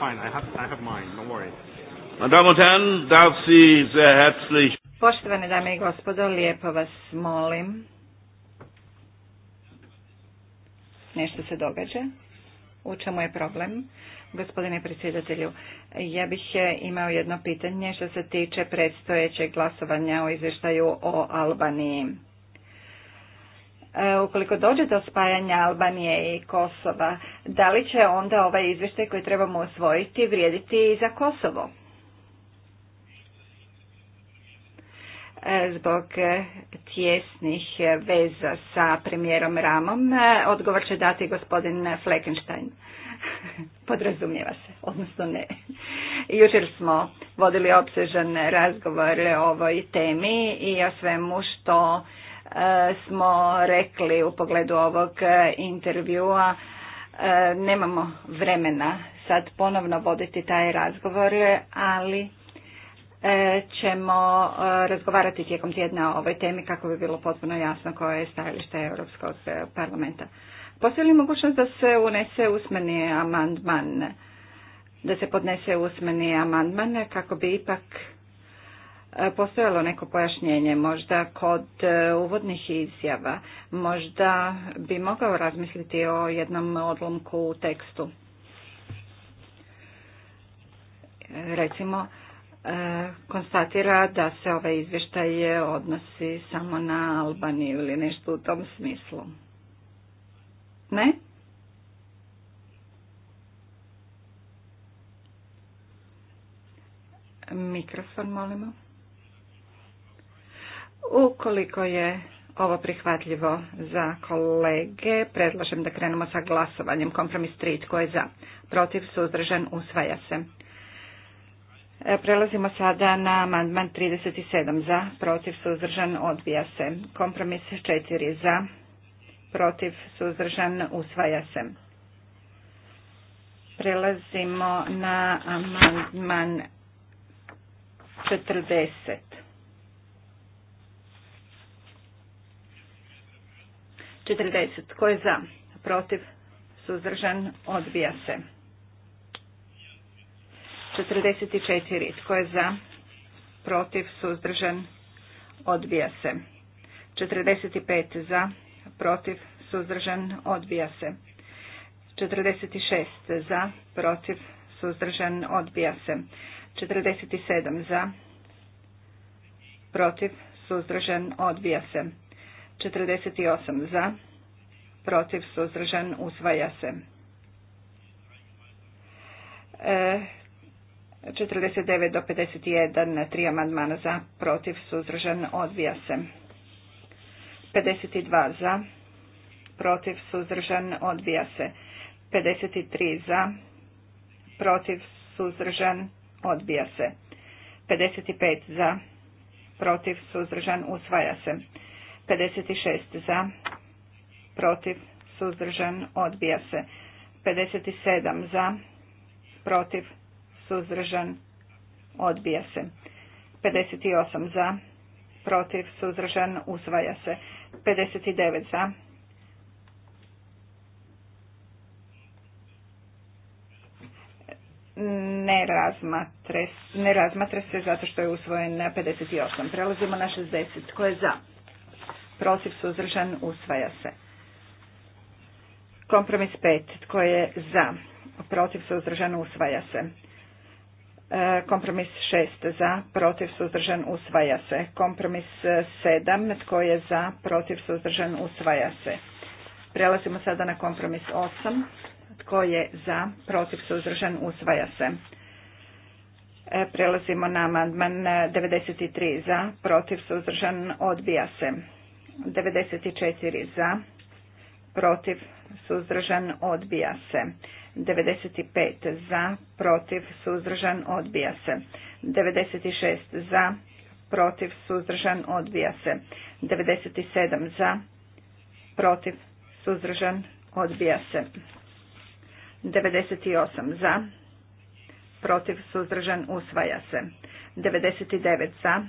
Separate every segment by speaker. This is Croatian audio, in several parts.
Speaker 1: fine.
Speaker 2: I have, I have mine.
Speaker 1: Poštovane dame i gospodo, lijepo vas molim. Nešto se događa. U čemu je problem? Gospodine predsjedatelju, ja bih e, imao jedno pitanje što se tiče predstojećeg glasovanja o izvještaju o Albaniji. E, ukoliko dođe do spajanja Albanije i Kosova, da li će onda ovaj izvještaj koji trebamo osvojiti vrijediti i za Kosovo? E, zbog tjesnih veza sa premijerom Ramom, e, odgovor će dati gospodin Fleckenstein. Podrazumijeva se, odnosno ne. Jučer smo vodili obsežan razgovor o ovoj temi i o svemu što smo rekli u pogledu ovog intervjua. E, nemamo vremena sad ponovno voditi taj razgovor, ali e, ćemo e, razgovarati tijekom tjedna o ovoj temi kako bi bilo potpuno jasno koje je stajalište Europskog parlamenta. Postoji li mogućnost da se unese usmeni amandman, da se podnese usmeni amandman kako bi ipak E, postojalo neko pojašnjenje, možda kod e, uvodnih izjava, možda bi mogao razmisliti o jednom odlomku u tekstu. Recimo, e, konstatira da se ove ovaj izvještaj odnosi samo na Albaniju ili nešto u tom smislu. Ne? Mikrofon molimo. Ukoliko je ovo prihvatljivo za kolege, predlažem da krenemo sa glasovanjem. Kompromis 3, tko je za? Protiv, suzdržan, usvaja se. E, prelazimo sada na amandman 37 za, protiv, suzdržan, odbija se. Kompromis 4 za, protiv, suzdržan, usvaja se. Prelazimo na amandman 40. 40. Tko je za? Protiv? Suzdržan? Odbija se. 44. Tko je za? Protiv? Suzdržan? Odbija se. 45. Za? Protiv? Suzdržan? Odbija se. 46. Za? Protiv? Suzdržan? Odbija se. 47. Za? Protiv? Suzdržan? Odbija se. 48 za, protiv suzdržan usvaja se. 49 e, do 51 tri amandmana za, protiv suzdržan odbija se. 52 za, protiv suzdržan odbija se. 53 za, protiv suzdržan odbija se. 55 za, protiv suzdržan usvaja se. 56 za, protiv, suzdržan, odbija se. 57 za, protiv, suzdržan, odbija se. 58 za, protiv, suzdržan, usvaja se. 59 za, ne razmatre, ne se zato što je usvojen 58. Prelazimo na 60. Ko je za? protiv suzdržan usvaja se. Kompromis 5. Tko je za? Protiv suzdržan usvaja se. E, kompromis 6. Za? Protiv suzdržan usvaja se. Kompromis 7. E, Tko je za? Protiv suzdržan usvaja se. Prelazimo sada na kompromis 8. Tko je za? Protiv suzdržan usvaja se. E, prelazimo na amandman 93 za, protiv suzdržan odbija se. 94 za, protiv, suzdržan, odbija se. 95 za, protiv, suzdržan, odbija se. 96 za, protiv, suzdržan, odbija se. 97 za, protiv, suzdržan, odbija se. 98 za, protiv, suzdržan, usvaja se. 99 za,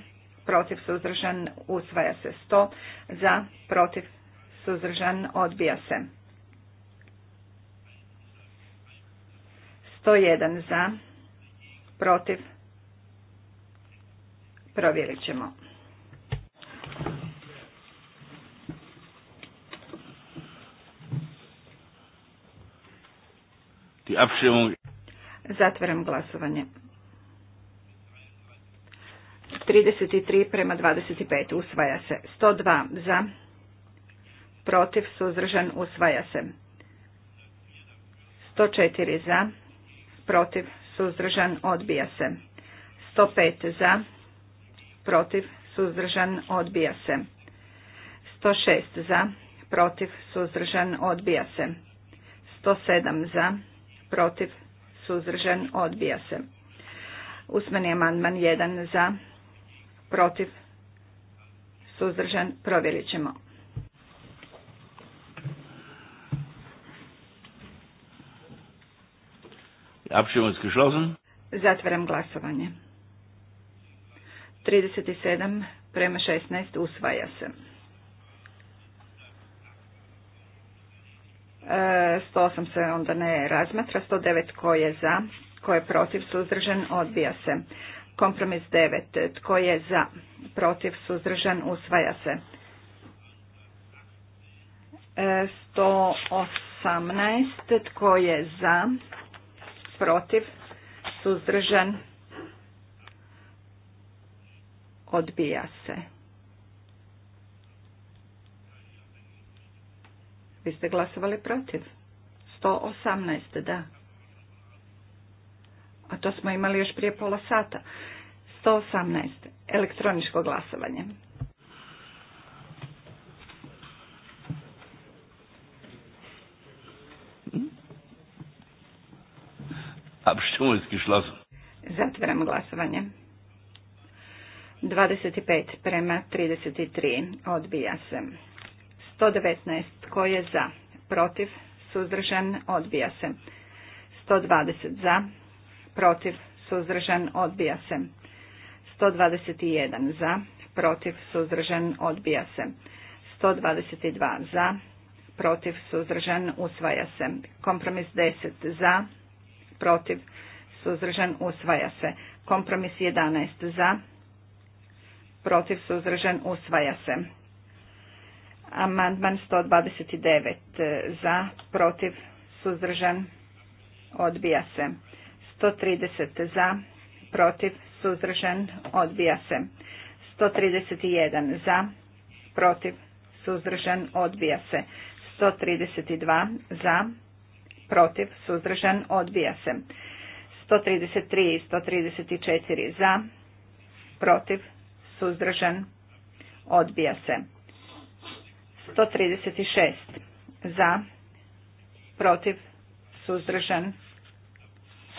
Speaker 1: protiv suzdržan usvaja se 100 za protiv suzdržan odbija se 101 za protiv provjerit ćemo Zatvaram glasovanje. 33 prema 25 usvaja se. 102 za, protiv, suzdržan, usvaja se. 104 za, protiv, suzdržan, odbija se. 105 za, protiv, suzdržan, odbija se. 106 za, protiv, suzdržan, odbija se. 107 za, protiv, suzdržan, odbija se. Usmeni amandman 1 za, protiv, suzdržan, provjerit ćemo. Zatvaram glasovanje. 37 prema 16 usvaja se. 108 e, se onda ne razmatra, 109 ko je za, ko je protiv, suzdržan, odbija se. Kompromis 9. Tko je za? Protiv suzdržan usvaja se. 118. E, Tko je za? Protiv suzdržan odbija se. Vi ste glasovali protiv. 118. Da a to smo imali još prije pola sata. 118. Elektroničko glasovanje.
Speaker 3: Abštumunski šlos.
Speaker 1: Zatvaram glasovanje. 25 prema 33 odbija se. 119 koji je za, protiv, suzdržan, odbija se. 120 za, protiv, suzdržan, odbija se. 121 za, protiv, suzdržan, odbija se. 122 za, protiv, suzdržan, usvaja se. Kompromis 10 za, protiv, suzdržan, usvaja se. Kompromis 11 za, protiv, suzdržan, usvaja se. Amandman 129 za, protiv, suzdržan, odbija se. 130 za, protiv, suzdržan, odbija se. 131 za, protiv, suzdržan, odbija se. 132 za, protiv, suzdržan, odbija se. 133 i 134 za, protiv, suzdržan, odbija se. 136 za, protiv, suzdržan,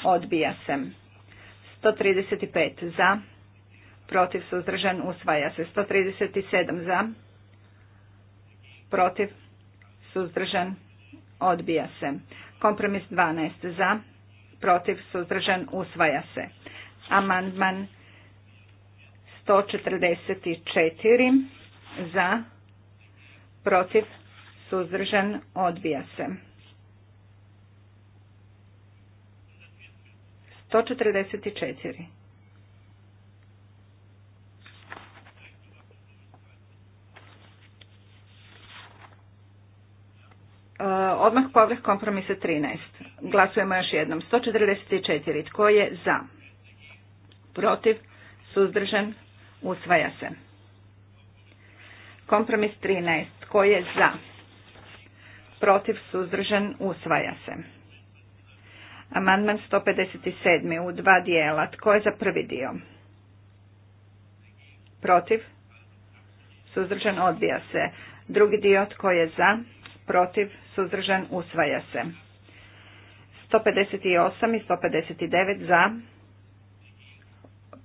Speaker 1: Odbija se. 135 za. Protiv suzdržan usvaja se. 137 za. Protiv suzdržan odbija se. Kompromis 12 za. Protiv suzdržan usvaja se. Amandman 144 za. Protiv suzdržan odbija se. 144. E, odmah povrh kompromise 13. Glasujemo još jednom. 144. Tko je za? Protiv? Suzdržan? Usvaja se. Kompromis 13. Tko je za? Protiv? Suzdržan? Usvaja se. Amandman 157. u dva dijela. Tko je za prvi dio? Protiv? Suzdržan odbija se. Drugi dio tko je za? Protiv? Suzdržan usvaja se. 158 i 159 za?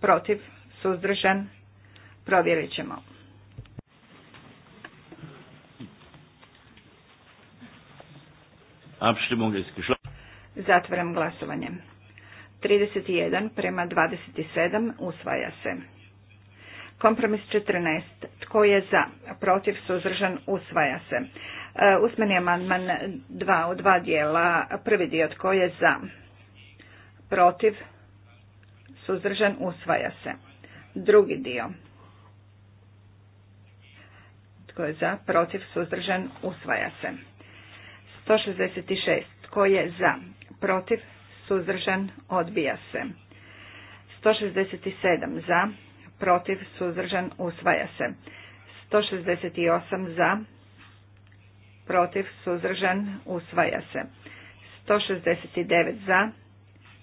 Speaker 1: Protiv? Suzdržan? Provjerit ćemo.
Speaker 3: Abstimmung ist
Speaker 1: Zatvaram glasovanje. 31 prema 27 usvaja se. Kompromis 14. Tko je za? Protiv suzdržan usvaja se. E, usmeni amandman 2 u dva dijela. Prvi dio tko je za? Protiv suzdržan usvaja se. Drugi dio. Tko je za? Protiv suzdržan usvaja se. 166. Tko je za? protiv, suzdržan, odbija se. 167 za, protiv, suzdržan, usvaja se. 168 za, protiv, suzdržan, usvaja se. 169 za,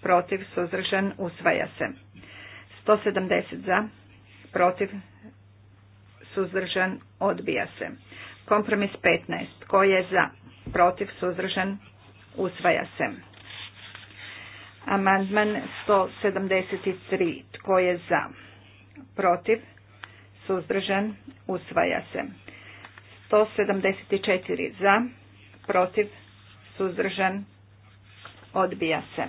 Speaker 1: protiv, suzdržan, usvaja se. 170 za, protiv, suzdržan, odbija se. Kompromis 15. Ko je za, protiv, suzdržan, usvaja se. Amandman 173. Tko je za? Protiv? Suzdržan? Usvaja se. 174. Za? Protiv? Suzdržan? Odbija se.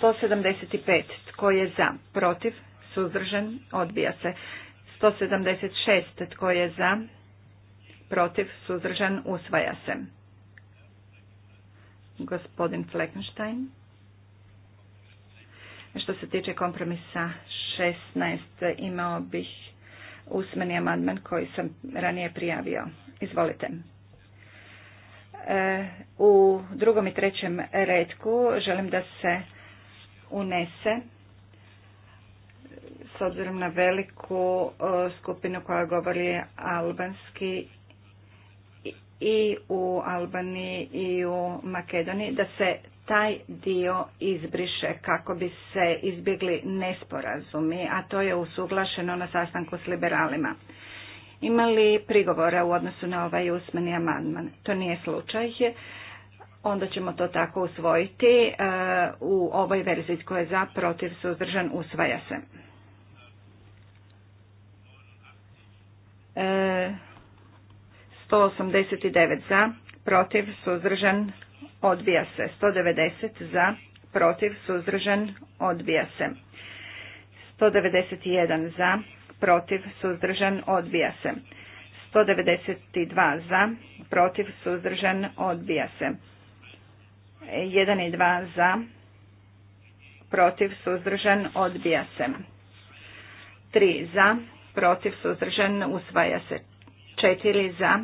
Speaker 1: 175. Tko je za? Protiv? Suzdržan? Odbija se. 176. Tko je za? Protiv? Suzdržan? Usvaja se gospodin Fleckenstein. Što se tiče kompromisa 16 imao bih usmeni amandman koji sam ranije prijavio. Izvolite. E, u drugom i trećem redku želim da se unese s obzirom na veliku e, skupinu koja govori albanski i u Albaniji i u Makedoniji da se taj dio izbriše kako bi se izbjegli nesporazumi, a to je usuglašeno na sastanku s liberalima. Ima li prigovora u odnosu na ovaj usmeni amandman? To nije slučaj. Onda ćemo to tako usvojiti e, u ovoj verziji koja je za, protiv, suzdržan, usvaja se. E, 189 za, protiv, suzdržan, odbija se. 190 za, protiv, suzdržan, odbija se. 191 za, protiv, suzdržan, odbija se. 192 za, protiv, suzdržan, odbija se. 1 i 2 za, protiv, suzdržan, odbija se. 3 za, protiv, suzdržan, usvaja se. 4 za,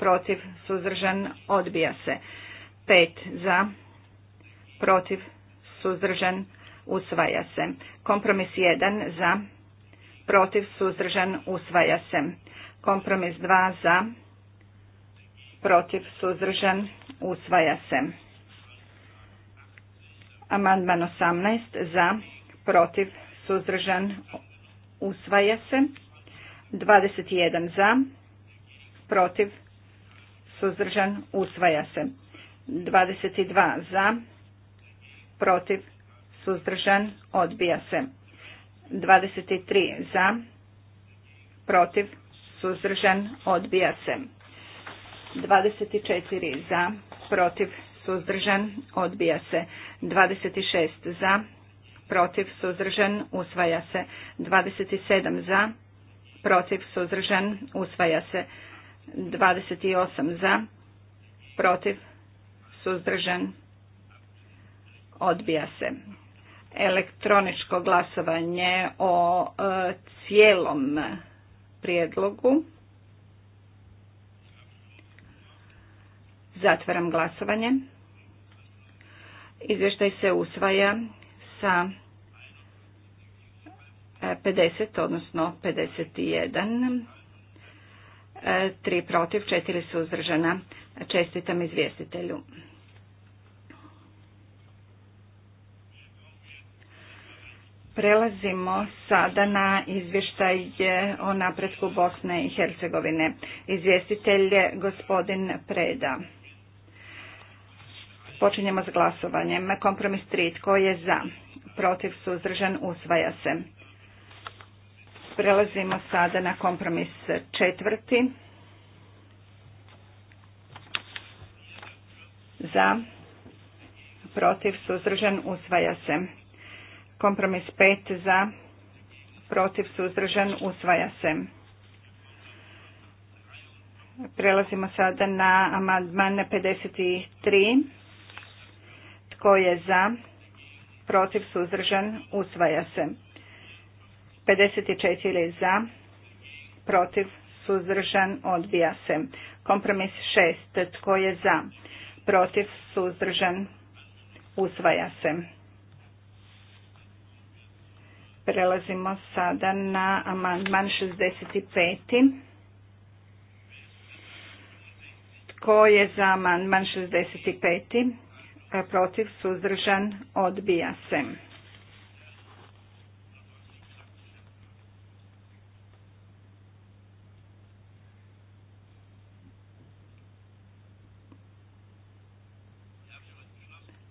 Speaker 1: protiv, suzdržan, odbija se. 5 za, protiv, suzdržan, usvaja se. Kompromis 1 za, protiv, suzdržan, usvaja se. Kompromis 2 za, protiv, suzdržan, usvaja se. Amandman 18 za, protiv, suzdržan, usvaja se. 21 za, protiv, suzdržan, usvaja se. 22 za, protiv, suzdržan, odbija se. 23 za, protiv, suzdržan, odbija se. 24 za, protiv, suzdržan, odbija se. 26 za, protiv, suzdržan, usvaja se. 27 za, protiv, suzdržan, usvaja se. 28 za, protiv, suzdržan, odbija se. Elektroničko glasovanje o e, cijelom prijedlogu. Zatvaram glasovanje. Izvještaj se usvaja sa 50, e, odnosno 51 Tri protiv, su uzdržana. Čestitam izvjestitelju. Prelazimo sada na izvještaj o napretku Bosne i Hercegovine. Izvjestitelj je gospodin Preda. Počinjemo s glasovanjem. Kompromis 3. Tko je za? Protiv suzdržan usvaja se. Prelazimo sada na kompromis četvrti. Za, protiv, suzdržan, usvaja se. Kompromis pet za, protiv, suzdržan, usvaja se. Prelazimo sada na amandman 53. Tko je za, protiv, suzdržan, usvaja se. 54 za, protiv, suzdržan, odbija se. Kompromis 6. Tko je za? Protiv, suzdržan, usvaja se. Prelazimo sada na amandman 65. Tko je za amandman 65? Protiv, suzdržan, odbija se.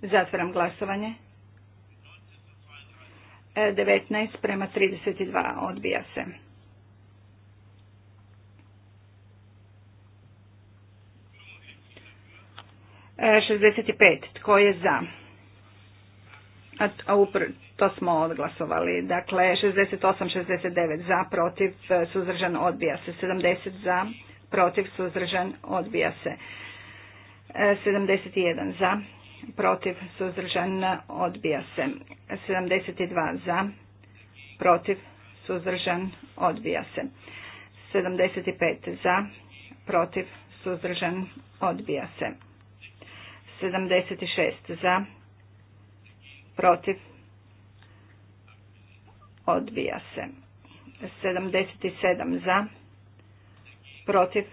Speaker 1: Zatvaram glasovanje. 19 e, prema 32 odbija se. E, 65. Tko je za? A, upr to smo odglasovali. Dakle, 68, 69 za, protiv, e, suzdržan, odbija se. 70 za, protiv, suzdržan, odbija se. E, 71 za, protiv, suzdržan, odbija se. 72 za, protiv, suzdržan, odbija se. 75 za, protiv, suzdržan, odbija se. 76 za, protiv, odbija se. 77 za, protiv,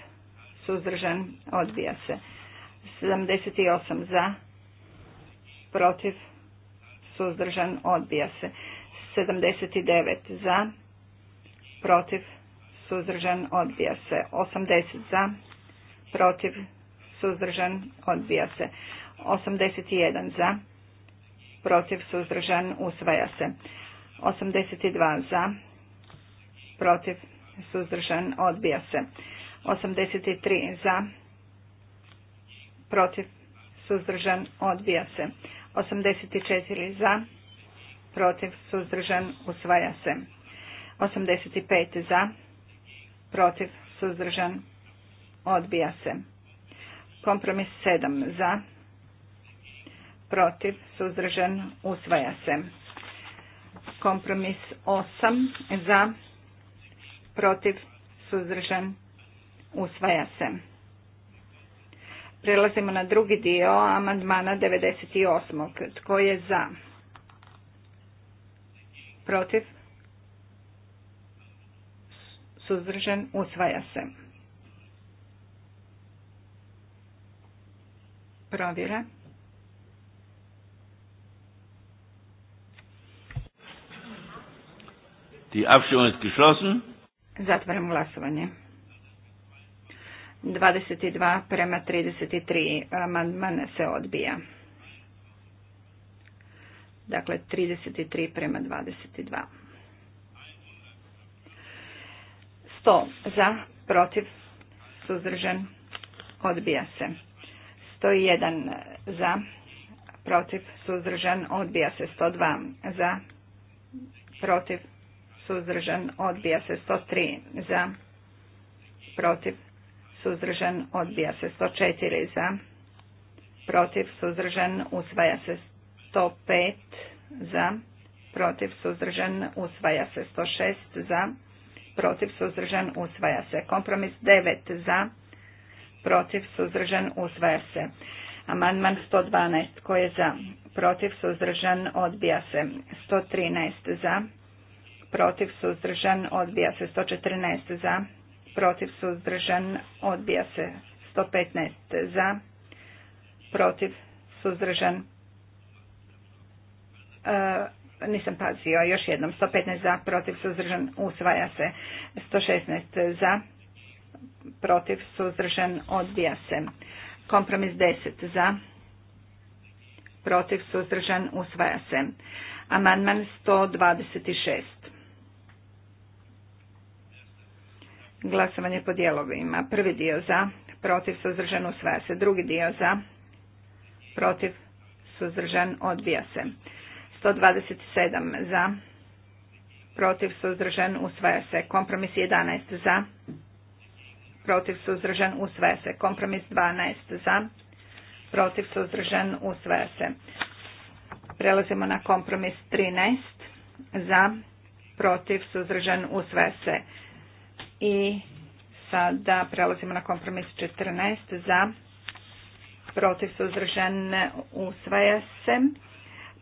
Speaker 1: suzdržan, odbija se. 78 za, protiv, suzdržan, odbija se. 79 za, protiv, suzdržan, odbija se. 80 za, protiv, suzdržan, odbija se. 81 za, protiv, suzdržan, usvaja se. 82 za, protiv, suzdržan, odbija se. 83 za, protiv, suzdržan, odbija se. 84 za, protiv, suzdržan, usvaja se. 85 za, protiv, suzdržan, odbija se. Kompromis 7 za, protiv, suzdržan, usvaja se. Kompromis 8 za, protiv, suzdržan, usvaja se. Prelazimo na drugi dio amandmana 98. Tko je za? Protiv? Suzdržan? Usvaja se. Provjera.
Speaker 3: Die Abstimmung ist geschlossen.
Speaker 1: Zatvaram glasovanje. 22 prema 33. Amandman se odbija. Dakle, 33 prema 22. 100 za, protiv, suzdržan, odbija se. 101 za, protiv, suzdržan, odbija se. 102 za, protiv, suzdržan, odbija se. 103 za, protiv, suzdržan, odbija se 104 za, protiv, suzdržan, usvaja se 105 za, protiv, suzdržan, usvaja se 106 za, protiv, suzdržan, usvaja se. Kompromis 9 za, protiv, suzdržan, usvaja se. Amandman 112 koji je za, protiv, suzdržan, odbija se. 113 za, protiv, suzdržan, odbija se. 114 za, protiv suzdržan odbija se 115 za protiv suzdržan e, nisam pazio još jednom 115 za protiv suzdržan usvaja se 116 za protiv suzdržan odbija se kompromis 10 za protiv suzdržan usvaja se amandman 126 Glasovanje po dijelovima. Prvi dio za, protiv, suzdržan, usvaja se. Drugi dio za, protiv, suzdržan, odbija se. 127 za, protiv, suzdržan, usvaja se. Kompromis 11 za, protiv, suzdržan, usvaja se. Kompromis 12 za, protiv, suzdržan, usvaja se. Prelazimo na kompromis 13 za, protiv, suzdržan, usvaja se. I sada prelazimo na kompromis 14 za protiv suzdržan usvaja se.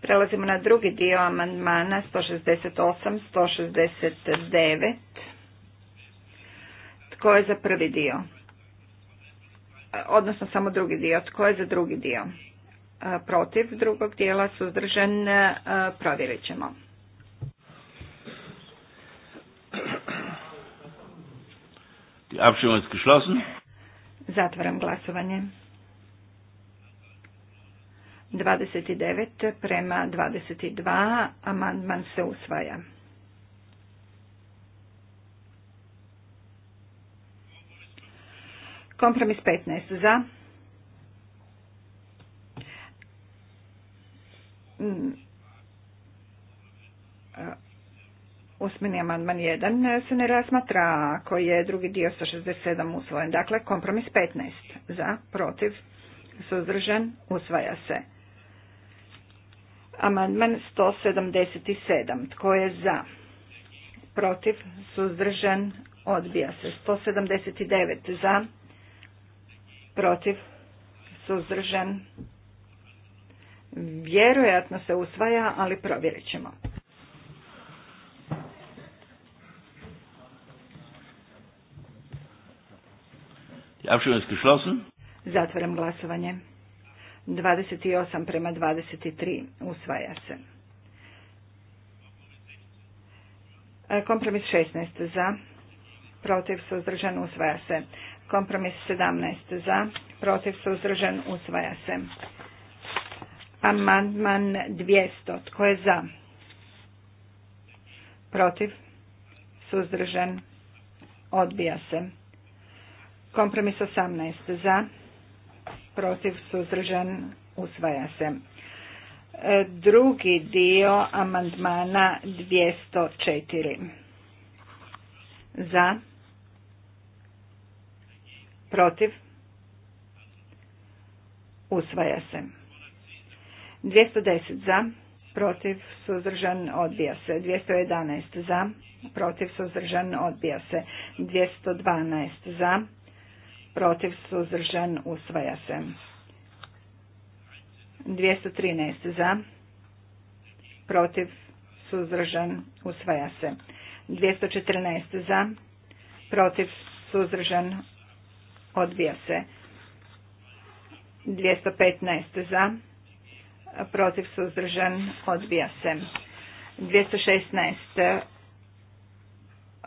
Speaker 1: Prelazimo na drugi dio amandmana 168, 169. Tko je za prvi dio? Odnosno samo drugi dio. Tko je za drugi dio? E, protiv drugog dijela suzdržan e, provjerit ćemo.
Speaker 3: Die Abstimmung ist geschlossen.
Speaker 1: Zatvaram glasovanje. 29 prema 22, amandman se usvaja. Kompromis 15 za. Mm. Usmeni amandman 1 se ne razmatra ako je drugi dio 167 usvojen. Dakle, kompromis 15. Za, protiv, suzdržan, usvaja se. Amandman 177. Tko je za? Protiv, suzdržan, odbija se. 179. Za, protiv, suzdržan, vjerojatno se usvaja, ali provjerit ćemo.
Speaker 3: Abstimmung ist
Speaker 1: Zatvaram glasovanje. 28 prema 23 usvaja se. E, kompromis 16 za, protiv suzdržan usvaja se. Kompromis 17 za, protiv suzdržan usvaja se. Amandman 200. Tko je za? Protiv? Suzdržan? Odbija se. Kompromis 18 za, protiv suzdržan usvaja se. E, drugi dio amandmana 204 za, protiv usvaja se. 210 za, protiv suzdržan odbija se. 211 za, protiv suzdržan odbija se. 212 za, protiv, suzdržan, usvaja se. 213 za, protiv, suzdržan, usvaja se. 214 za, protiv, suzdržan, odbija se. 215 za, protiv, suzdržan, odbija se. 216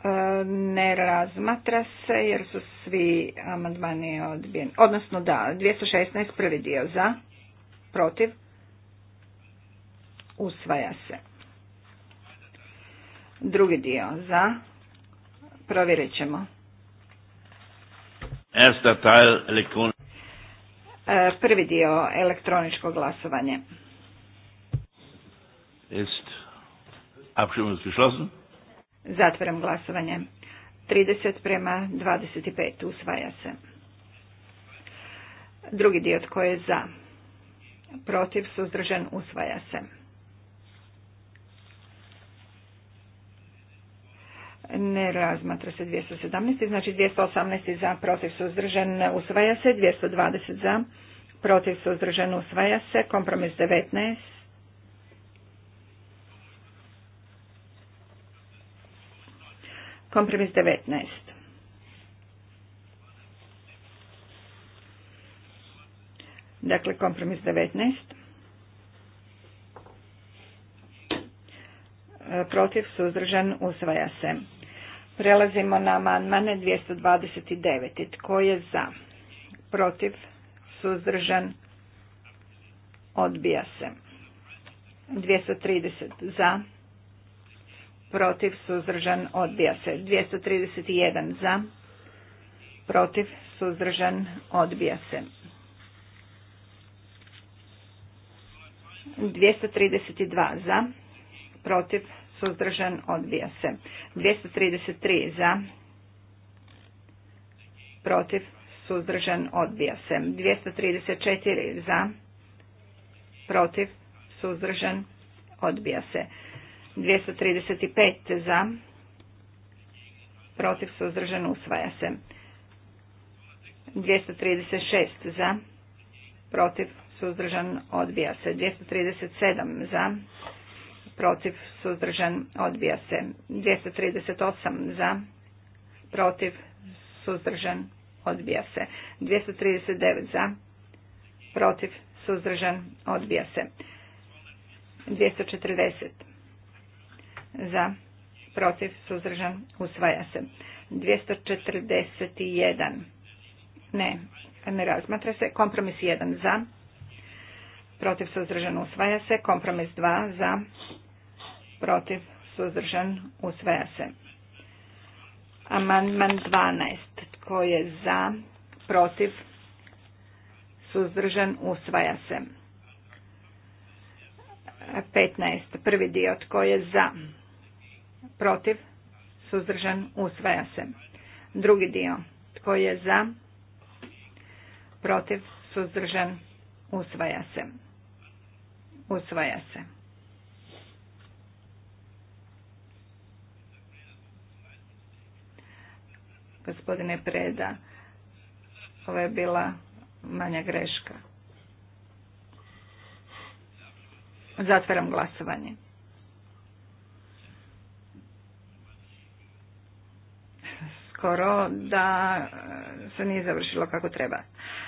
Speaker 1: E, ne razmatra se jer su svi amandmani odbijeni. Odnosno da, 216 prvi dio za, protiv, usvaja se. Drugi dio za, provjerit ćemo. E, prvi dio elektroničko glasovanje.
Speaker 3: Ist abstimmung geschlossen?
Speaker 1: Zatvaram glasovanje. 30 prema 25 usvaja se. Drugi dio tko je za. Protiv suzdržan usvaja se. Ne razmatra se 217, znači 218 za, protiv suzdržan usvaja se, 220 za, protiv suzdržan usvaja se, kompromis 19 Kompromis 19. Dakle, kompromis 19. E, protiv suzdržan usvaja se. Prelazimo na amandmane 229. Tko je za? Protiv suzdržan odbija se. 230 za protiv, suzdržan, odbija se. 231 za, protiv, suzdržan, odbija se. 232 za, protiv, suzdržan, odbija se. 233 za, protiv, suzdržan, odbija se. 234 za, protiv, suzdržan, odbija se. 235 za, protiv suzdržan usvaja se. 236 za, protiv suzdržan odbija se. 237 za, protiv suzdržan odbija se. 238 za, protiv suzdržan odbija se. 239 za, protiv suzdržan odbija se. 240 za, protiv, suzdržan, usvaja se. 241. Ne, ne razmatra se. Kompromis 1 za, protiv, suzdržan, usvaja se. Kompromis 2 za, protiv, suzdržan, usvaja se. Amandman 12. Tko je za, protiv, suzdržan, usvaja se. 15. Prvi dio. Tko je za, protiv, suzdržan, usvaja se. Drugi dio, tko je za, protiv, suzdržan, usvaja se. Usvaja se. Gospodine Preda, ovo je bila manja greška. Zatvaram glasovanje. skoro da e, se nije završilo kako treba.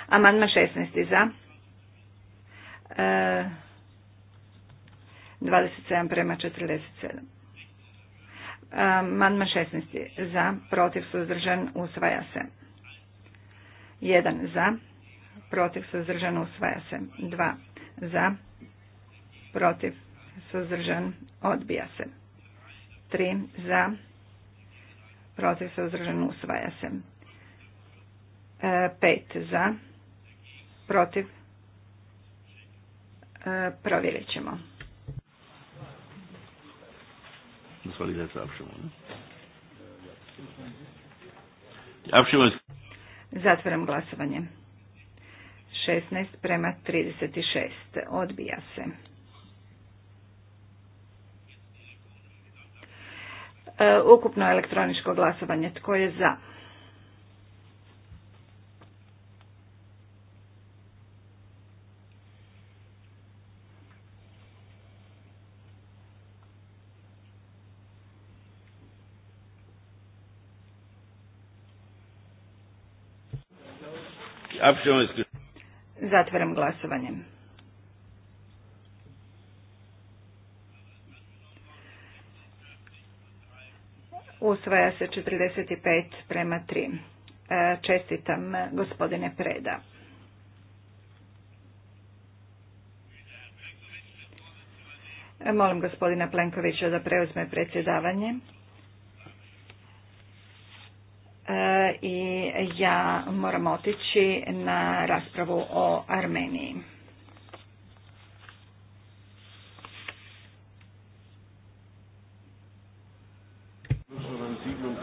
Speaker 1: Amandman 16. za. 27 e, prema 47. E, amandman 16. za. Protiv suzdržan usvaja se. 1 za. Protiv suzdržan usvaja se. 2 za. Protiv suzdržan odbija se. 3 za protiv se uzdržan usvaja se. E, pet za, protiv, e, provjerit ćemo. Zatvaram glasovanje. 16 prema 36. Odbija se. E, ukupno elektroničko glasovanje. Tko je za? Zatvaram glasovanje. Usvaja se 45 prema 3. E, čestitam gospodine Preda. Molim gospodina Plenkovića da preuzme predsjedavanje. E, I ja moram otići na raspravu o Armeniji.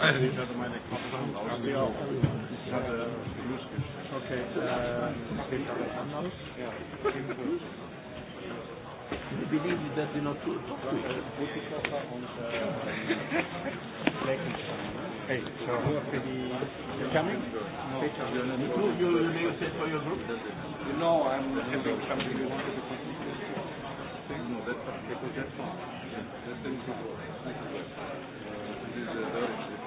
Speaker 2: Okay, believe that Hey, so coming? No. You, you, you may for your group? No, I'm having something you wanted to No, that's because that's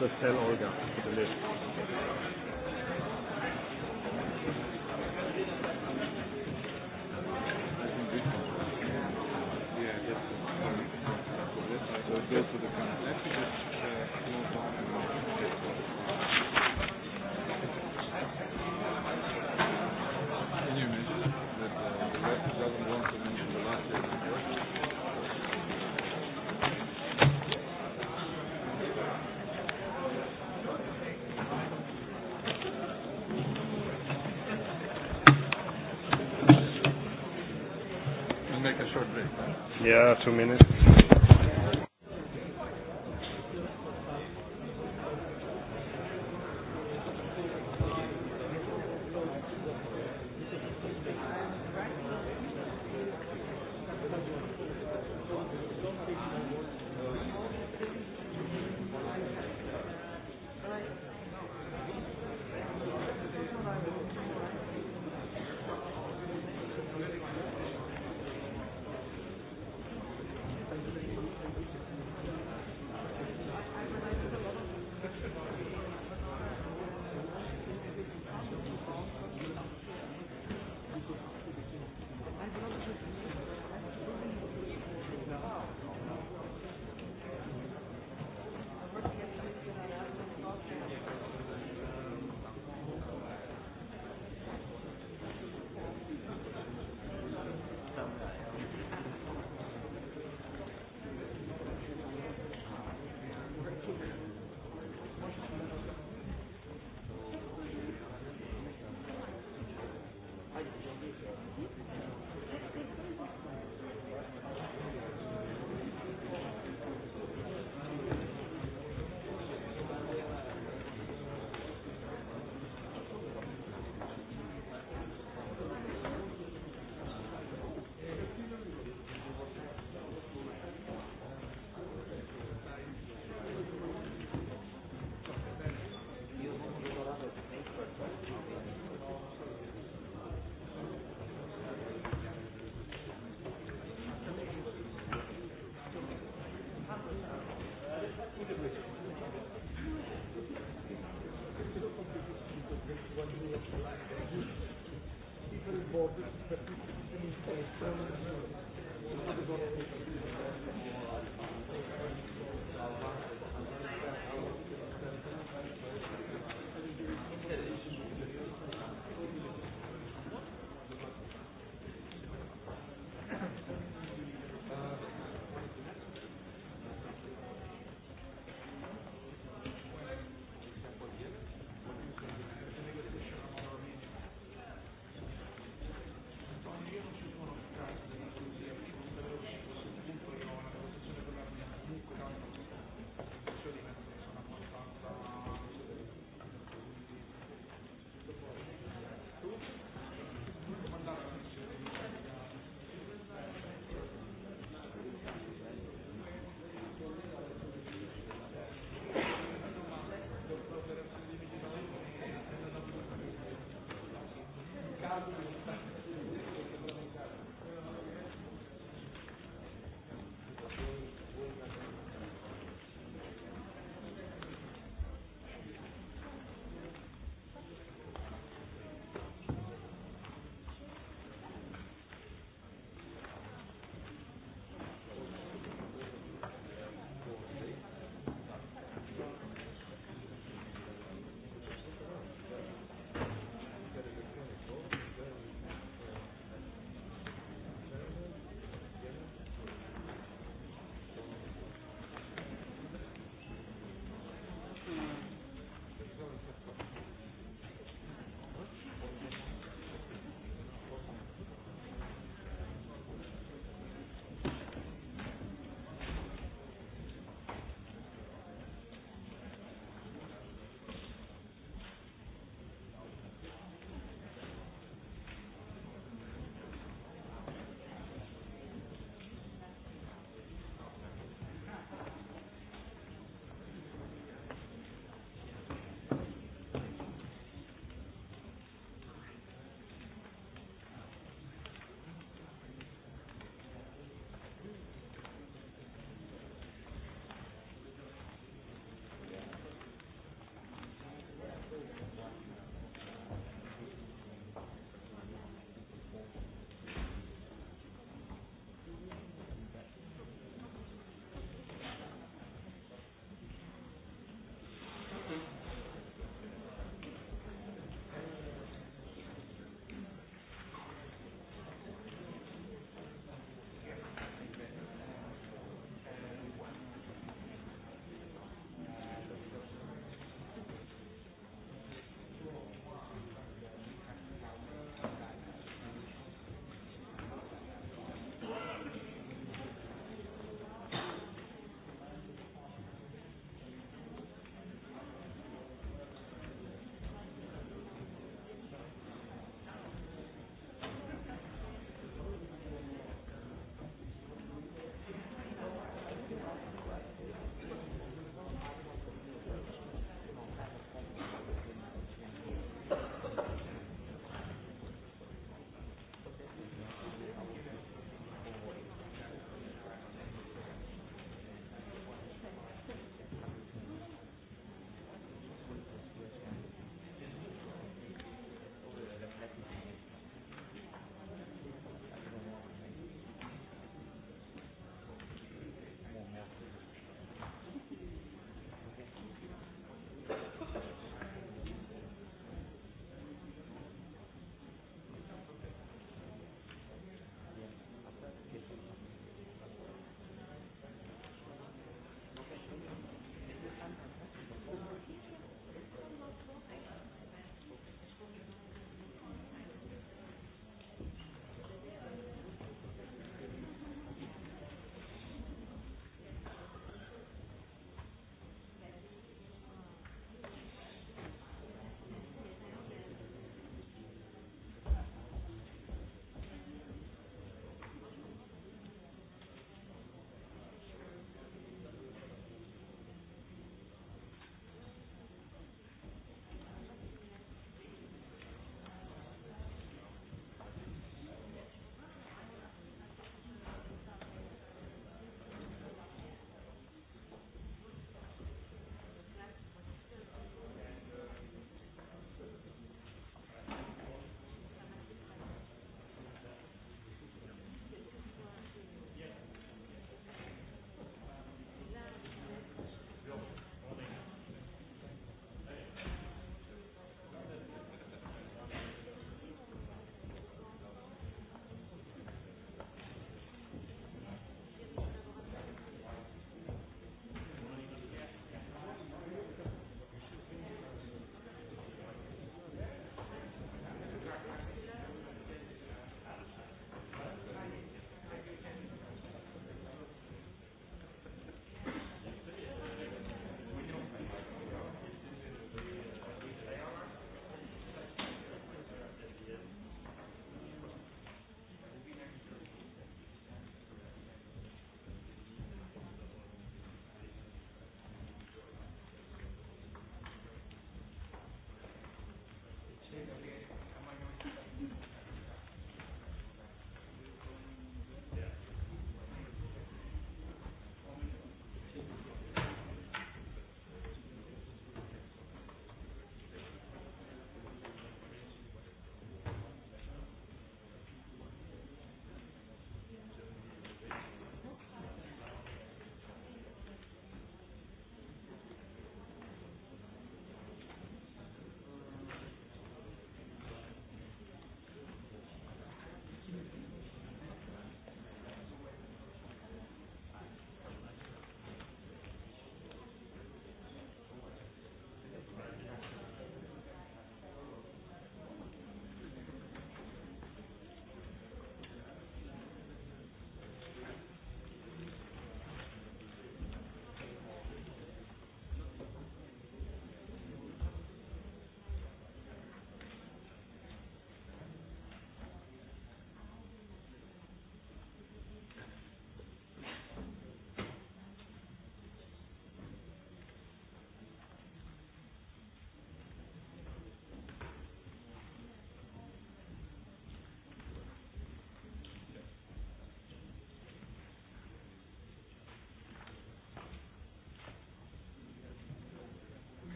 Speaker 2: The tell Olga the list.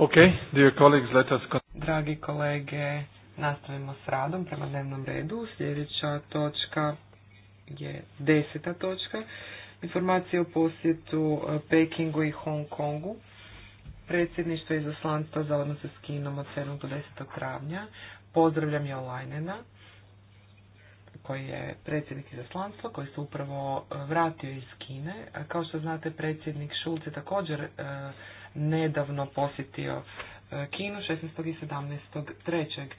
Speaker 4: Okay, dear colleagues, let
Speaker 5: Dragi kolege, nastavimo s radom prema dnevnom redu. Sljedeća točka je deseta točka. Informacije o posjetu e, Pekingu i Hong Kongu. Predsjedništvo izaslanstva za odnose s Kinom od 7. do 10. travnja. Pozdravljam je Olajnena koji je predsjednik izaslanstva, koji se upravo vratio iz Kine. Kao što znate, predsjednik Šulc je također e, nedavno posjetio e, Kinu 16. i 17. trećeg. E,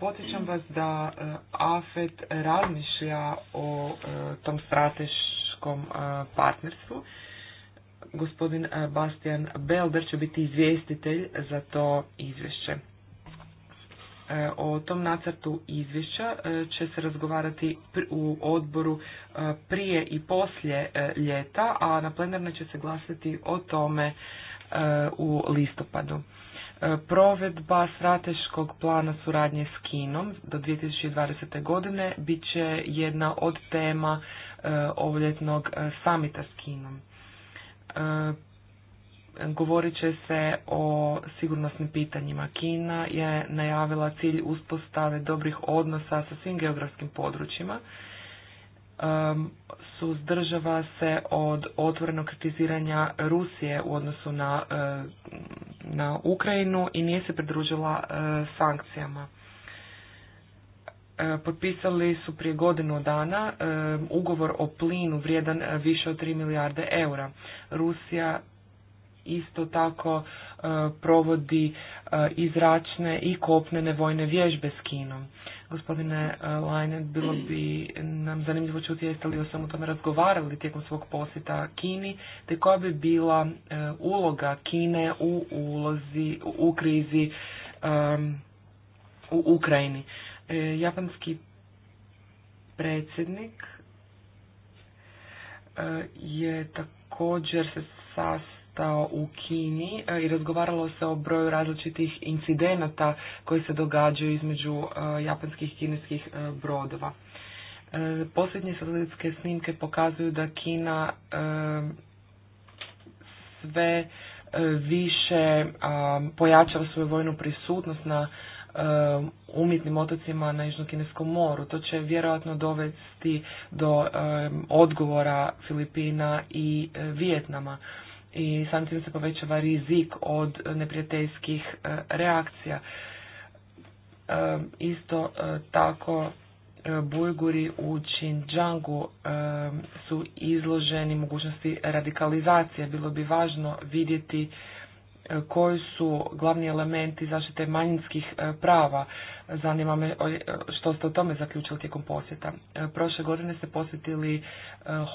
Speaker 5: podsjećam vas da e, AFET razmišlja o tom strateškom partnerstvu. Gospodin Bastian Belder će biti izvjestitelj za to izvješće. E, o tom nacrtu izvješća e, će se razgovarati u odboru e, prije i poslije ljeta, a na plenarnoj će se glasati o tome u listopadu. Provedba strateškog plana suradnje s Kinom do 2020. godine bit će jedna od tema ovljetnog samita s Kinom govorit će se o sigurnosnim pitanjima. Kina je najavila cilj uspostave dobrih odnosa sa svim geografskim područjima. Um, suzdržava se od otvorenog kritiziranja Rusije u odnosu na, e, na Ukrajinu i nije se pridružila e, sankcijama. E, potpisali su prije godinu dana ugovor o plinu vrijedan više od 3 milijarde eura. Rusija isto tako e, provodi e, i zračne i kopnene vojne vježbe s Kinom. Gospodine e, Lajnet, bilo bi nam zanimljivo čuti jeste li o tome razgovarali tijekom svog posjeta Kini, te koja bi bila uloga Kine u ulozi, u krizi u Ukrajini. Japanski predsjednik je također se sas u Kini i e, razgovaralo se o broju različitih incidenata koji se događaju između e, japanskih i kineskih e, brodova. Posljednje satelitske snimke pokazuju da Kina sve više pojačava svoju vojnu prisutnost na umjetnim otocima na Južnokineskom moru. To će vjerojatno dovesti do odgovora Filipina i Vijetnama i samim se povećava rizik od neprijateljskih e, reakcija. E, isto e, tako Bujguri u Xinjiangu su izloženi mogućnosti radikalizacije. Bilo bi važno vidjeti koji su glavni elementi zaštite manjinskih e, prava. Zanima me e, što ste o tome zaključili tijekom posjeta. E, prošle godine ste posjetili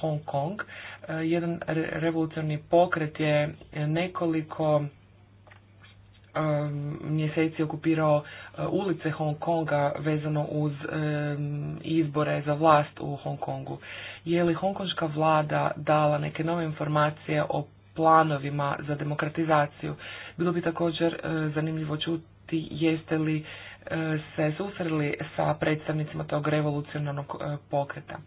Speaker 5: Hong Kong. Jedan revolucionarni pokret je nekoliko mjeseci okupirao ulice Hong Konga vezano uz izbore za vlast u Hong Kongu. Je li hongkonška vlada dala neke nove informacije o planovima za demokratizaciju. Bilo bi također e, zanimljivo čuti jeste li e, se susreli sa predstavnicima tog revolucionarnog e, pokreta.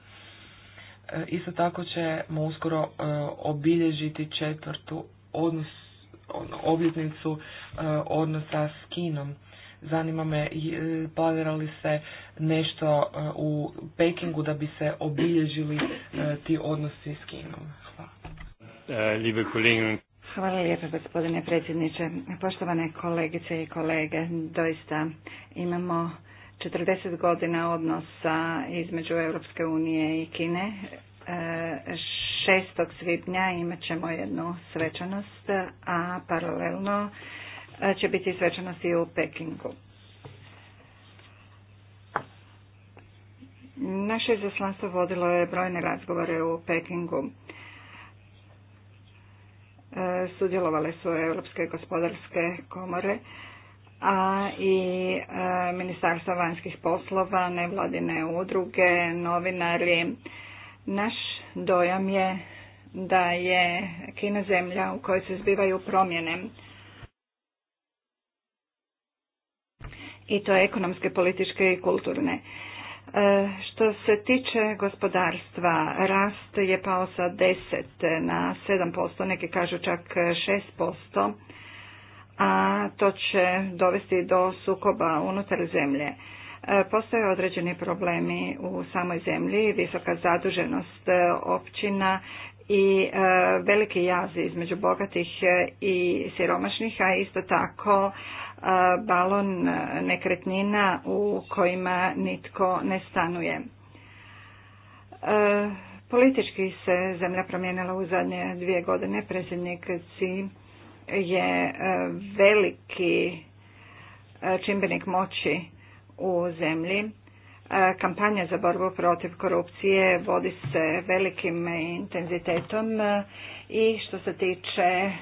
Speaker 5: Isto tako ćemo uskoro obilježiti četvrtu odnos, obljetnicu odnosa s Kinom. Zanima me, planira li se nešto u Pekingu da bi se obilježili ti odnosi s Kinom?
Speaker 6: Eh,
Speaker 1: Hvala lijepa gospodine predsjedniče. Poštovane kolegice i kolege, doista imamo 40 godina odnosa između Europske unije i Kine. 6. Eh, svibnja imat ćemo jednu svečanost, a paralelno eh, će biti svečanost i u Pekingu. Naše izaslanstvo vodilo je brojne razgovore u Pekingu E, sudjelovale su Europske gospodarske komore, a i e, Ministarstva vanjskih poslova, nevladine udruge, novinari. Naš dojam je da je Kina zemlja u kojoj se zbivaju promjene. I to ekonomske, političke i kulturne. E, što se tiče gospodarstva, rast je pao sa 10 na 7%, neki kažu čak 6%, a to će dovesti do sukoba unutar zemlje. E, postoje određeni problemi u samoj zemlji, visoka zaduženost općina i e, veliki jaze između bogatih e, i siromašnih, a isto tako e, balon nekretnina u kojima nitko ne stanuje. Politički se zemlja promijenila u zadnje dvije godine. Predsjednik je veliki čimbenik moći u zemlji E, kampanja za borbu protiv korupcije vodi se velikim intenzitetom e, i što se tiče e,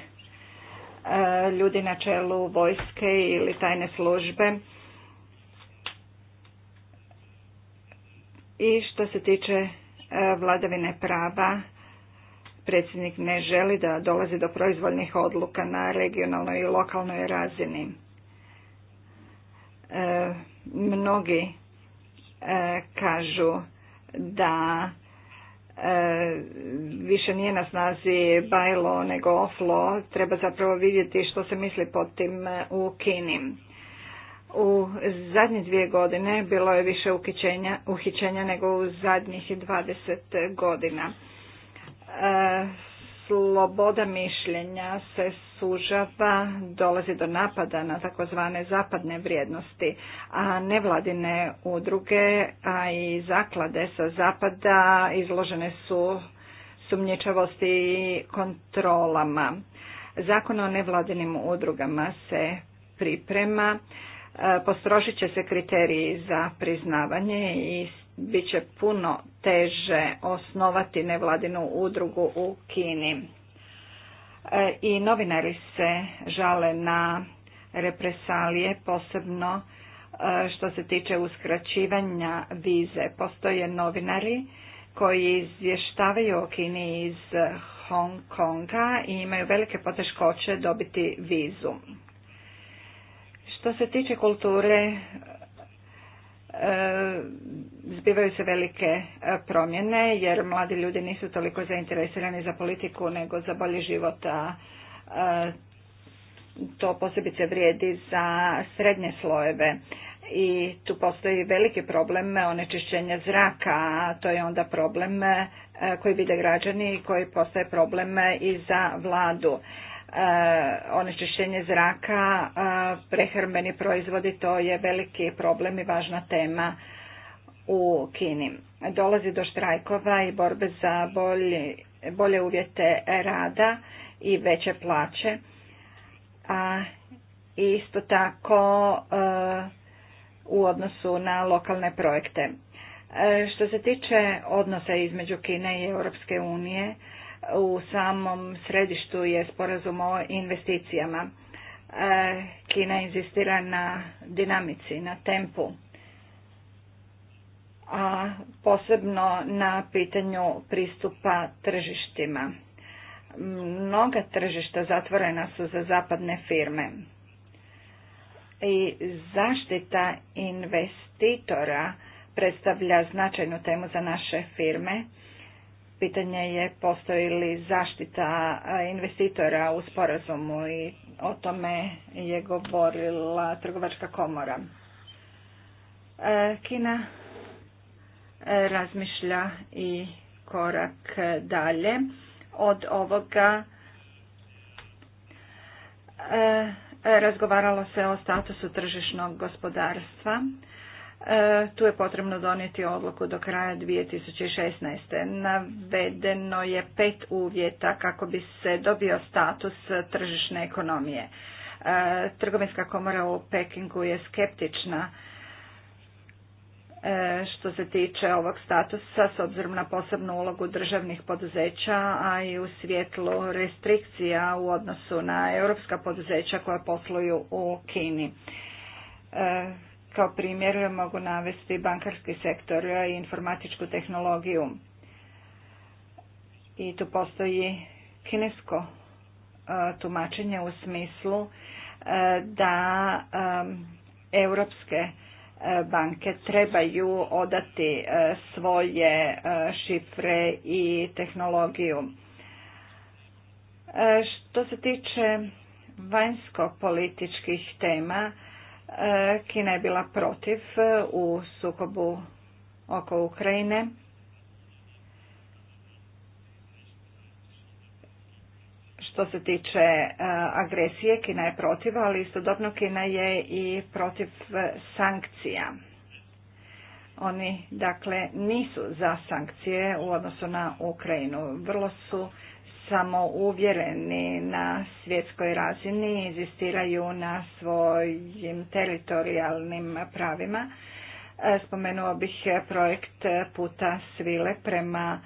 Speaker 1: ljudi na čelu vojske ili tajne službe i što se tiče vladavine prava predsjednik ne želi da dolazi do proizvoljnih odluka na regionalnoj i lokalnoj razini. Mnogi E, kažu da e, više nije na snazi bajlo nego oflo, treba zapravo vidjeti što se misli pod tim e, u Kini. U zadnje dvije godine bilo je više uhićenja, uhićenja nego u zadnjih 20 godina. Sloboda mišljenja se sužava, dolazi do napada na takozvane zapadne vrijednosti, a nevladine udruge, a i zaklade sa zapada izložene su sumnjičavosti i kontrolama. Zakon o nevladinim udrugama se priprema, e, postrožit će se kriteriji za priznavanje i bit će puno teže osnovati nevladinu udrugu u Kini. E, i novinari se žale na represalije, posebno e, što se tiče uskraćivanja vize. Postoje novinari koji izvještavaju o Kini iz Hong Konga i imaju velike poteškoće dobiti vizu. Što se tiče kulture e, E, zbivaju se velike e, promjene jer mladi ljudi nisu toliko zainteresirani za politiku nego za bolji život, a e, to posebice vrijedi za srednje slojeve i tu postoji veliki problem onečišćenja zraka, a to je onda problem koji vide građani i koji postaje problem i za vladu. Eh, onečišćenje zraka, eh, prehrambeni proizvodi, to je veliki problem i važna tema u Kini. Dolazi do štrajkova i borbe za bolje, uvjete rada i veće plaće. A isto tako eh, u odnosu na lokalne projekte. Što se tiče odnosa između Kine i Europske unije, u samom središtu je sporazum o investicijama. E, Kina inzistira na dinamici, na tempu, a posebno na pitanju pristupa tržištima. Mnoga tržišta zatvorena su za zapadne firme i zaštita investitora predstavlja značajnu temu za naše firme pitanje je postoji li zaštita investitora u sporazumu i o tome je govorila trgovačka komora. E, Kina e, razmišlja i korak dalje od ovoga e, razgovaralo se o statusu tržišnog gospodarstva E, tu je potrebno donijeti odluku do kraja 2016. Navedeno je pet uvjeta kako bi se dobio status tržišne ekonomije. E, trgovinska komora u Pekingu je skeptična e, što se tiče ovog statusa s obzirom na posebnu ulogu državnih poduzeća, a i u svjetlu restrikcija u odnosu na europska poduzeća koja posluju u Kini. Kao primjer mogu navesti bankarski sektor i informatičku tehnologiju. I tu postoji kinesko e, tumačenje u smislu e, da e, europske banke trebaju odati svoje šifre i tehnologiju. Što se tiče vanjsko-političkih tema, E, Kina je bila protiv e, u sukobu oko Ukrajine. Što se tiče e, agresije, Kina je protiv, ali istodobno Kina je i protiv sankcija. Oni, dakle, nisu za sankcije u odnosu na Ukrajinu. Vrlo su samouvjereni na svjetskoj razini, izistiraju na svojim teritorijalnim pravima. E, spomenuo bih projekt puta svile prema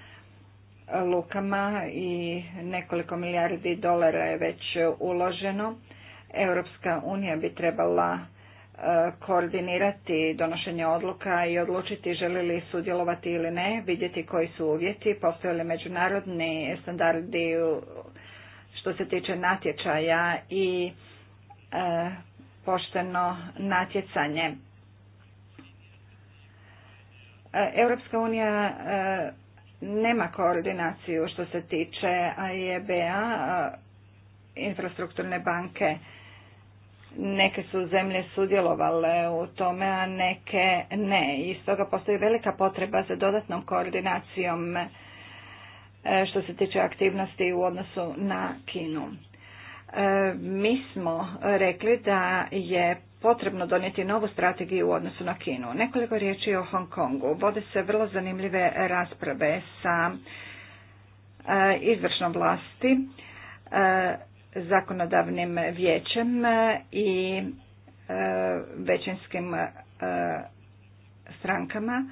Speaker 1: lukama i nekoliko milijardi dolara je već uloženo. Europska unija bi trebala koordinirati donošenje odluka i odlučiti želi li sudjelovati ili ne, vidjeti koji su uvjeti, postoje li međunarodni standardi što se tiče natječaja i e, pošteno natjecanje. E, Europska unija e, nema koordinaciju što se tiče AIEBA, infrastrukturne banke Neke su zemlje sudjelovale u tome, a neke ne. I stoga postoji velika potreba za dodatnom koordinacijom e, što se tiče aktivnosti u odnosu na Kinu. E, mi smo rekli da je potrebno donijeti novu strategiju u odnosu na Kinu. Nekoliko riječi o Hong Kongu. Vode se vrlo zanimljive rasprave sa e, izvršnom vlasti zakonodavnim vijećem i e, većinskim e, strankama.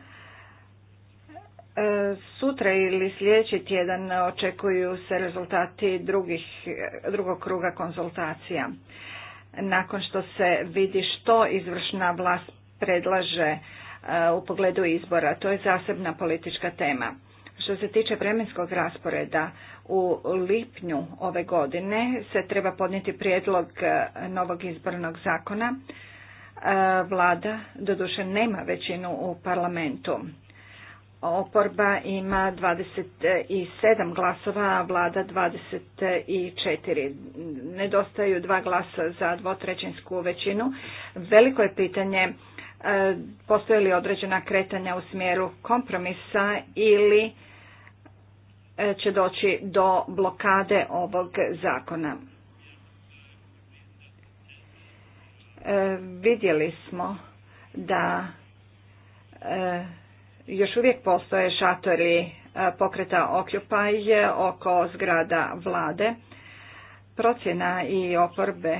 Speaker 1: E, sutra ili sljedeći tjedan očekuju se rezultati drugih, drugog kruga konzultacija. Nakon što se vidi što izvršna vlast predlaže u pogledu izbora, to je zasebna politička tema. Što se tiče vremenskog rasporeda, u lipnju ove godine se treba podnijeti prijedlog e, novog izbornog zakona. E, vlada doduše nema većinu u parlamentu. Oporba ima 27 glasova, a vlada 24. Nedostaju dva glasa za dvotrećinsku većinu. Veliko je pitanje e, postoje li određena kretanja u smjeru kompromisa ili E, će doći do blokade ovog zakona. E, vidjeli smo da e, još uvijek postoje šatori pokreta Occupy oko zgrada vlade. Procjena i oporbe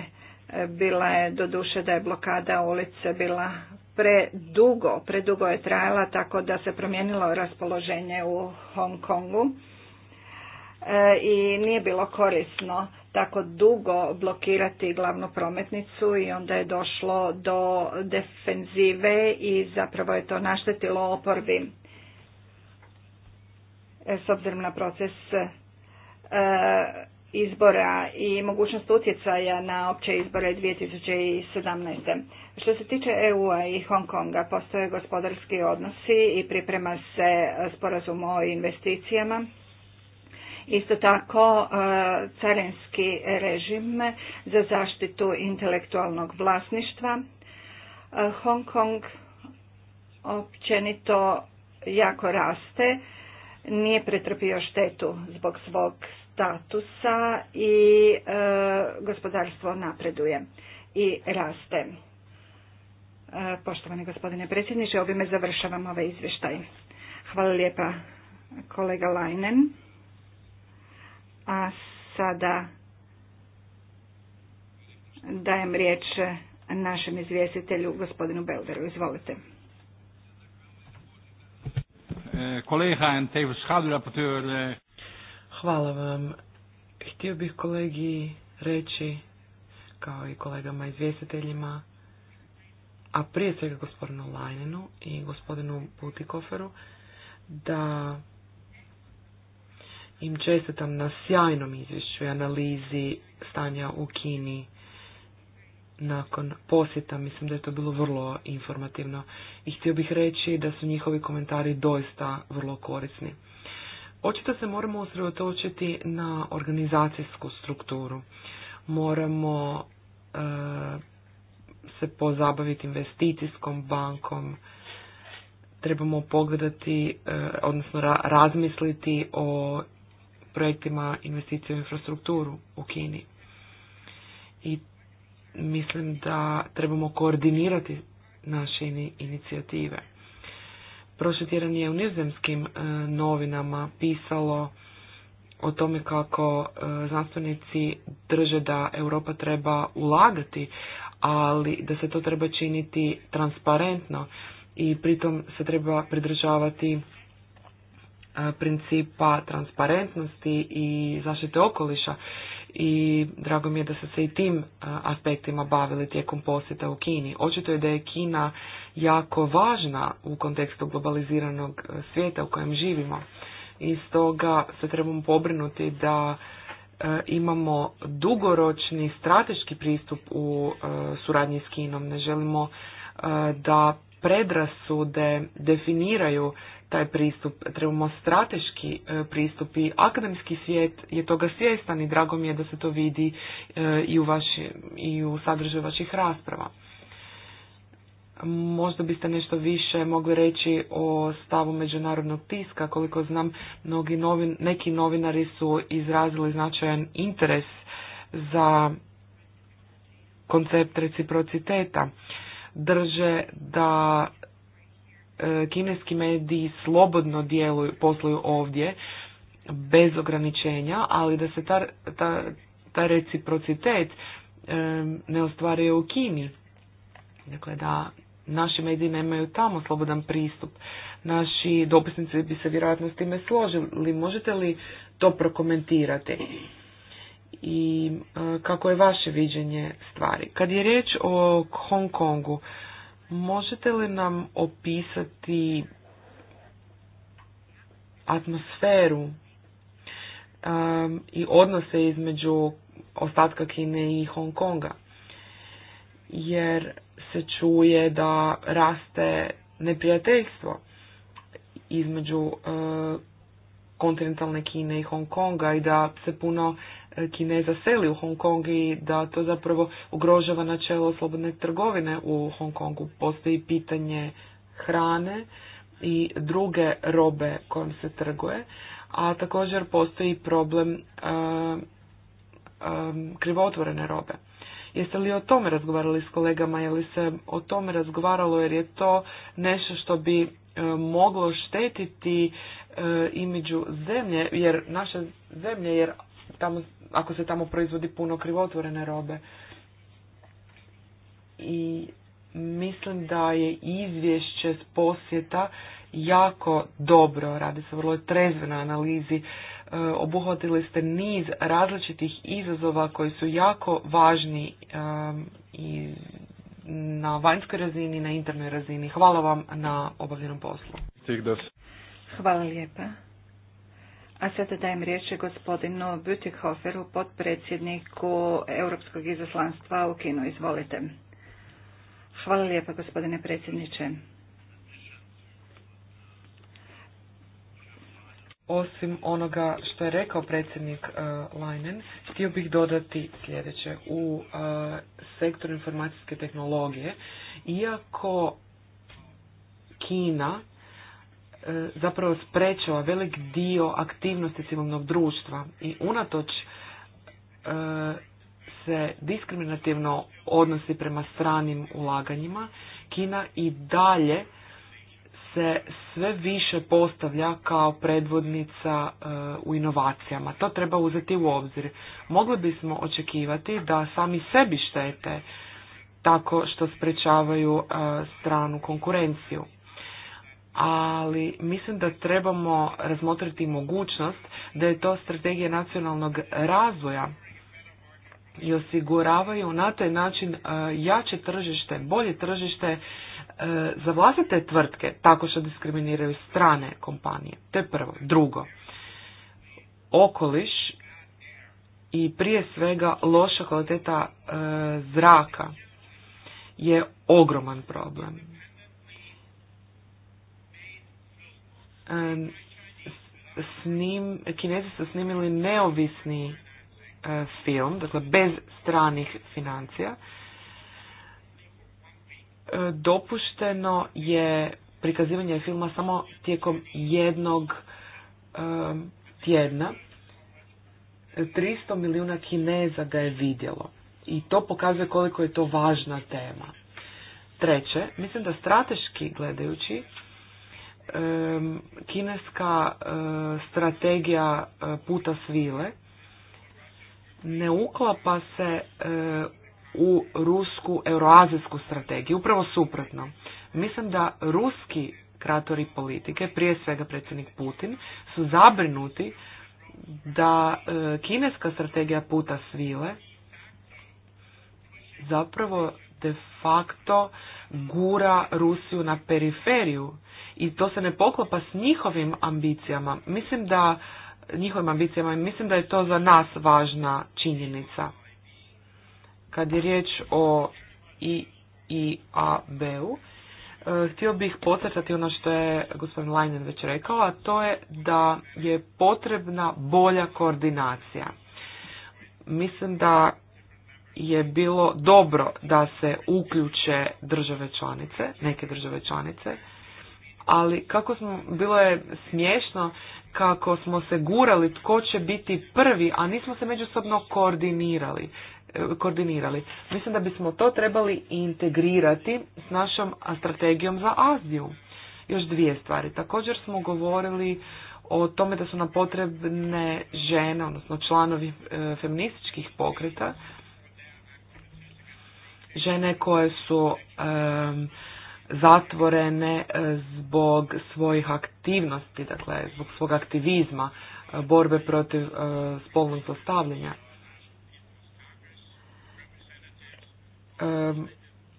Speaker 1: bila je doduše da je blokada ulice bila predugo, predugo je trajala tako da se promijenilo raspoloženje u Hong Kongu. E, i nije bilo korisno tako dugo blokirati glavnu prometnicu i onda je došlo do defenzive i zapravo je to naštetilo oporbi e, s obzirom na proces e, izbora i mogućnost utjecaja na opće izbore 2017. Što se tiče EU-a i Hong Konga, postoje gospodarski odnosi i priprema se sporazum o investicijama Isto tako e, carinski režim za zaštitu intelektualnog vlasništva. E, Hong Kong općenito jako raste, nije pretrpio štetu zbog svog statusa i e, gospodarstvo napreduje i raste. Poštovani gospodine predsjedniče, ovime završavam ovaj izvještaj. Hvala lijepa kolega Leinen. A sada dajem riječ našem izvjestitelju, gospodinu Belderu. Izvolite.
Speaker 4: E, kolega e.
Speaker 5: Hvala vam. Htio bih kolegi reći, kao i kolegama izvjestiteljima, a prije svega gospodinu Lajnenu i gospodinu Butikoferu, da im čestitam na sjajnom izvješću i analizi stanja u Kini nakon posjeta. Mislim da je to bilo vrlo informativno i htio bih reći da su njihovi komentari doista vrlo korisni. Očito se moramo usredotočiti na organizacijsku strukturu. Moramo eh, se pozabaviti investicijskom bankom, trebamo pogledati, eh, odnosno razmisliti o projektima investicije u infrastrukturu u Kini. I mislim da trebamo koordinirati naše inicijative. Prošli tjedan je u nizozemskim e, novinama pisalo o tome kako e, znanstvenici drže da Europa treba ulagati, ali da se to treba činiti transparentno i pritom se treba pridržavati E, principa transparentnosti i zaštite okoliša i drago mi je da ste se i tim e, aspektima bavili tijekom posjeta u Kini. Očito je da je Kina jako važna u kontekstu globaliziranog e, svijeta u kojem živimo i stoga se trebamo pobrinuti da imamo dugoročni strateški pristup u suradnji s Kinom. Ne želimo da predrasude definiraju taj pristup. Trebamo strateški e, pristup i akademski svijet je toga svjestan i drago mi je da se to vidi e, i u, vaši, i u sadržaju vaših rasprava. Možda biste nešto više mogli reći o stavu međunarodnog tiska. Koliko znam, mnogi neki novinari su izrazili značajan interes za koncept reciprociteta. Drže da E, kineski mediji slobodno djeluju, posluju ovdje bez ograničenja, ali da se ta, ta, reciprocitet e, ne ostvaruje u Kini. Dakle, da naši mediji nemaju tamo slobodan pristup. Naši dopisnici bi se vjerojatno s time složili. Možete li to prokomentirati? I e, kako je vaše viđenje stvari? Kad je riječ o Hong Kongu, Možete li nam opisati atmosferu um, i odnose između ostatka Kine i Hong Konga? Jer se čuje da raste neprijateljstvo između uh, kontinentalne Kine i Hong Konga i da se puno Kineza seli u Hong Kong i da to zapravo ugrožava načelo slobodne trgovine u Hong Kongu. Postoji pitanje hrane i druge robe kojom se trguje, a također postoji problem eh, eh, krivotvorene robe. Jeste li o tome razgovarali s kolegama, je li se o tome razgovaralo jer je to nešto što bi eh, moglo štetiti e, zemlje, jer naše zemlje, jer tamo, ako se tamo proizvodi puno krivotvorene robe. I mislim da je izvješće s posjeta jako dobro, radi se vrlo trezvenoj analizi. E, obuhvatili ste niz različitih izazova koji su jako važni i na vanjskoj razini i na internoj razini. Hvala vam na obavljenom poslu.
Speaker 1: Hvala lijepa. A sada dajem riječ gospodinu Butikoferu, potpredsjedniku Europskog izaslanstva u Kinu. Izvolite. Hvala lijepa gospodine predsjedniče.
Speaker 5: Osim onoga što je rekao predsjednik uh, Leinen, htio bih dodati sljedeće. U uh, sektoru informacijske tehnologije, iako Kina E, zapravo sprečava velik dio aktivnosti civilnog društva i unatoč e, se diskriminativno odnosi prema stranim ulaganjima, Kina i dalje se sve više postavlja kao predvodnica e, u inovacijama. To treba uzeti u obzir. Mogli bismo očekivati da sami sebi štete tako što sprečavaju stranu konkurenciju ali mislim da trebamo razmotriti mogućnost da je to strategija nacionalnog razvoja i osiguravaju na taj način e, jače tržište, bolje tržište e, za vlastite tvrtke, tako što diskriminiraju strane kompanije. To je prvo. Drugo, okoliš i prije svega loša kvaliteta e, zraka je ogroman problem snim, kinezi su snimili neovisni e, film, dakle bez stranih financija. E, dopušteno je prikazivanje filma samo tijekom jednog tjedna. 300 milijuna kineza ga je vidjelo. I to pokazuje koliko je to važna tema. Treće, mislim da strateški gledajući kineska e, strategija e, puta svile ne uklapa se e, u rusku euroazijsku strategiju. Upravo suprotno. Mislim da ruski kratori politike, prije svega predsjednik Putin, su zabrinuti da kineska strategija puta svile zapravo de facto gura Rusiju na periferiju i to se ne poklopa s njihovim ambicijama. Mislim da njihovim ambicijama i mislim da je to za nas važna činjenica. Kad je riječ o IIAB-u, e, htio bih podcrtati ono što je gospodin Leinen već rekao, a to je da je potrebna bolja koordinacija. Mislim da je bilo dobro da se uključe države članice, neke države članice, ali kako smo, bilo je smiješno kako smo se gurali tko će biti prvi, a nismo se međusobno koordinirali. E, koordinirali. Mislim da bismo to trebali integrirati s našom strategijom za Aziju. Još dvije stvari. Također smo govorili o tome da su nam potrebne žene, odnosno članovi e, feminističkih pokreta, žene koje su zatvorene e, zbog svojih aktivnosti, dakle zbog svog aktivizma, e, borbe protiv e, spolnog zlostavljanja.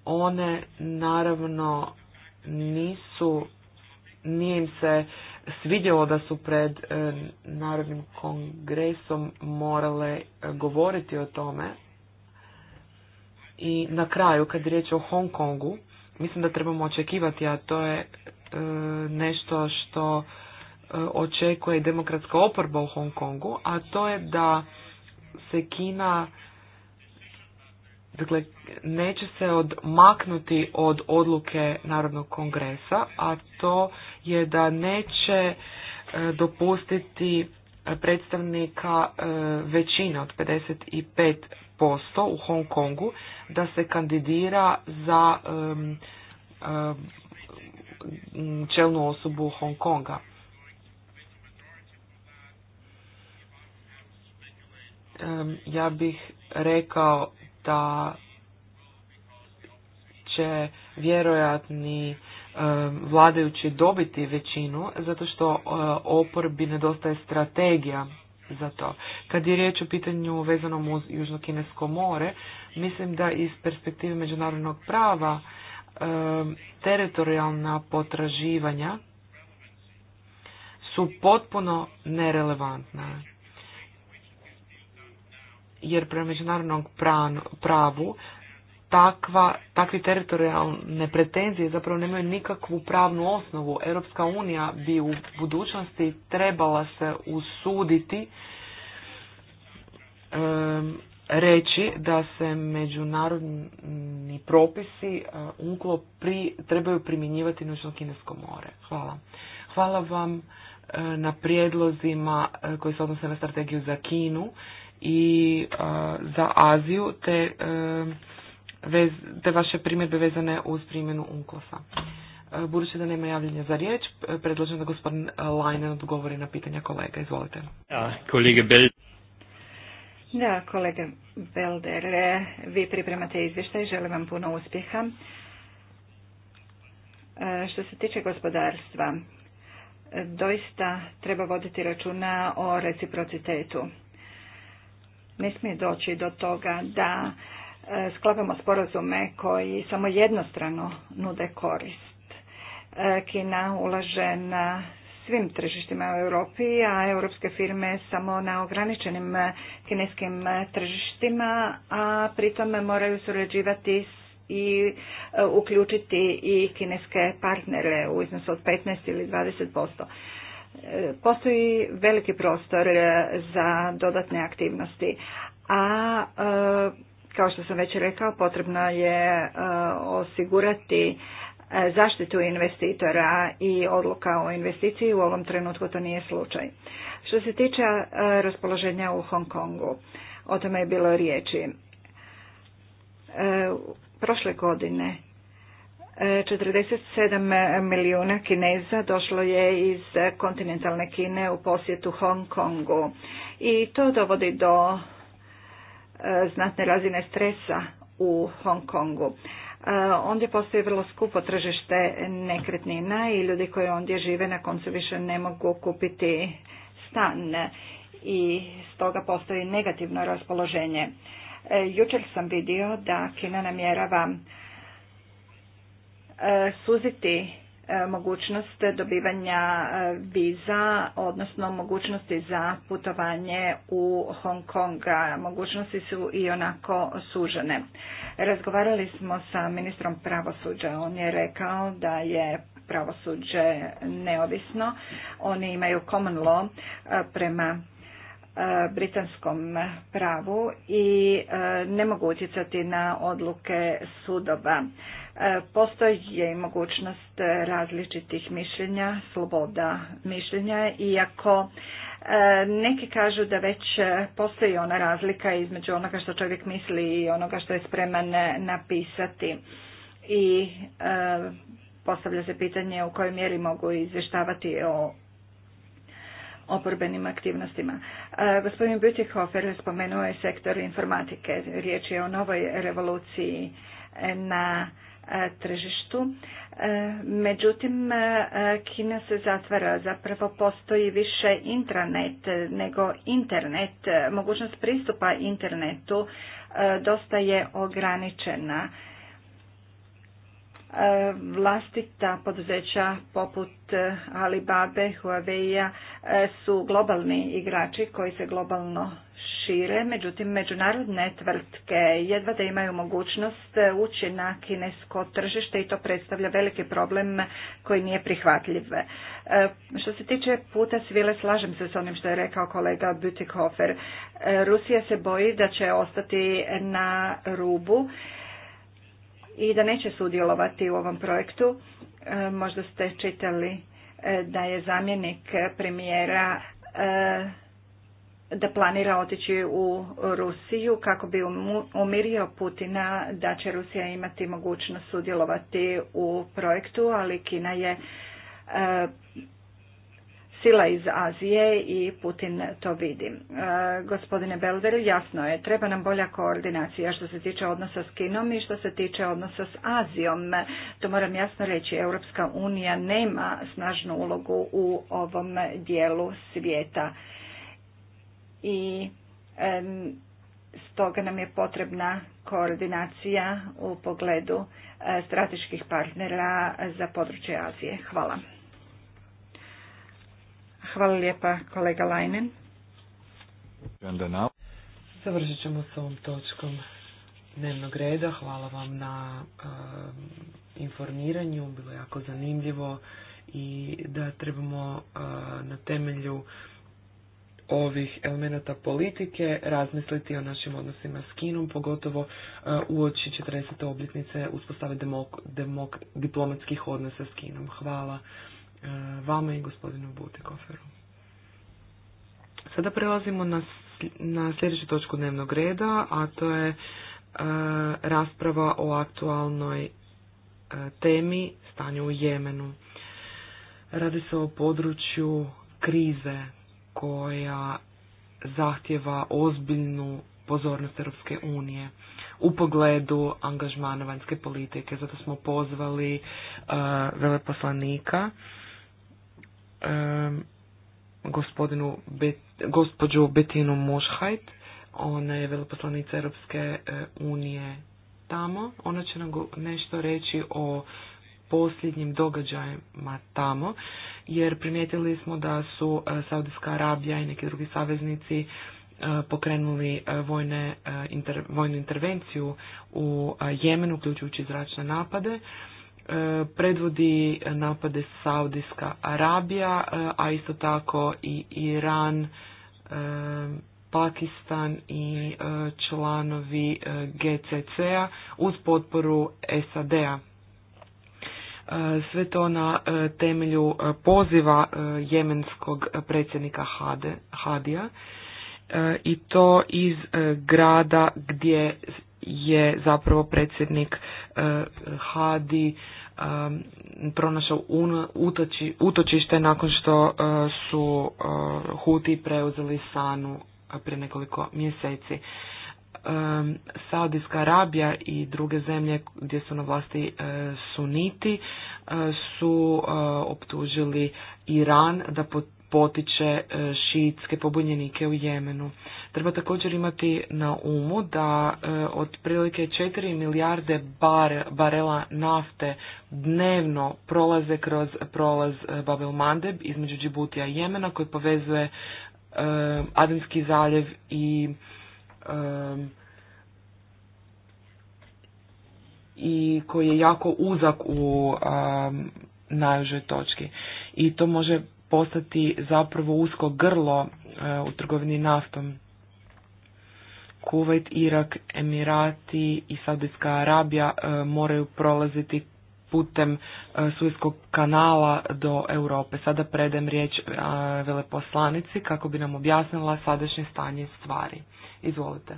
Speaker 5: One naravno nisu, nije im se svidjelo da su pred Narodnim kongresom morale govoriti o tome. I na kraju, kad je riječ o Hong Kongu, mislim da trebamo očekivati, a to je e, nešto što e, očekuje demokratska oporba u Hong Kongu, a to je da se Kina dakle neće se odmaknuti od odluke Narodnog kongresa, a to je da neće e, dopustiti predstavnika većine od 55 u Hong Kongu da se kandidira za čelnu osobu Hong Konga. ja bih rekao da će vjerojatni vladajući dobiti većinu zato što oporbi nedostaje strategija za to. Kad je riječ o pitanju vezanom uz Južno-Kinesko more, mislim da iz perspektive međunarodnog prava teritorijalna potraživanja su potpuno nerelevantna. Jer prema međunarodnom pravu takva, takvi teritorijalne pretenzije zapravo nemaju nikakvu pravnu osnovu. Europska unija bi u budućnosti trebala se usuditi reći da se međunarodni propisi unklo pri, trebaju primjenjivati na kinesko more. Hvala. Hvala vam na prijedlozima koji se odnose na strategiju za Kinu i za Aziju te vez, te vaše primjedbe vezane uz primjenu UNCLOS-a. E, budući da nema javljenja za riječ, e, predlažem da gospodin Lajnen odgovori na pitanja kolega. Izvolite. Ja,
Speaker 6: kolega Bel...
Speaker 1: Da, kolega Belder, e, vi pripremate izvještaj, želim vam puno uspjeha. Što se tiče gospodarstva, doista treba voditi računa o reciprocitetu. Ne smije doći do toga da E, sklopimo sporazume koji samo jednostrano nude korist. E, Kina ulaže na svim tržištima u Europi, a europske firme samo na ograničenim kineskim tržištima, a pritome moraju surađivati i e, uključiti i kineske partnere u iznosu od 15 ili 20%. Postoji veliki prostor za dodatne aktivnosti, a kao što sam već rekao, potrebno je e, osigurati e, zaštitu investitora i odluka o investiciji. U ovom trenutku to nije slučaj. Što se tiče e, raspoloženja u Hong Kongu, o tome je bilo riječi. Prošle godine 47 milijuna Kineza došlo je iz kontinentalne Kine u posjetu Hong Kongu i to dovodi do znatne razine stresa u Hong Kongu. E, ondje postoji vrlo skupo tržište nekretnina i ljudi koji ondje žive na koncu više ne mogu kupiti stan i stoga postoji negativno raspoloženje. E, jučer sam vidio da Kina namjerava e, suziti E, mogućnost dobivanja e, viza, odnosno mogućnosti za putovanje u Hong Kong. Mogućnosti su i onako sužene. Razgovarali smo sa ministrom pravosuđa. On je rekao da je pravosuđe neovisno. Oni imaju common law e, prema britanskom pravu i ne mogu utjecati na odluke sudova. E, postoji je mogućnost različitih mišljenja, sloboda mišljenja, iako e, neki kažu da već postoji ona razlika između onoga što čovjek misli i onoga što je spreman napisati. I e, postavlja se pitanje u kojoj mjeri mogu izvještavati o oporbenim aktivnostima. Gospodin Butikhofer spomenuo je sektor informatike. Riječ je o novoj revoluciji na E, tržištu. E, međutim, e, Kina se zatvara, zapravo postoji više intranet nego internet. Mogućnost pristupa internetu dosta je ograničena vlastita poduzeća poput e, Alibabe, huawei e, su globalni igrači koji se globalno šire, međutim međunarodne tvrtke jedva da imaju mogućnost ući na kinesko tržište i to predstavlja veliki problem koji nije prihvatljiv. E, što se tiče puta svile, slažem se s onim što je rekao kolega Butikhofer. Rusija se boji da će ostati na rubu i da neće sudjelovati u ovom projektu. E, možda ste čitali e, da je zamjenik premijera e, da planira otići u Rusiju kako bi umirio Putina da će Rusija imati mogućnost sudjelovati u projektu, ali Kina je sila iz Azije i Putin to vidi. E, gospodine Belder, jasno je, treba nam bolja koordinacija što se tiče odnosa s Kinom i što se tiče odnosa s Azijom. To moram jasno reći, Europska unija nema snažnu ulogu u ovom dijelu svijeta. I e, stoga nam je potrebna koordinacija u pogledu e, strateških partnera za područje Azije. Hvala. Hvala lijepa kolega Lajnen.
Speaker 5: Završit ćemo s ovom točkom dnevnog reda. Hvala vam na um, informiranju, bilo je jako zanimljivo i da trebamo uh, na temelju ovih elemenata politike razmisliti o našim odnosima s Kinom, pogotovo uh, uoči u 40. obljetnice uspostave demok, demok, diplomatskih odnosa s Kinom. Hvala. E, vama i gospodinu Butikoferu. Sada prelazimo na, sljedeću točku dnevnog reda, a to je e, rasprava o aktualnoj e, temi stanju u Jemenu. Radi se o području krize koja zahtjeva ozbiljnu pozornost Europske unije u pogledu angažmana vanjske politike. Zato smo pozvali veleposlanika gospodinu Bet, gospođu Betinu Mošhajt. Ona je veleposlanica Europske e, unije tamo. Ona će nam nešto reći o posljednjim događajima tamo, jer primijetili smo da su e, Saudijska Arabija i neki drugi saveznici e, pokrenuli vojne, vojnu intervenciju u Jemenu, uključujući zračne napade E, predvodi napade Saudijska Arabija, e, a isto tako i Iran, e, Pakistan i članovi GCC-a uz potporu SAD-a. Sve to na temelju poziva jemenskog predsjednika Hadija i to iz grada gdje je zapravo predsjednik e, Hadi e, pronašao utočište nakon što e, su Huti preuzeli Sanu prije nekoliko mjeseci. Saudijska Arabija i druge zemlje gdje su na vlasti suniti su optužili Iran da potiče e, šiitske pobunjenike u Jemenu. Treba također imati na umu da e, otprilike 4 milijarde barela nafte dnevno prolaze kroz prolaz e, Babel Mandeb između Džibutija i Jemena koji povezuje Adenski zaljev i i koji je jako uzak u najužoj točki. I to može postati zapravo usko grlo e, u trgovini naftom. Kuvajt, Irak, Emirati i Saudijska Arabija e, moraju prolaziti putem e, Suezkog kanala do Europe. Sada predem riječ veleposlanici kako bi nam objasnila sadašnje stanje stvari. Izvolite.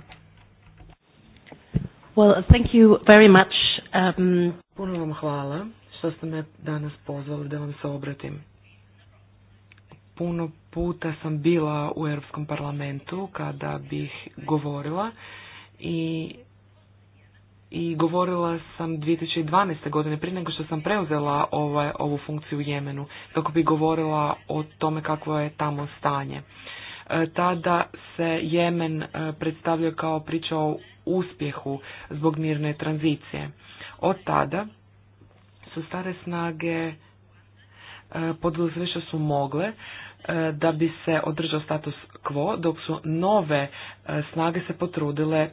Speaker 5: Well, thank you very much. Um... Puno vam hvala što ste me danas pozvali da vam se obratim puno puta sam bila u Europskom parlamentu kada bih govorila i i govorila sam 2012. godine prije nego što sam preuzela ovaj, ovu funkciju u Jemenu kako bi govorila o tome kakvo je tamo stanje. E, tada se Jemen e, predstavlja kao priča o uspjehu zbog mirne tranzicije. Od tada su stare snage e, poduzele što su mogle E, da bi se održao status quo, dok su nove e, snage se potrudile e,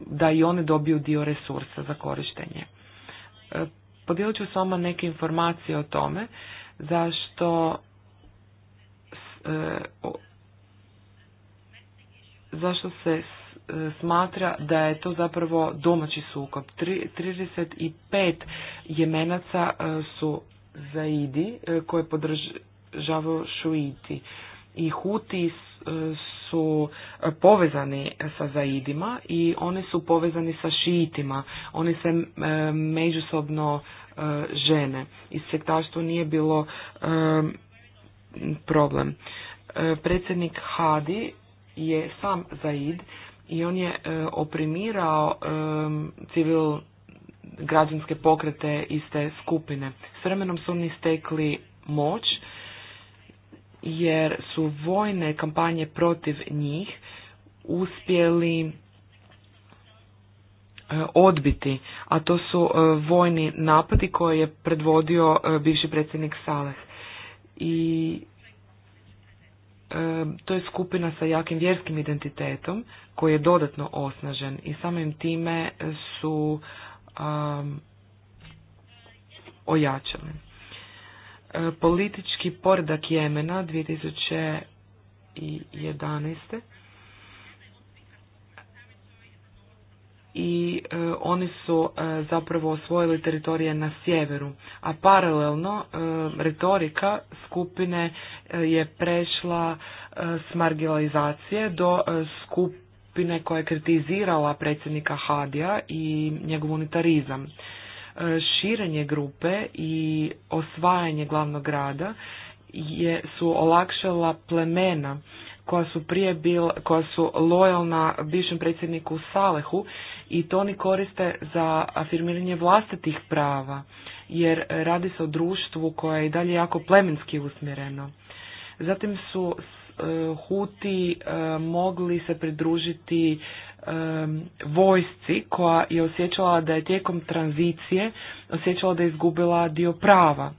Speaker 5: da i one dobiju dio resursa za korištenje. Podijelit ću s vama neke informacije o tome zašto zašto se smatra da je to zapravo domaći sukob. 35 jemenaca su zaidi koje podrž, Žavo Šuiti. I Huti e, su povezani sa Zaidima i oni su povezani sa Šiitima. Oni se e, međusobno e, žene. I sektaštvo nije bilo problem. Predsjednik Hadi je sam Zaid i on je oprimirao civil građanske pokrete iz te skupine. S vremenom su oni stekli moć jer su vojne kampanje protiv njih uspjeli e, odbiti, a to su e, vojni napadi koje je predvodio e, bivši predsjednik Saleh. I to je skupina sa jakim vjerskim identitetom koji je dodatno osnažen i samim time su ojačali. E, politički poredak Jemena 2011. i e, oni su e, zapravo osvojili teritorije na sjeveru, a paralelno retorika skupine je prešla s marginalizacije do skupine koja je kritizirala predsjednika Hadija i njegov unitarizam. E, širenje grupe i osvajanje glavnog grada je, su olakšala plemena koja su prije bil, koja su lojalna bivšem predsjedniku Salehu i to oni koriste za afirmiranje vlastitih prava, jer radi se o društvu koje je i dalje jako plemenski usmjereno. Zatim su e, Huti e, mogli se pridružiti vojsci koja je osjećala da je tijekom tranzicije osjećala da je izgubila dio prava.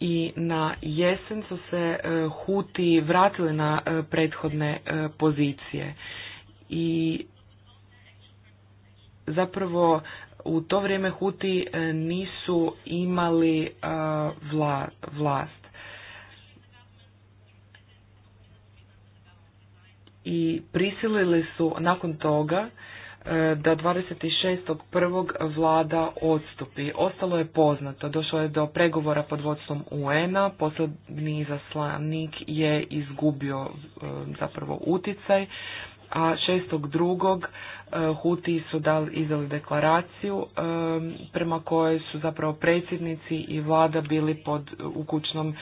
Speaker 5: I na jesen su se e, Huti vratili na e, prethodne e, pozicije. I zapravo u to vrijeme Huti nisu imali vla, vlast. i prisilili su nakon toga e, da 26.1. vlada odstupi. Ostalo je poznato. Došlo je do pregovora pod vodstvom UN-a. posljedni izaslanik je izgubio e, zapravo uticaj. A 6.2. E, Huti su dali, izdali deklaraciju prema kojoj su zapravo predsjednici i vlada bili pod u kućnom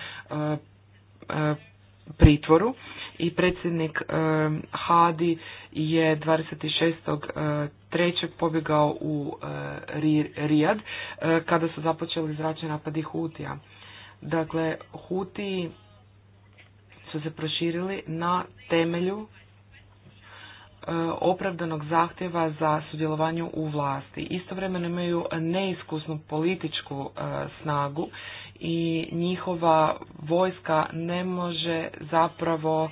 Speaker 5: pritvoru i predsjednik eh, Hadi je 26.3. Eh, pobjegao u eh, Rijad kada su započeli zračni napadi Hutija. Dakle, Huti su se proširili na temelju opravdanog zahtjeva za sudjelovanju u vlasti. Istovremeno imaju neiskusnu političku snagu i njihova vojska ne može zapravo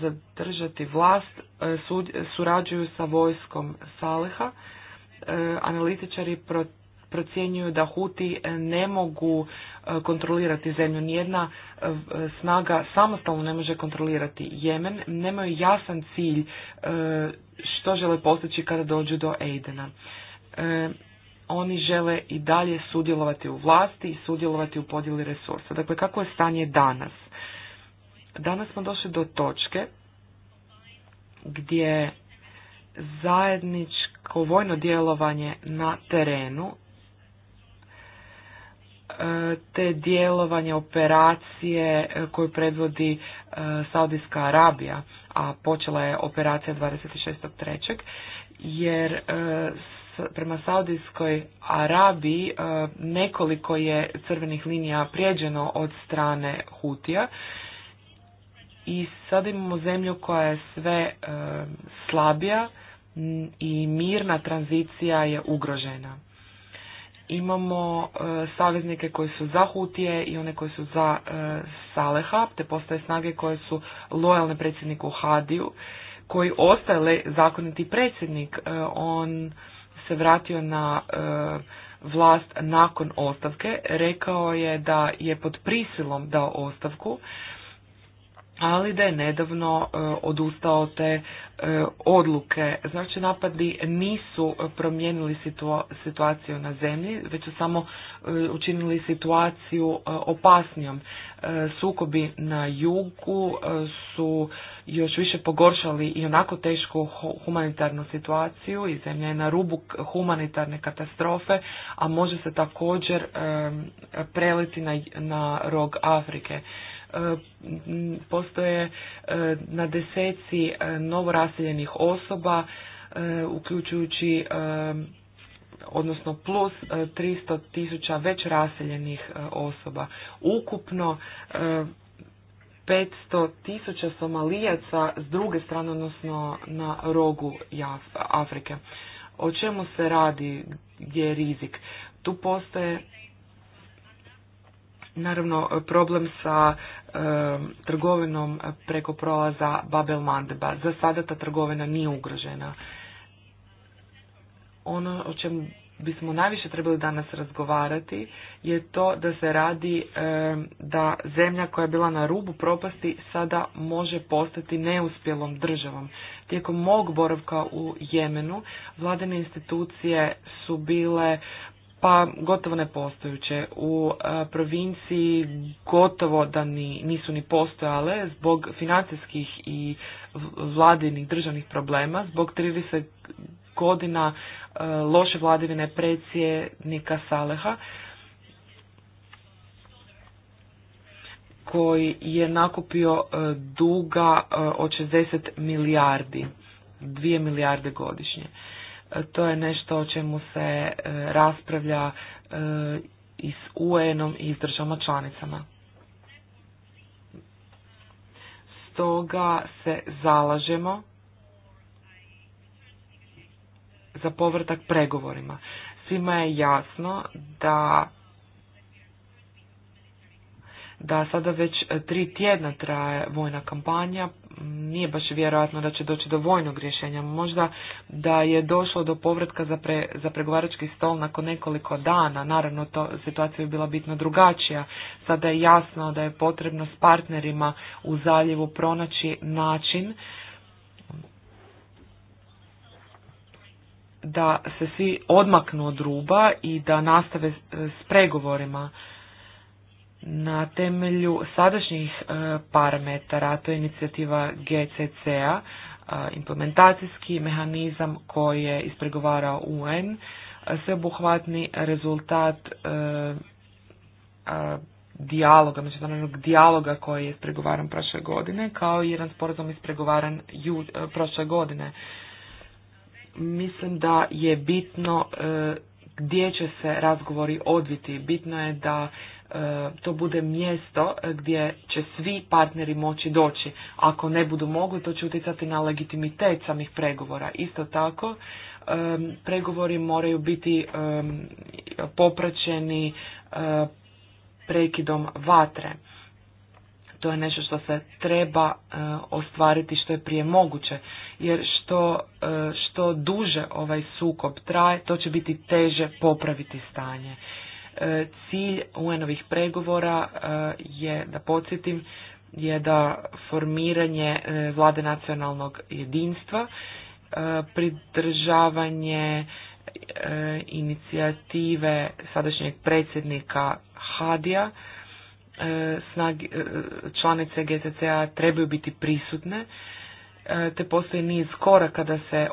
Speaker 5: zadržati vlast, e, surađuju sa vojskom Saleha. E, analitičari procjenjuju da Huti ne mogu e, kontrolirati zemlju. Nijedna snaga samostalno ne može kontrolirati Jemen. Nemaju jasan cilj što žele postići kada dođu do Eidena oni žele i dalje sudjelovati u vlasti i sudjelovati u podjeli resursa. Dakle, kako je stanje danas? Danas smo došli do točke gdje zajedničko vojno djelovanje na terenu e, te djelovanje operacije koju predvodi e, Saudijska Arabija, a počela je operacija 26.3. jer e, prema Saudijskoj Arabiji e, nekoliko je crvenih linija prijeđeno od strane Hutija i sad imamo zemlju koja je sve e, slabija i mirna tranzicija je ugrožena. Imamo e, saveznike koji su za Hutije i one koji su za Saleha, te postoje snage koje su lojalne predsjedniku Hadiju koji ostaje zakoniti predsjednik, on se vratio na e, vlast nakon ostavke, rekao je da je pod prisilom dao ostavku ali da je nedavno e, odustao te e, odluke. Znači napadi nisu promijenili situaciju na zemlji, već su samo e, učinili situaciju opasnijom. Sukobi na jugu su još više pogoršali i onako tešku humanitarnu situaciju i zemlja je na rubu humanitarne katastrofe, a može se također preliti na rog Afrike postoje e, na deseci e, novoraseljenih osoba, e, uključujući odnosno plus 300 tisuća već raseljenih osoba. Ukupno 500 tisuća somalijaca s druge strane, odnosno na rogu Afrike. O čemu se radi, gdje je rizik? Tu postoje naravno problem sa trgovinom preko prolaza Babel Mandeba. Za sada ta trgovina nije ugrožena. Ono o čemu bismo najviše trebali danas razgovarati je to da se radi da zemlja koja je bila na rubu propasti sada može postati neuspjelom državom. Tijekom mog boravka u Jemenu vladene institucije su bile pa gotovo ne U e, provinciji gotovo da ni, nisu ni postojale zbog financijskih i vladinih državnih problema, zbog 30 godina e, loše vladavine nika Saleha, koji je nakupio e, duga od 60 milijardi, 2 milijarde godišnje. E, to je nešto o čemu se e, raspravlja e, i s UN-om i s državama članicama. Stoga se zalažemo za povratak pregovorima. Svima je jasno da da sada već tri tjedna traje vojna kampanja nije baš vjerojatno da će doći do vojnog rješenja. Možda da je došlo do povratka za, pre, za pregovarački stol nakon nekoliko dana. Naravno, to, situacija je bila bitno drugačija. Sada je jasno da je potrebno s partnerima u zaljevu pronaći način da se svi odmaknu od ruba i da nastave s pregovorima na temelju sadašnjih e, parametara, to je inicijativa GCC-a, e, implementacijski mehanizam koji je ispregovarao UN, e, sveobuhvatni rezultat dijaloga, međunarodnog dijaloga koji je ispregovaran prošle godine, kao i jedan sporazum ispregovaran prošle godine. Mislim da je bitno gdje će se razgovori odviti. Bitno je da E, to bude mjesto e, gdje će svi partneri moći doći. Ako ne budu mogli, to će utjecati na legitimitet samih pregovora. Isto tako, e, pregovori moraju biti popraćeni prekidom vatre. To je nešto što se treba ostvariti što je prije moguće, jer što, što duže ovaj sukob traje, to će biti teže popraviti stanje. E, cilj UN-ovih pregovora e, je, da podsjetim, je da formiranje e, vlade nacionalnog jedinstva, pridržavanje inicijative sadašnjeg predsjednika Hadija, članice članice a trebaju biti prisutne, te postoji niz koraka da se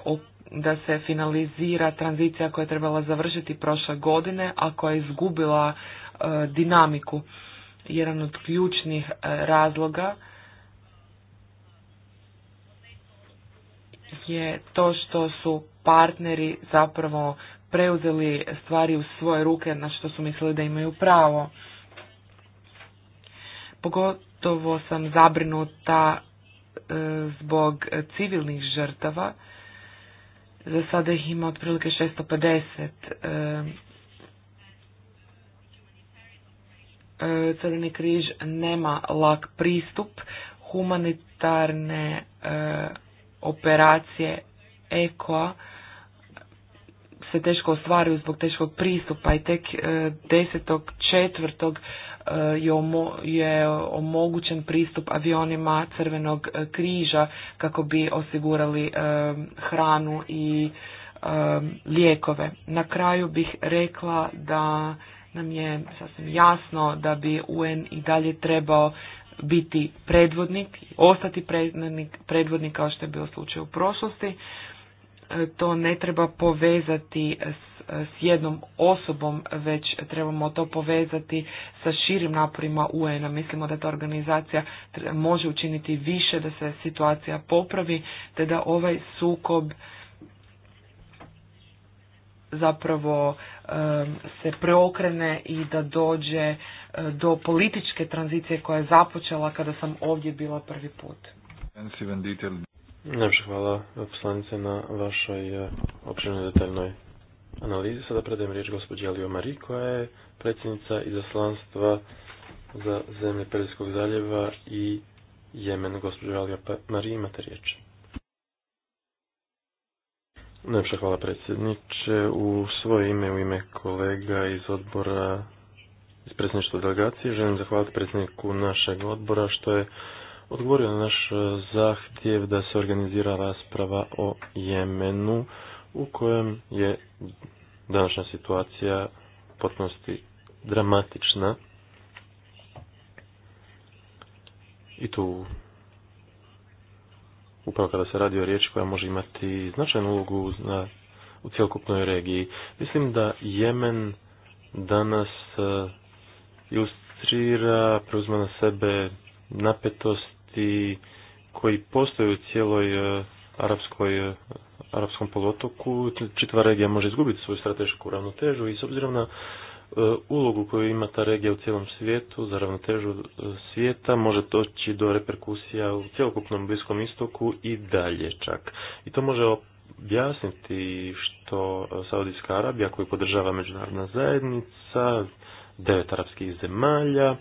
Speaker 5: da se finalizira tranzicija koja je trebala završiti prošle godine, a koja je izgubila e, dinamiku. Jedan od ključnih e, razloga je to što su partneri zapravo preuzeli stvari u svoje ruke na što su mislili da imaju pravo. Pogotovo sam zabrinuta e, zbog civilnih žrtava za sada ih ima otprilike 650. Crveni križ nema lak pristup. Humanitarne operacije EKOA se teško ostvaruju zbog teškog pristupa i tek 10.4. E, je omogućen pristup avionima Crvenog e, križa kako bi osigurali e, hranu i lijekove. Na kraju bih rekla da nam je sasvim jasno da bi UN i dalje trebao biti predvodnik, ostati predvodnik, predvodnik kao što je bio slučaj u prošlosti. To ne treba povezati s s jednom osobom, već trebamo to povezati sa širim naporima UN-a. Mislimo da ta organizacija može učiniti više da se situacija popravi, te da ovaj sukob zapravo se preokrene i da dođe eh, do političke tranzicije koja je započela kada sam ovdje bila prvi put.
Speaker 6: hvala eh, poslanice na vašoj eh, detaljnoj analizi. Sada predajem riječ gospođi Alio Mari, koja je predsjednica izaslanstva za zemlje Perijskog zaljeva i Jemen. gospođa Alio Mari, imate riječ. Najpša hvala predsjedniče. U svoje ime, u ime kolega iz odbora, iz predsjedništva delegacije, želim zahvaliti predsjedniku našeg odbora što je odgovorio na naš zahtjev da se organizira rasprava o Jemenu u kojem je današnja situacija potpunosti dramatična i tu upravo kada se radi o riječi koja može imati značajnu ulogu na, u cjelokupnoj regiji. Mislim da Jemen danas e, ilustrira, preuzma na sebe napetosti koji postoje u cijeloj e, arapskoj e, arapskom polotoku, čitva regija može izgubiti svoju stratešku ravnotežu i s obzirom na e, ulogu koju ima ta regija u cijelom svijetu, za ravnotežu e, svijeta, može doći do reperkusija u cjelokupnom Bliskom istoku i dalje čak. I to može objasniti što Saudijska Arabija, koju podržava međunarodna zajednica, devet arapskih zemalja, e,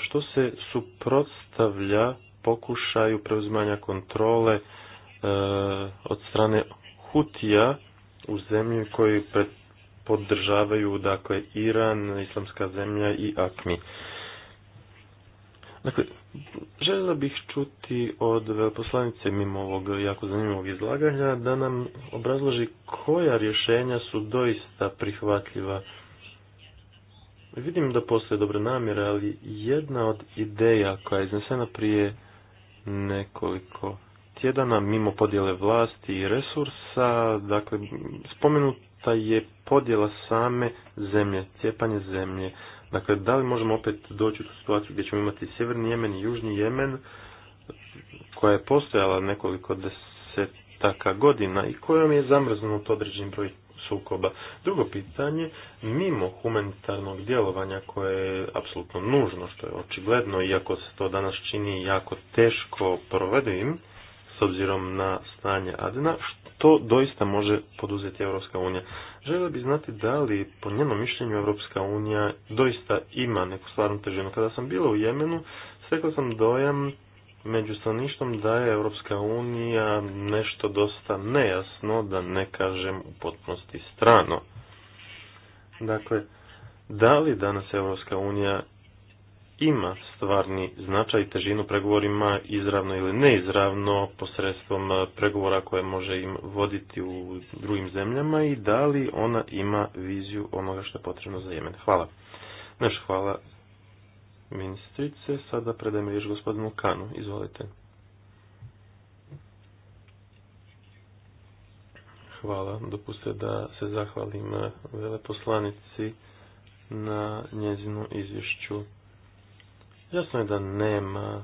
Speaker 6: što se suprotstavlja pokušaju preuzimanja kontrole E, od strane Hutija u zemlji koji podržavaju dakle Iran, Islamska zemlja i Akmi. Dakle, željela bih čuti od poslanice mimo ovog jako zanimljivog izlaganja da nam obrazloži koja rješenja su doista prihvatljiva. Vidim da postoje dobre namjere, ali jedna od ideja koja je iznesena prije nekoliko tjedana mimo podjele vlasti i resursa, dakle spomenuta je podjela same zemlje, cijepanje zemlje. Dakle, da li možemo opet doći u tu situaciju gdje ćemo imati sjeverni Jemen i južni Jemen, koja je postojala nekoliko desetaka godina i kojom je zamrznut određen broj sukoba. Drugo pitanje, mimo humanitarnog djelovanja koje je apsolutno nužno, što je očigledno, iako se to danas čini jako teško provedivim, s obzirom na stanje Adena, što doista može poduzeti Europska unija. Želio bi znati da li po njenom mišljenju Europska unija doista ima neku stvarnu težinu. Kada sam bila u Jemenu, stekla sam dojam među stanovništvom da je Europska unija nešto dosta nejasno, da ne kažem u potpunosti strano. Dakle, da li danas Europska unija ima stvarni značaj i težinu pregovorima izravno ili neizravno posredstvom e, pregovora koje može im voditi u drugim zemljama i da li ona ima viziju onoga što je potrebno za Jemen. Hvala. Naš hvala ministrice. Sada predajem riječ gospodinu Kanu. Izvolite. Hvala. Dopustite da se zahvalim e, veleposlanici na njezinu izvješću. Jasno je da nema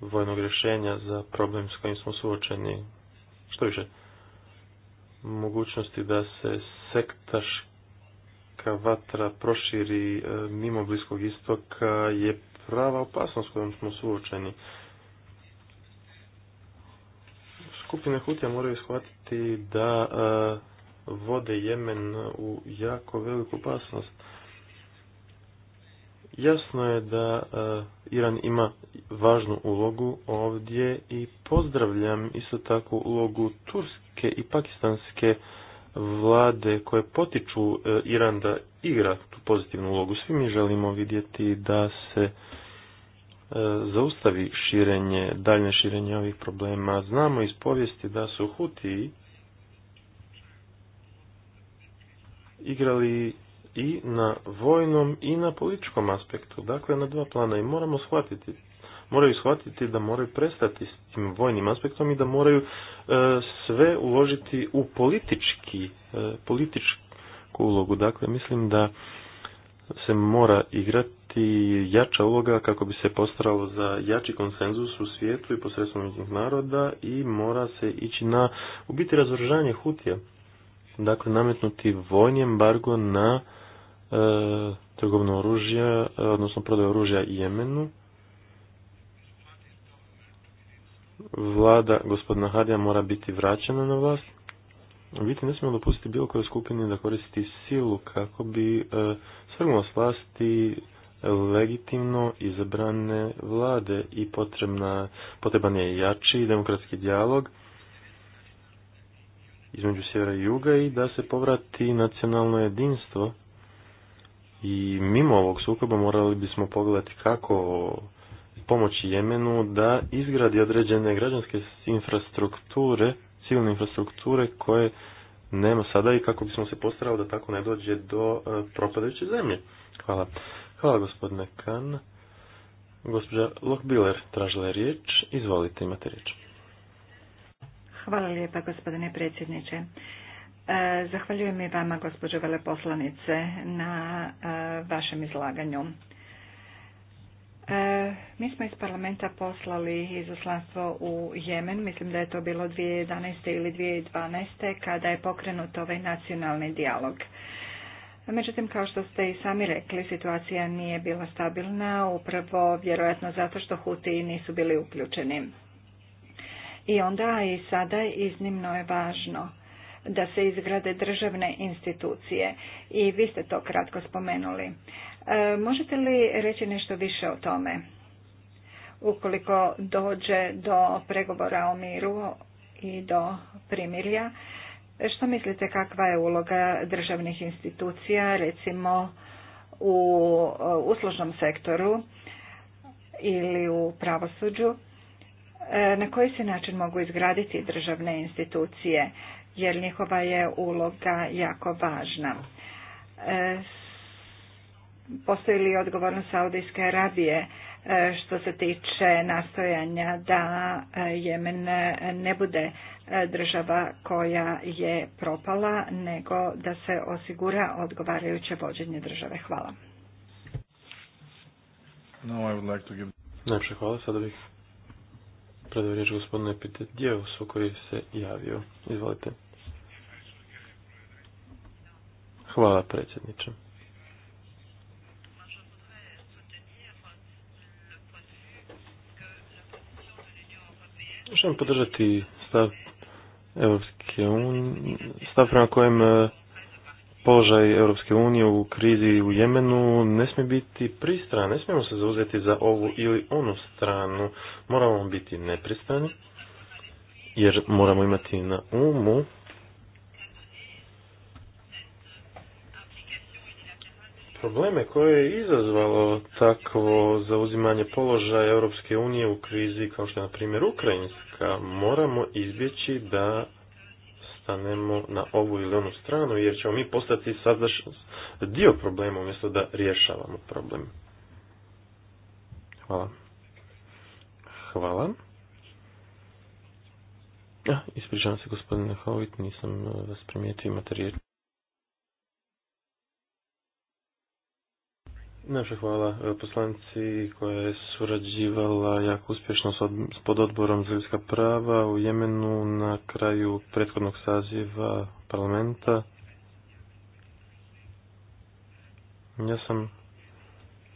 Speaker 6: vojnog rješenja za problem s kojim smo suočeni. Što više, mogućnosti da se sektaška vatra proširi e, mimo Bliskog istoka je prava opasnost s kojom smo suočeni. Skupine Hutija moraju shvatiti da e, vode Jemen u jako veliku opasnost. Jasno je da e, Iran ima važnu ulogu ovdje i pozdravljam isto tako ulogu turske i pakistanske vlade koje potiču e, Iran da igra tu pozitivnu ulogu. Svi mi želimo vidjeti da se e, zaustavi širenje, daljnje širenje ovih problema. Znamo iz povijesti da su Huti igrali i na vojnom i na političkom aspektu, dakle na dva plana i moramo shvatiti moraju shvatiti da moraju prestati s tim vojnim aspektom i da moraju e, sve uložiti u politički, e, političku ulogu. Dakle, mislim da se mora igrati jača uloga kako bi se postaralo za jači konsenzus u svijetu i posredstvom njih naroda i mora se ići na u biti razoružanje Hutija. Dakle, nametnuti vojni embargo na E, trgovno oružja, e, odnosno prodaje oružja Jemenu. Vlada gospodina Hadija mora biti vraćena na vlast. Vidite, ne smijemo dopustiti bilo koje skupine da koristi silu kako bi e, svrgnula s vlasti legitimno izabrane vlade i potrebna, potreban je jači demokratski dijalog između sjevera i juga i da se povrati nacionalno jedinstvo i mimo ovog sukoba morali bismo pogledati kako pomoći Jemenu da izgradi određene građanske infrastrukture, civilne infrastrukture koje nema sada i kako bismo se postarali da tako ne dođe do e, propadajuće zemlje. Hvala. Hvala gospodine Kan. Gospođa tražila je riječ. Izvolite, imate riječ.
Speaker 1: Hvala lijepa gospodine predsjedniče. E, zahvaljujem i vama, gospođo veleposlanice, na e, vašem izlaganju. E, mi smo iz parlamenta poslali izoslanstvo u Jemen, mislim da je to bilo 2011. ili 2012. kada je pokrenut ovaj nacionalni dijalog. Međutim, kao što ste i sami rekli, situacija nije bila stabilna, upravo vjerojatno zato što Huti nisu bili uključeni. I onda i sada iznimno je važno da se izgrade državne institucije i vi ste to kratko spomenuli. E, možete li reći nešto više o tome? Ukoliko dođe do pregovora o miru i do primirja, što mislite kakva je uloga državnih institucija, recimo u uslužnom sektoru ili u pravosuđu? E, na koji se način mogu izgraditi državne institucije? jer njihova je uloga jako važna. E, postoji li odgovornost Saudijske Arabije e, što se tiče nastojanja da e, Jemen ne bude država koja je propala, nego da se osigura odgovarajuće vođenje države. Hvala.
Speaker 4: No, I would like to give...
Speaker 6: hvala, sada bih predao riječ gospodinu Epitedijevsu koji se javio. Izvolite. Hvala predsjedniče. Želim podržati stav Evropske unije, stav prema kojem eh, položaj Europske unije u krizi u Jemenu ne smije biti pristran, ne smijemo se zauzeti za ovu ili onu stranu, moramo biti nepristrani, jer moramo imati na umu probleme koje je izazvalo takvo zauzimanje položaja Europske unije u krizi kao što je na primjer
Speaker 7: Ukrajinska,
Speaker 6: moramo izbjeći da stanemo na ovu ili onu stranu, jer ćemo mi postati sadaš dio problema umjesto da rješavamo problem. Hvala. Hvala. Ja, ispričavam se gospodine Hovit, nisam eh, vas primijetio, imate riječ. Naša hvala e, poslanci koja je surađivala jako uspješno s pododborom za ljudska prava u Jemenu na kraju prethodnog saziva parlamenta. Ja sam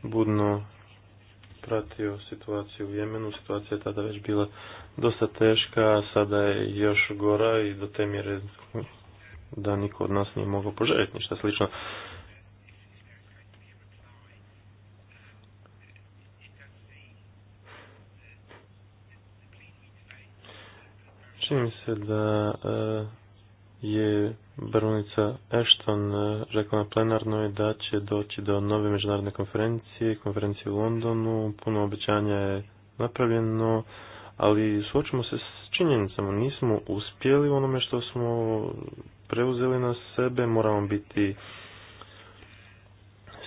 Speaker 6: budno pratio situaciju u Jemenu. Situacija je tada već bila dosta teška, a sada je još gora i do te mjere da niko od nas nije mogao poželjeti ništa slično. Čini se da e, je Brunica Ashton e, rekla na plenarnoj da će doći do nove međunarodne konferencije, konferencije u Londonu, puno obećanja je napravljeno, ali suočimo se s činjenicama, nismo uspjeli onome što smo preuzeli na sebe, moramo biti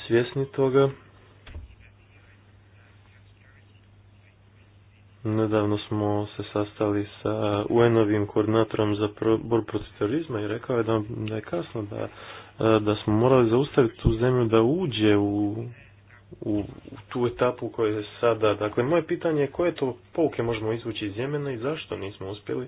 Speaker 6: svjesni toga Nedavno smo se sastali sa UN-ovim koordinatorom za borbu protiv terorizma i rekao je da, da je kasno da, e, da smo morali zaustaviti tu zemlju da uđe u, u, tu etapu koja je sada. Dakle, moje pitanje je koje to pouke možemo izvući iz Jemena i zašto nismo uspjeli.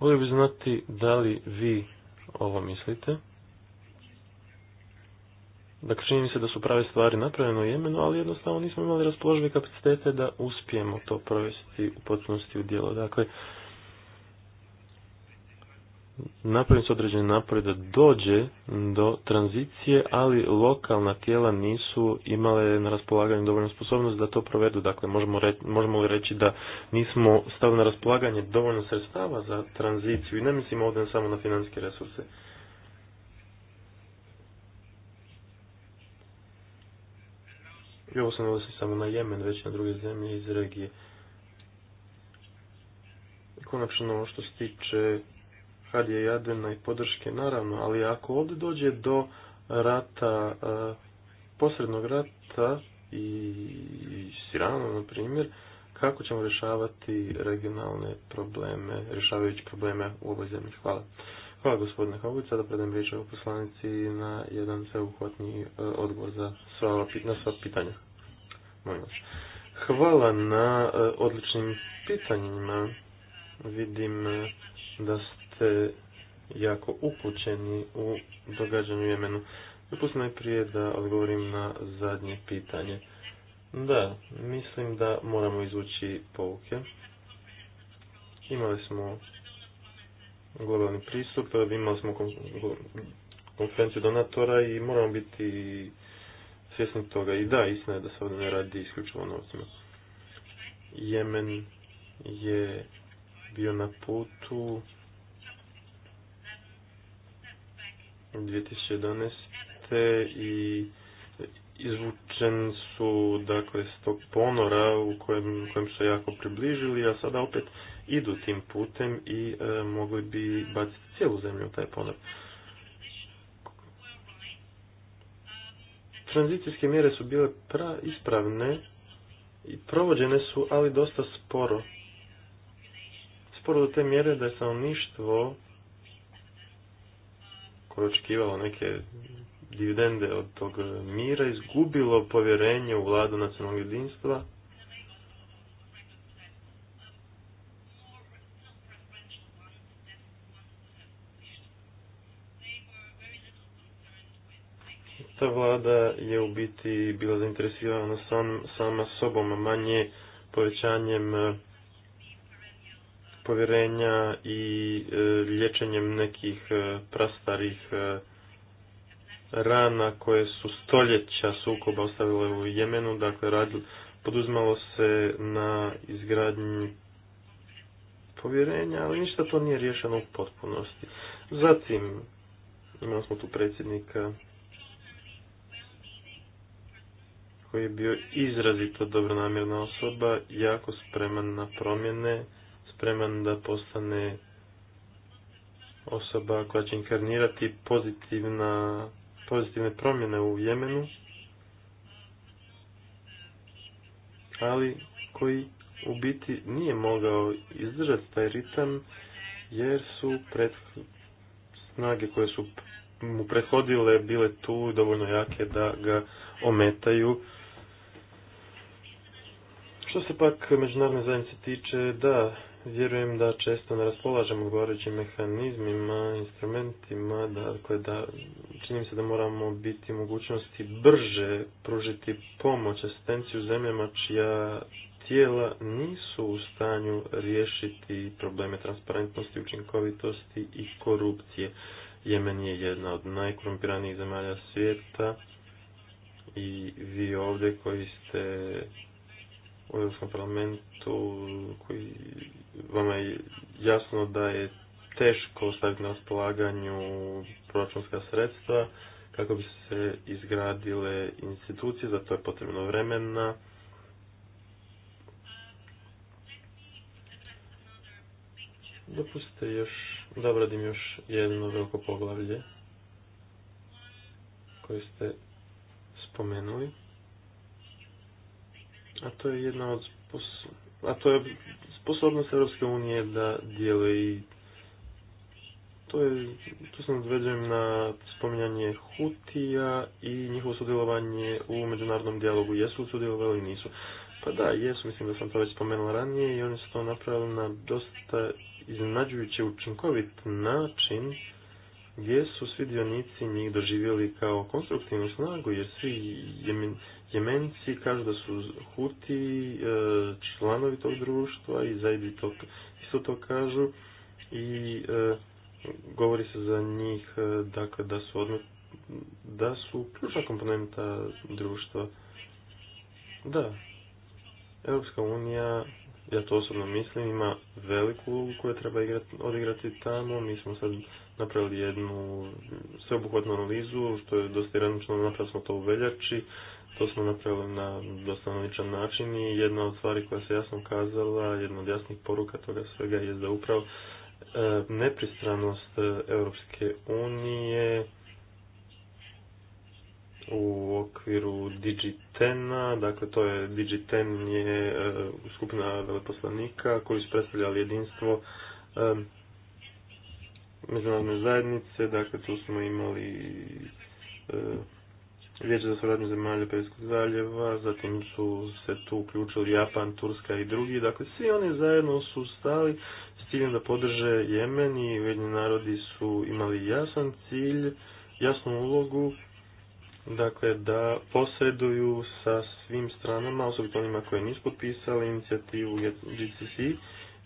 Speaker 6: Volio bih znati da li vi ovo mislite. Dakle, čini mi se da su prave stvari napravljene u Jemenu, ali jednostavno nismo imali raspoložive kapacitete da uspijemo to provesti u potpunosti u djelo. Dakle, napravljeni su određene napori da dođe do tranzicije, ali lokalna tijela nisu imale na raspolaganju dovoljnu sposobnost da to provedu. Dakle, možemo, možemo li reći da nismo stavili na raspolaganje dovoljno sredstava za tranziciju i ne mislimo ovdje samo na financijske resurse. I ovo se samo na Jemen, već na druge zemlje iz regije. I konačno, što se tiče Hadija i Adena i podrške, naravno, ali ako ovdje dođe do rata, e, posrednog rata i, Sirano, na primjer, kako ćemo rješavati regionalne probleme, rješavajući probleme u ovoj zemlji. Hvala. Hvala gospodine Hovuć, sada predajem riječ o poslanici na jedan sveuhvatni e, odgovor za sva, pitanja. Molim Hvala na e, odličnim pitanjima. Vidim e, da ste jako upućeni u događanju Jemenu. Dopustite najprije da odgovorim na zadnje pitanje. Da, mislim da moramo izvući pouke. Imali smo globalni pristup. Imali smo konferenciju donatora i moramo biti svjesni toga. I da, istina je da se ovdje ne radi isključivo novcima. Jemen je bio na putu 2011. i izvučen su dakle s tog ponora u kojem, kojem su jako približili, a sada opet idu tim putem i e, mogli bi baciti cijelu zemlju u taj ponor. Tranzicijske mjere su bile pra ispravne i provođene su, ali dosta sporo. Sporo do te mjere da je stanovništvo koje očekivalo neke dividende od tog mira, izgubilo povjerenje u vladu nacionalnog jedinstva vlada je u biti bila zainteresirana sam, sama sobom, a manje povećanjem e, povjerenja i e, liječenjem nekih e, prastarih rana koje su stoljeća sukoba ostavile u Jemenu, dakle rad, poduzmalo se na izgradnji povjerenja, ali ništa to nije riješeno u potpunosti. Zatim, imali smo tu predsjednika koji je bio izrazito dobronamjerna osoba, jako spreman na promjene, spreman da postane osoba koja će inkarnirati pozitivna, pozitivne promjene u Jemenu, ali koji u biti nije mogao izdržati taj ritam jer su pred, snage koje su mu prehodile bile tu dovoljno jake da ga ometaju što se pak međunarodne zajednice tiče, da, vjerujem da često ne raspolažemo odgovarajućim mehanizmima, instrumentima, dakle da čini se da moramo biti mogućnosti brže pružiti pomoć, asistenciju zemljama čija tijela nisu u stanju riješiti probleme transparentnosti, učinkovitosti i korupcije. Jemen je jedna od najkorumpiranijih zemalja svijeta i vi ovdje koji ste u Europskom parlamentu koji vama je jasno da je teško staviti na raspolaganju proračunska sredstva kako bi se izgradile institucije, to je potrebno vremena. Dopustite još, da obradim još jedno veliko poglavlje koje ste spomenuli. A to je jedna od a to je sposobnost Europske unije da djeluje i to je, To se nadveđujem na spominjanje Hutija i njihovo sudjelovanje u međunarodnom dijalogu. Jesu li sudjelovali ili nisu? Pa da, jesu, mislim da sam to već spomenula ranije i oni su to napravili na dosta iznenađujući učinkovit način gdje su svi dionici njih doživjeli kao konstruktivnu snagu jer svi Jemenci kažu da su Huti e, članovi tog društva i zajedni to, isto to kažu i e, govori se za njih e, dakle, da su da su ključna komponenta društva. Da, Europska unija, ja to osobno mislim, ima veliku ulogu koju treba odigrati tamo. Mi smo sad napravili jednu sveobuhvatnu analizu, što je dosta ironično, napravili smo to u veljači to smo napravili na dosta način i jedna od stvari koja se jasno kazala, jedna od jasnih poruka toga svega je da upravo e, nepristranost e, Europske unije u okviru Digitena, dakle to je Digiten je e, skupina veleposlanika koji su predstavljali jedinstvo međunarodne zajednice, dakle tu smo imali Riječ za suradnju zemalja Perijskog zaljeva, zatim su se tu uključili Japan, Turska i drugi. Dakle, svi oni zajedno su stali s ciljem da podrže Jemen i ujedni narodi su imali jasan cilj, jasnu ulogu, dakle da posreduju sa svim stranama, osobito onima koje nisu potpisali inicijativu GCC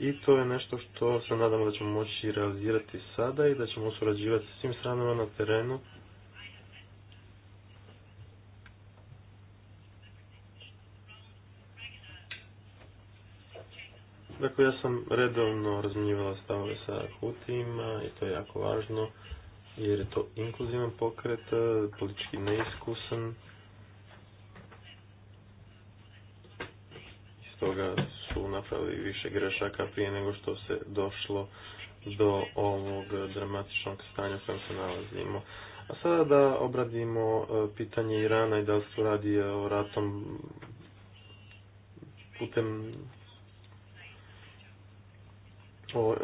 Speaker 6: i to je nešto što se nadamo da ćemo moći realizirati sada i da ćemo surađivati sa svim stranama na terenu Dakle, ja sam redovno razminjivala stavove sa Hutijima i to je jako važno jer je to inkluzivan pokret, e, politički neiskusan. Iz toga su napravili više grešaka prije nego što se došlo do ovog dramatičnog stanja u kojem se nalazimo. A sada da obradimo e, pitanje Irana i da li se radi o ratom putem o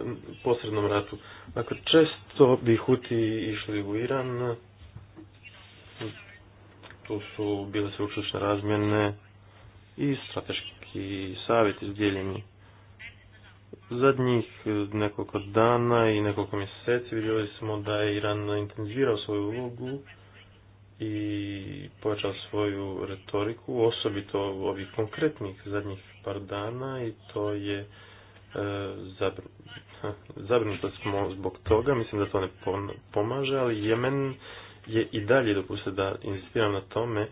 Speaker 6: posrednom ratu. Dakle, često bi Huti išli u Iran, tu su bile sveučilišne razmjene i strateški savjet izdjeljeni. Zadnjih nekoliko dana i nekoliko mjeseci vidjeli smo da je Iran intenzirao svoju ulogu i pojačao svoju retoriku, osobito ovih konkretnih zadnjih par dana i to je zabrinuti smo zbog toga, mislim da to ne pomaže, ali Jemen je i dalje dopustio da insistiram na tome, e,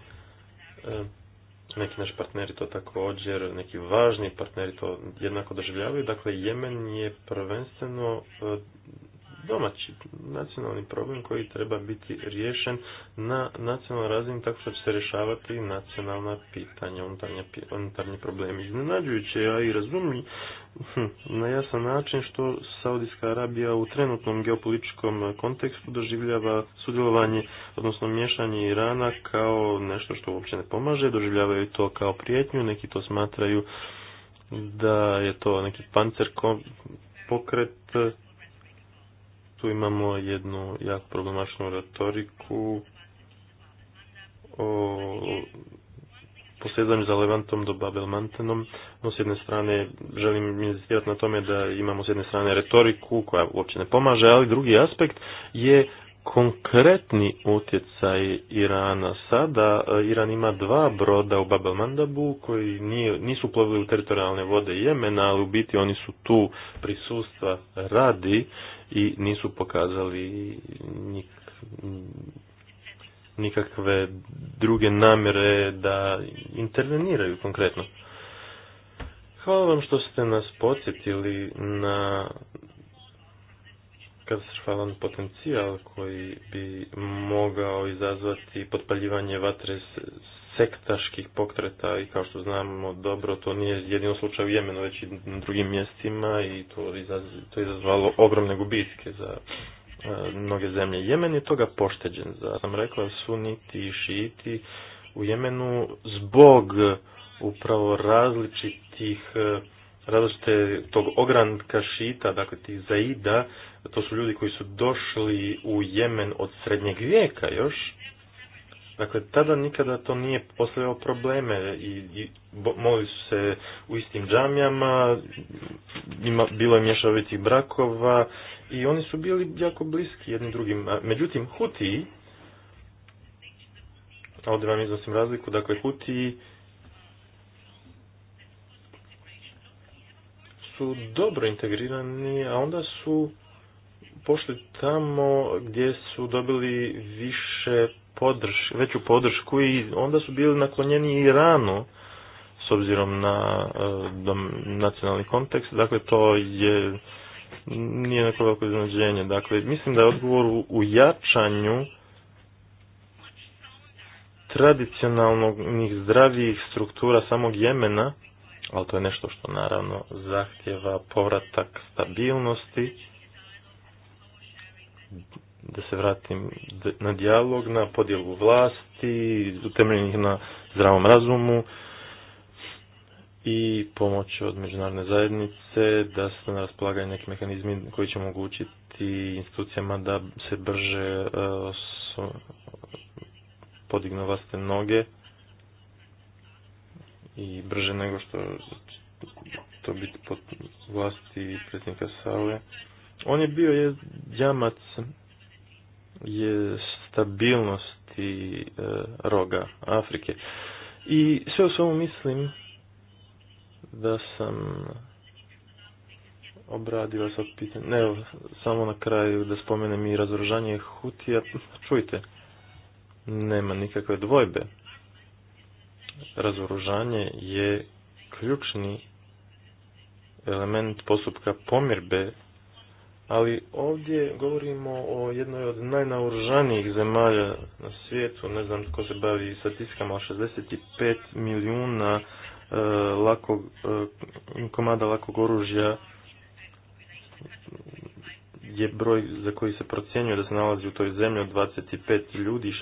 Speaker 6: neki naši partneri to također, neki važni partneri to jednako doživljavaju, dakle Jemen je prvenstveno e, domaći nacionalni problem koji treba biti riješen na nacionalnoj razini tako što će se rješavati nacionalna pitanja, unutarnje, problemi. Iznenađujuće, a i razumljiv hm, na jasan način što Saudijska Arabija u trenutnom geopolitičkom kontekstu doživljava sudjelovanje, odnosno miješanje Irana kao nešto što uopće ne pomaže, doživljavaju to kao prijetnju, neki to smatraju da je to neki pancer pokret tu imamo jednu jako problemačnu retoriku o posjedanju za Levantom do Babelmantenom. No, s jedne strane, želim inzistirati na tome da imamo s jedne strane retoriku koja uopće ne pomaže, ali drugi aspekt je konkretni utjecaj Irana. Sada e, Iran ima dva broda u Babelmandabu koji nisu plovili u teritorijalne vode Jemena, ali u biti oni su tu prisustva radi i nisu pokazali nikakve druge namjere da interveniraju konkretno. Hvala vam što ste nas podsjetili na katastrofalan potencijal koji bi mogao izazvati potpaljivanje vatre sektaških pokreta i kao što znamo dobro, to nije jedino slučaj u Jemenu, već i na drugim mjestima i to, to je izazvalo ogromne gubitke za e, mnoge zemlje. Jemen je toga pošteđen, za sam rekla, suniti i šiti u Jemenu zbog upravo različitih e, različite tog ogranka šita, dakle tih zaida, to su ljudi koji su došli u Jemen od srednjeg vijeka još, Dakle, tada nikada to nije postavljalo probleme i, i molili su se u istim džamijama, ima, bilo je mješavitih brakova i oni su bili jako bliski jednim drugim. Međutim, Huti, ovdje vam iznosim razliku, dakle, Huti su dobro integrirani, a onda su pošli tamo gdje su dobili više podrš, veću podršku i onda su bili naklonjeni rano s obzirom na e, nacionalni kontekst. Dakle, to je nije neko veliko iznenađenje. Dakle, mislim da je odgovor u jačanju tradicionalnih zdravijih struktura samog Jemena, ali to je nešto što naravno zahtjeva povratak stabilnosti, da se vratim na dijalog, na podjelu vlasti, utemeljenih na zdravom razumu i pomoć od međunarodne zajednice, da se na raspolaganju neki mehanizmi koji će omogućiti institucijama da se brže e, podignu vlastne noge i brže nego što to biti pod vlasti predsjednika Saule. On je bio je jamac je stabilnosti e, roga Afrike. I sve u svemu mislim da sam obradio sa pitanje. Ne, samo na kraju da spomenem i razoružanje Hutija. Čujte, nema nikakve dvojbe. Razoružanje je ključni element postupka pomirbe ali ovdje govorimo o jednoj od najnaoružanijih zemalja na svijetu, ne znam tko se bavi statistikama, 65 milijuna e, lakog, e, komada lakog oružja je broj za koji se procjenjuje da se nalazi u toj zemlji od 25 ljudi i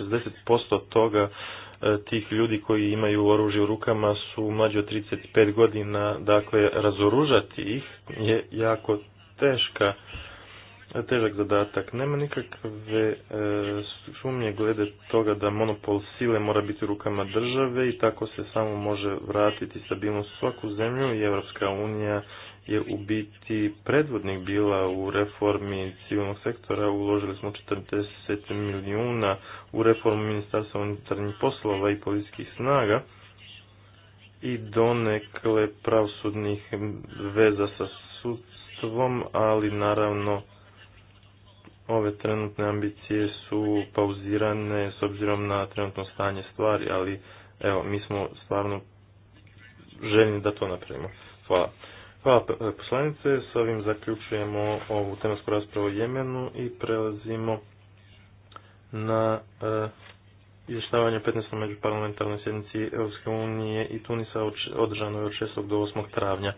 Speaker 6: 60% toga e, tih ljudi koji imaju oružje u rukama su mlađi od 35 godina, dakle razoružati ih je jako teška težak zadatak. Nema nikakve e, sumnje glede toga da monopol sile mora biti u rukama države i tako se samo može vratiti stabilnost svaku zemlju i Evropska unija je u biti predvodnik bila u reformi civilnog sektora. Uložili smo 40 milijuna u reformu ministarstva unutarnjih poslova i policijskih snaga i donekle pravosudnih veza sa sudstvom, ali naravno ove trenutne ambicije su pauzirane s obzirom na trenutno stanje stvari, ali evo, mi smo stvarno željni da to napravimo. Hvala. Hvala e, poslanice, s ovim zaključujemo ovu tematsku raspravu o Jemenu i prelazimo na e, izvještavanje 15. međuparlamentarnoj sjednici Europske unije i Tunisa održano je od 6. do 8. travnja.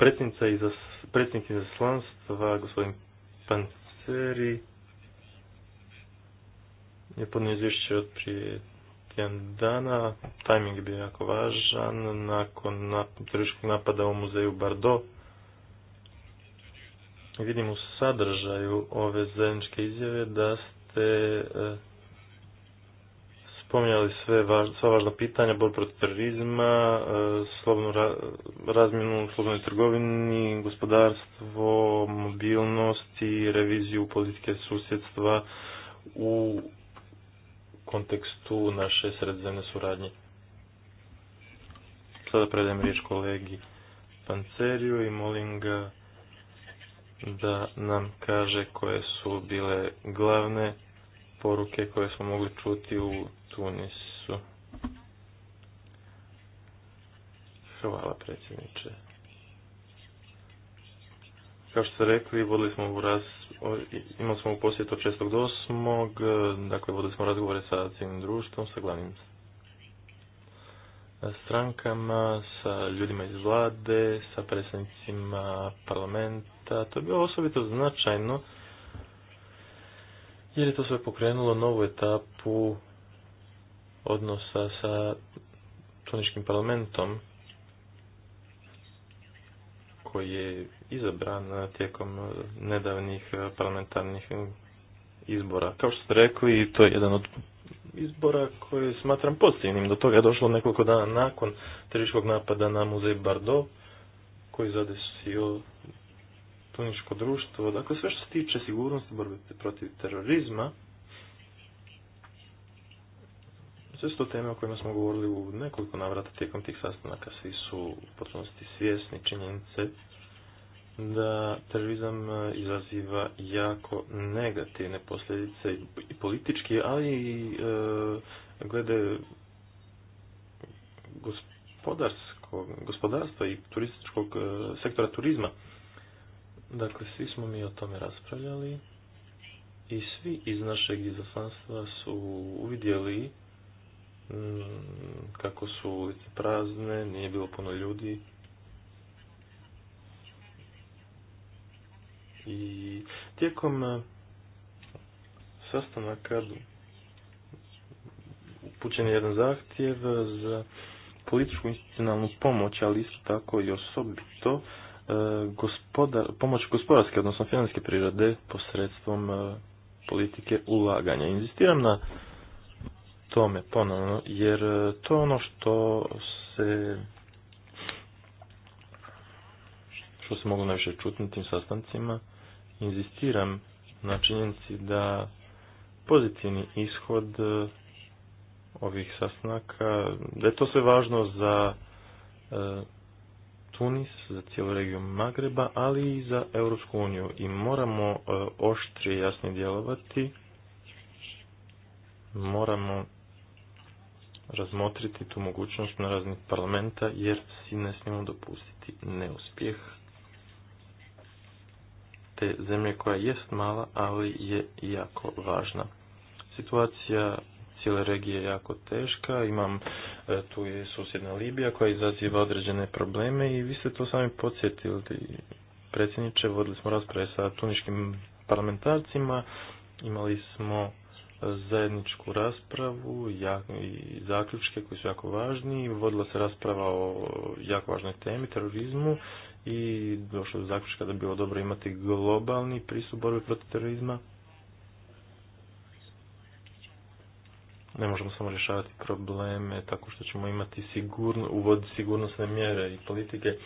Speaker 6: predsjednica za predsjednik izaslanstva, gospodin Panceri, je podnio izvješće od prije tjedan dana. Tajming je bio jako važan. Nakon terorističkog napada u muzeju Bardo, vidimo u sadržaju ove zajedničke izjave da ste e, spominjali sve sva važna pitanja, bor protiv terorizma, e, slobodnu ra, razmjenu u slobodnoj trgovini, gospodarstvo, mobilnost i reviziju politike susjedstva u kontekstu naše sredzemne suradnje. Sada predajem riječ kolegi Panceriju i molim ga da nam kaže koje su bile glavne poruke koje smo mogli čuti u Tunisu. Hvala predsjedniče. Kao što ste rekli, vodili smo u raz, imali smo u posjetu od 6. do Dakle, vodili smo razgovore sa civilnim društvom, sa glavnim strankama, sa ljudima iz vlade, sa predsjednicima parlamenta. To je bilo osobito značajno jer je to sve pokrenulo novu etapu odnosa sa Tuniškim parlamentom koji je izabran tijekom nedavnih parlamentarnih izbora. Kao što ste rekli, to je jedan od izbora koji smatram pozitivnim. Do toga je došlo nekoliko dana nakon teriškog napada na muzej Bardo, koji zadesio tuniško društvo. Dakle, sve što se tiče sigurnosti borbe protiv terorizma, Sve su to teme o kojima smo govorili u nekoliko navrata tijekom tih sastanaka. Svi su u potpunosti svjesni činjenice da terorizam e, izaziva jako negativne posljedice i politički, ali i e, glede gospodarskog, gospodarstva i turističkog e, sektora turizma. Dakle, svi smo mi o tome raspravljali i svi iz našeg izaslanstva su uvidjeli Mm, kako su ulice prazne, nije bilo puno ljudi. I tijekom e, sastanaka upućen je jedan zahtjev za političku institucionalnu pomoć, ali isto tako i osobito e, gospodar, pomoć gospodarske, odnosno financijske prirode posredstvom e, politike ulaganja. Inzistiram na tome ponovno, jer e, to ono što se što se mogu najviše čuti na tim sastancima, inzistiram na činjenici da pozitivni ishod e, ovih sastanaka, da je to sve važno za e, Tunis, za cijelu regiju Magreba, ali i za Europsku uniju. I moramo oštrije jasnije djelovati, moramo razmotriti tu mogućnost na raznih parlamenta jer si ne smijemo dopustiti neuspjeh te zemlje koja jest mala, ali je jako važna. Situacija cijele regije je jako teška, imam e, tu je susjedna Libija koja izaziva određene probleme i vi ste to sami podsjetili. Predsjedniče, vodili smo rasprave sa tuniškim parlamentarcima, imali smo zajedničku raspravu i zaključke koji su jako važni. Vodila se rasprava o jako važnoj temi, terorizmu i došlo do zaključka da bi bilo dobro imati globalni pristup borbi protiv terorizma. Ne možemo samo rješavati probleme tako što ćemo imati sigurno, uvoditi sigurnosne mjere i politike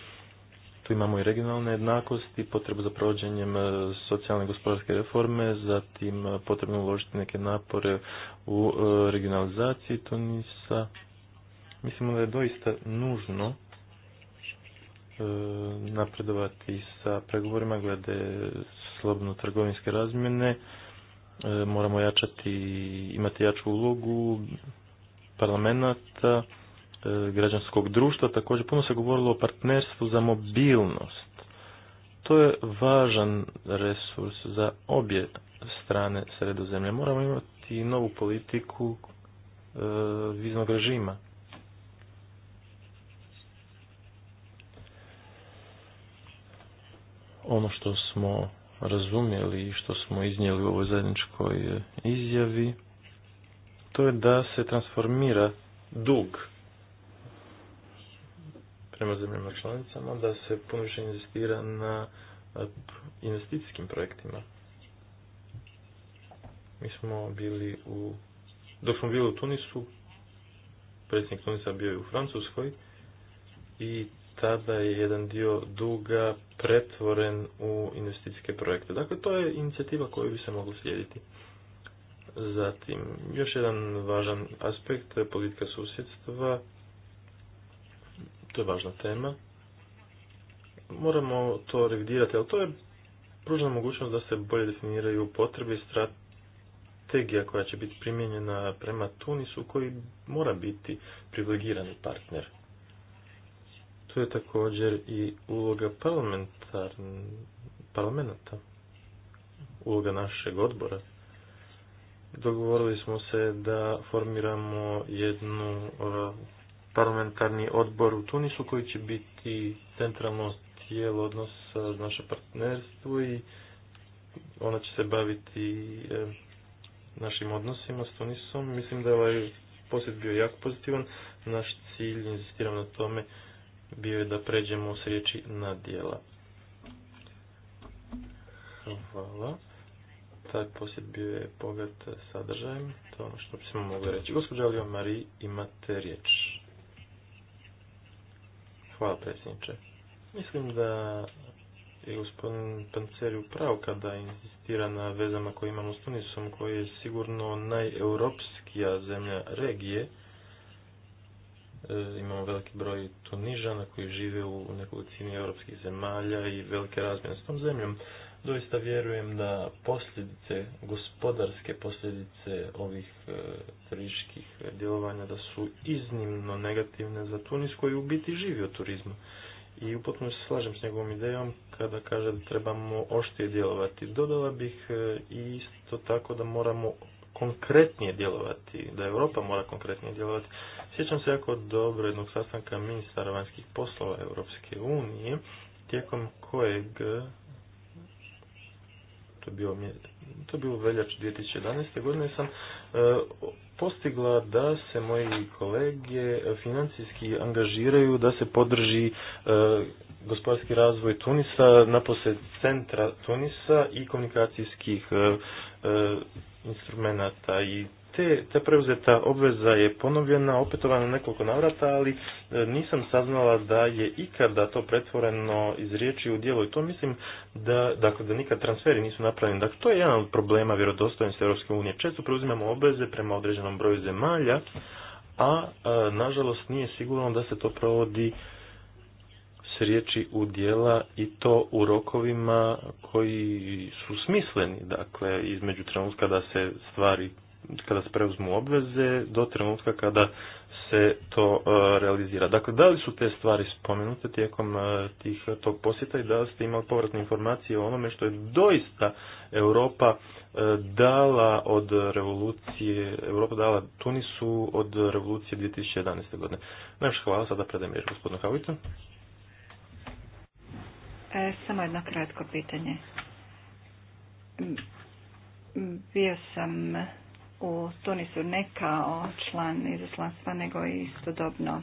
Speaker 6: tu imamo i regionalne jednakosti, potrebu za provođenjem e, socijalne i gospodarske reforme, zatim e, potrebno uložiti neke napore u e, regionalizaciji Tunisa. Mislimo da je doista nužno napredovati sa pregovorima glede slobno trgovinske razmjene. Moramo jačati, imati jaču ulogu parlamenta E, građanskog društva, također puno se govorilo o partnerstvu za mobilnost. To je važan resurs za obje strane sredozemlje. Moramo imati novu politiku e, viznog režima. Ono što smo razumjeli i što smo iznijeli u ovoj zajedničkoj izjavi, to je da se transformira dug prema zemljama članicama, da se puno više investira na investicijskim projektima. Mi smo bili u, dok smo bili u Tunisu, predsjednik Tunisa bio je u Francuskoj i tada je jedan dio duga pretvoren u investicijske projekte. Dakle, to je inicijativa koju bi se moglo slijediti. Zatim, još jedan važan aspekt politika susjedstva to je važna tema. Moramo to revidirati, ali to je pružena mogućnost da se bolje definiraju potrebe i strategija koja će biti primijenjena prema Tunisu koji mora biti privilegirani partner. Tu je također i uloga parlamenta, uloga našeg odbora. Dogovorili smo se da formiramo jednu parlamentarni odbor u Tunisu koji će biti centralno tijelo odnosa za naše partnerstvo i ona će se baviti e, našim odnosima s Tunisom. Mislim da je ovaj posjet bio jako pozitivan. Naš cilj, insistiram na tome, bio je da pređemo s riječi na dijela. Hvala. Taj posjet bio je bogat sadržajem, to je ono što bismo mogli reći. Gospođa Alija Mari, imate riječ. Hvala predsjedniče. Mislim da je gospodin Panceri upravo kada insistira na vezama koje imamo s Tunisom, koji je sigurno najeuropskija zemlja regije. E, imamo veliki broj Tunižana koji žive u nekolicini europskih zemalja i velike razmjene s tom zemljom. Doista vjerujem da posljedice, gospodarske posljedice ovih e, turističkih djelovanja da su iznimno negativne za Tunis koji u biti živi od turizma. I u se slažem s njegovom idejom kada kaže da trebamo oštije djelovati. Dodala bih i e, isto tako da moramo konkretnije djelovati, da Europa mora konkretnije djelovati. Sjećam se jako dobro jednog sastanka ministara vanjskih poslova Europske unije, tijekom kojeg to je bilo, to je bilo veljač 2011. godine, sam e, postigla da se moji kolege financijski angažiraju da se podrži e, gospodarski razvoj Tunisa, napose centra Tunisa i komunikacijskih e, instrumenta i te, te preuzeta obveza je ponovljena, opetovana nekoliko navrata, ali e, nisam saznala da je ikada to pretvoreno iz riječi u djelo i to mislim da, dakle, da nikad transferi nisu napravljeni. Dakle, to je jedan od problema vjerodostojnosti Europske unije. Često preuzimamo obveze prema određenom broju zemalja, a e, nažalost nije sigurno da se to provodi s riječi u dijela i to u rokovima koji su smisleni, dakle, između trenutka da se stvari kada se preuzmu obveze do trenutka kada se to e, realizira. Dakle, da li su te stvari spomenute tijekom e, tih, tog posjeta i da li ste imali povratne informacije o onome što je doista Europa e, dala od revolucije, Europa dala Tunisu od revolucije 2011. godine. Najviše hvala, sada predajem riječ gospodinu
Speaker 1: samo jedno kratko pitanje. Bio sam u Tunisu ne kao član izaslanstva, nego i istodobno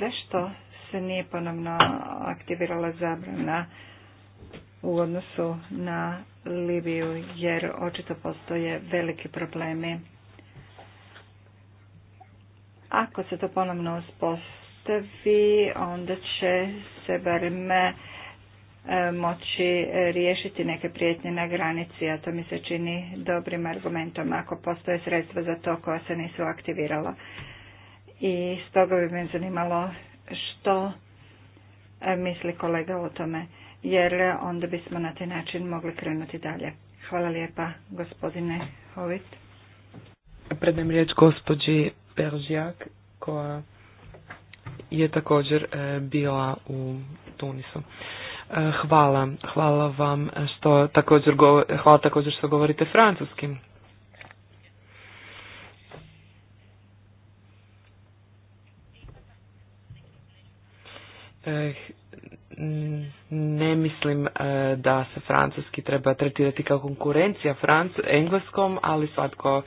Speaker 1: zašto se nije ponovno aktivirala zabrana u odnosu na Libiju, jer očito postoje veliki problemi. Ako se to ponovno uspostavi, onda će se barem E, moći e, riješiti neke prijetnje na granici, a to mi se čini dobrim argumentom ako postoje sredstva za to koja se nisu aktivirala. I stoga bi me zanimalo što e, misli kolega o tome, jer onda bismo na taj način mogli krenuti dalje. Hvala lijepa, gospodine Hovit.
Speaker 5: Prednem riječ gospođi Peržijak, koja je također bila u Tunisu. Hvala. Hvala vam što također, hvala također što govorite francuskim. Eh, ne mislim eh, da se francuski treba tretirati kao konkurencija Franc engleskom, ali svatko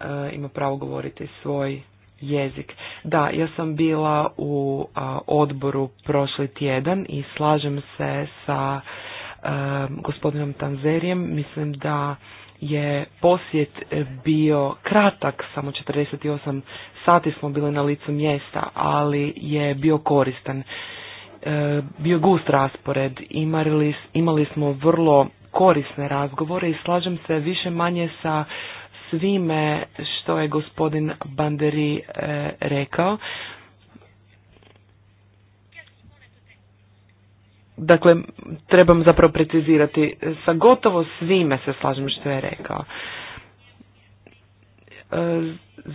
Speaker 5: eh, ima pravo govoriti svoj jezik. Da, ja sam bila u odboru prošli tjedan i slažem se sa gospodinom Tanzerijem. Mislim da je posjet bio kratak, samo 48 sati smo bili na licu mjesta, ali je bio koristan. E, bio gust raspored, imali, imali smo vrlo korisne razgovore i slažem se više manje sa svime što je gospodin Banderi e, rekao. Dakle, trebam zapravo precizirati, sa gotovo svime se slažem što je rekao. E,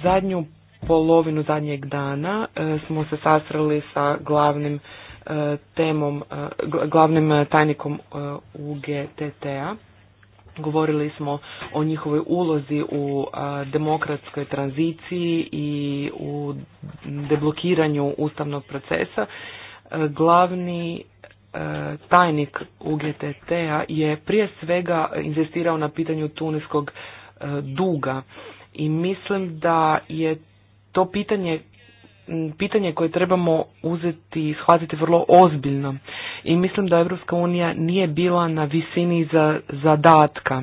Speaker 5: zadnju polovinu zadnjeg dana e, smo se sastrali sa glavnim temom, glavnim tajnikom UGTT-a Govorili smo o njihovoj ulozi u demokratskoj tranziciji i u deblokiranju ustavnog procesa. E, glavni e, tajnik UGTT-a je prije svega investirao na pitanju tuniskog e, duga i mislim da je to pitanje pitanje koje trebamo uzeti i shvatiti vrlo ozbiljno. I mislim da Europska unija nije bila na visini za zadatka.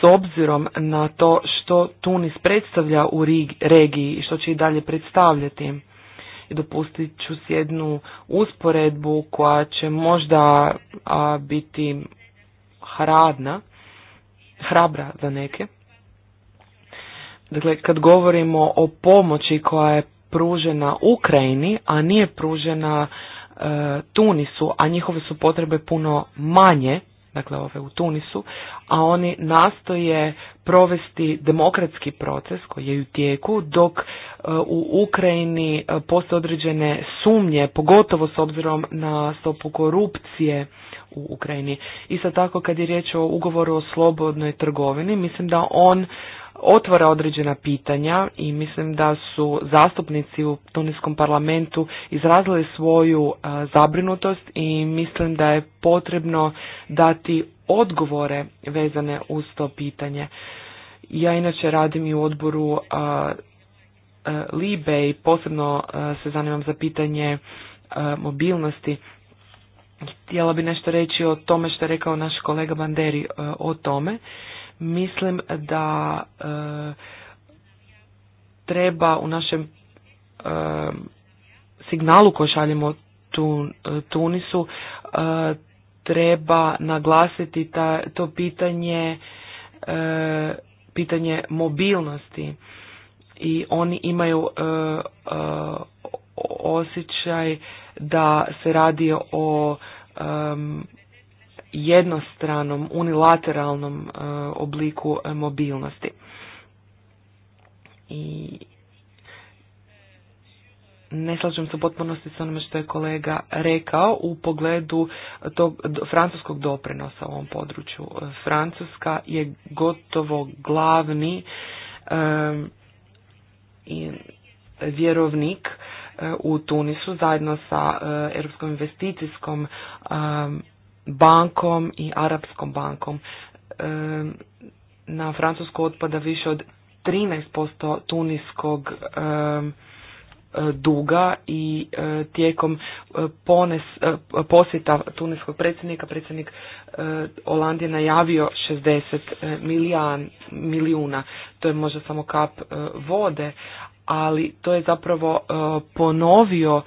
Speaker 5: S obzirom na to što Tunis predstavlja u regiji i što će i dalje predstavljati. I dopustit ću s jednu usporedbu koja će možda biti hradna, hrabra za neke. Dakle, kad govorimo o pomoći koja je pružena Ukrajini, a nije pružena e, Tunisu, a njihove su potrebe puno manje, dakle ove u Tunisu, a oni nastoje provesti demokratski proces koji je u tijeku, dok e, u Ukrajini e, postoje određene sumnje, pogotovo s obzirom na stopu korupcije u Ukrajini. Isto tako kad je riječ o ugovoru o slobodnoj trgovini, mislim da on otvara određena pitanja i mislim da su zastupnici u Tuniskom parlamentu izrazili svoju e, zabrinutost i mislim da je potrebno dati odgovore vezane uz to pitanje. Ja inače radim i u odboru e, e, Libe i posebno se zanimam za pitanje mobilnosti. Htjela bi nešto reći o tome što je rekao naš kolega Banderi o tome. Mislim da e, treba u našem e, signalu koji šaljemo e, Tunisu treba naglasiti ta, to pitanje pitanje mobilnosti i oni imaju osjećaj da se radi o jednostranom, unilateralnom e, obliku e, mobilnosti. I ne slažem se u potpunosti s onome što je kolega rekao u pogledu tog francuskog doprinosa u ovom području. E, Francuska je gotovo glavni i vjerovnik u Tunisu zajedno sa Europskom investicijskom bankom i Arapskom bankom. E, na Francusku otpada više od 13% tuniskog e, e, duga i tijekom posjeta tuniskog predsjednika, predsjednik Holandije najavio 60 milijan, milijuna. To je možda samo kap vode, ali to je zapravo ponovio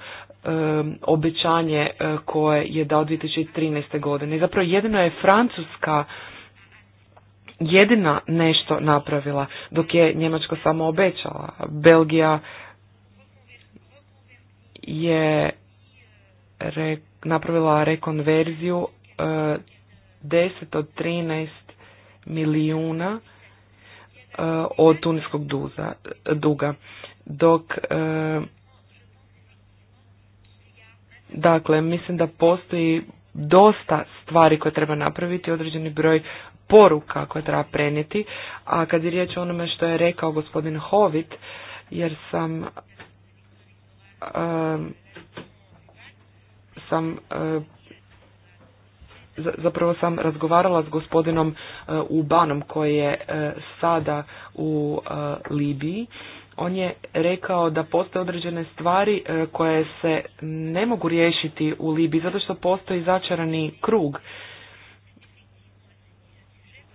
Speaker 5: obećanje e, koje je dao 2013. godine. Zapravo jedino je Francuska jedina nešto napravila, dok je Njemačka samo obećala. Belgija je re, napravila rekonverziju e, 10 od 13 milijuna e, od tunijskog duga, dok e, Dakle, mislim da postoji dosta stvari koje treba napraviti, određeni broj poruka koje treba prenijeti, a kad je riječ o onome što je rekao gospodin Hovit, jer sam sam zapravo sam razgovarala s gospodinom e, Ubanom koji je e, sada u e, Libiji on je rekao da postoje određene stvari e, koje se ne mogu riješiti u Libiji zato što postoji začarani krug.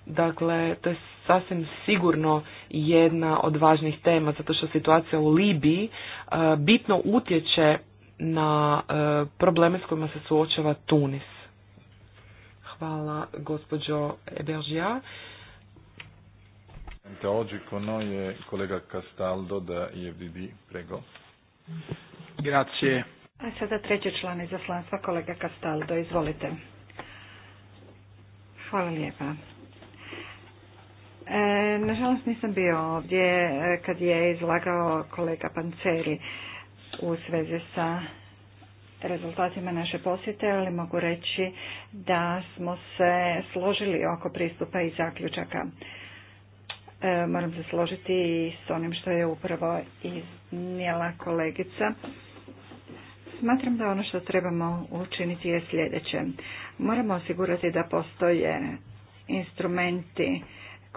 Speaker 5: Dakle, to je sasvim sigurno jedna od važnih tema zato što situacija u Libiji e, bitno utječe na e, probleme s kojima se suočava Tunis. Hvala gospođo Eberžija.
Speaker 4: Oggi con noi è kolega Castaldo da IFDD, prego. Grazie.
Speaker 1: A sada treći član izaslanstva, kolega Castaldo, izvolite. Hvala lijepa. E, nažalost nisam bio ovdje e, kad je izlagao kolega Panceri u svezi sa rezultatima naše posjete, ali mogu reći da smo se složili oko pristupa i zaključaka. E, moram se složiti i s onim što je upravo iznijela kolegica. Smatram da ono što trebamo učiniti je sljedeće. Moramo osigurati da postoje instrumenti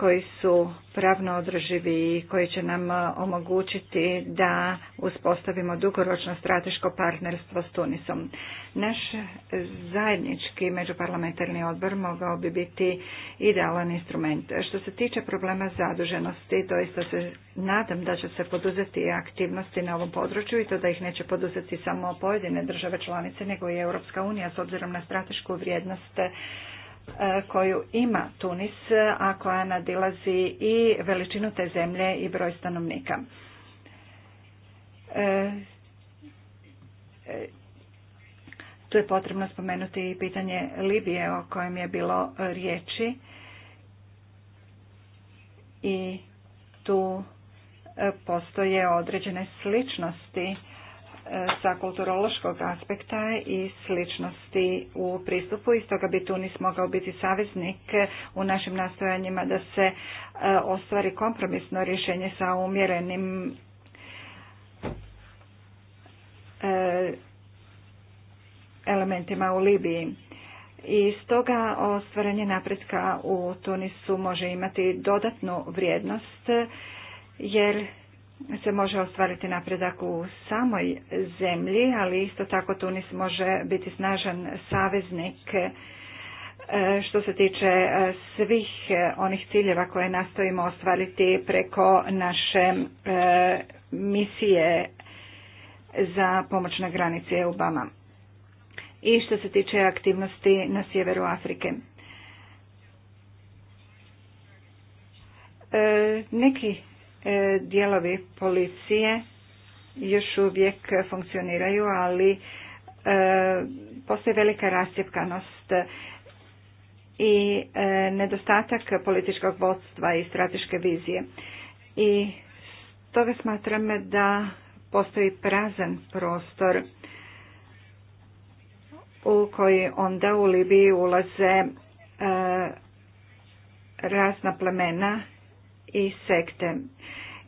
Speaker 1: koji su pravno održivi i koji će nam e, omogućiti da uspostavimo dugoročno strateško partnerstvo s Tunisom. Naš zajednički međuparlamentarni odbor mogao bi biti idealan instrument. Što se tiče problema zaduženosti, doista se nadam da će se poduzeti aktivnosti na ovom području i to da ih neće poduzeti samo pojedine države članice, nego i Europska unija s obzirom na stratešku vrijednost E, koju ima Tunis, e, a koja nadilazi i veličinu te zemlje i broj stanovnika. E, tu je potrebno spomenuti i pitanje Libije o kojem je bilo riječi i tu postoje određene sličnosti sa kulturološkog aspekta i sličnosti u pristupu i stoga bi Tunis mogao biti saveznik u našim nastojanjima da se e, ostvari kompromisno rješenje sa umjerenim e, elementima u Libiji. I stoga ostvarenje napretka u Tunisu može imati dodatnu vrijednost jer se može ostvariti napredak u samoj zemlji, ali isto tako Tunis može biti snažan saveznik e, što se tiče e, svih e, onih ciljeva koje nastojimo ostvariti preko naše misije za pomoć na granici EUBAMA. I što se tiče aktivnosti na sjeveru Afrike. Neki E, dijelovi policije još uvijek funkcioniraju, ali e, postoji velika rasjepkanost i e, nedostatak političkog vodstva i strateške vizije. I toga smatram da postoji prazan prostor u koji onda u Libiji ulaze razna plemena i sekte.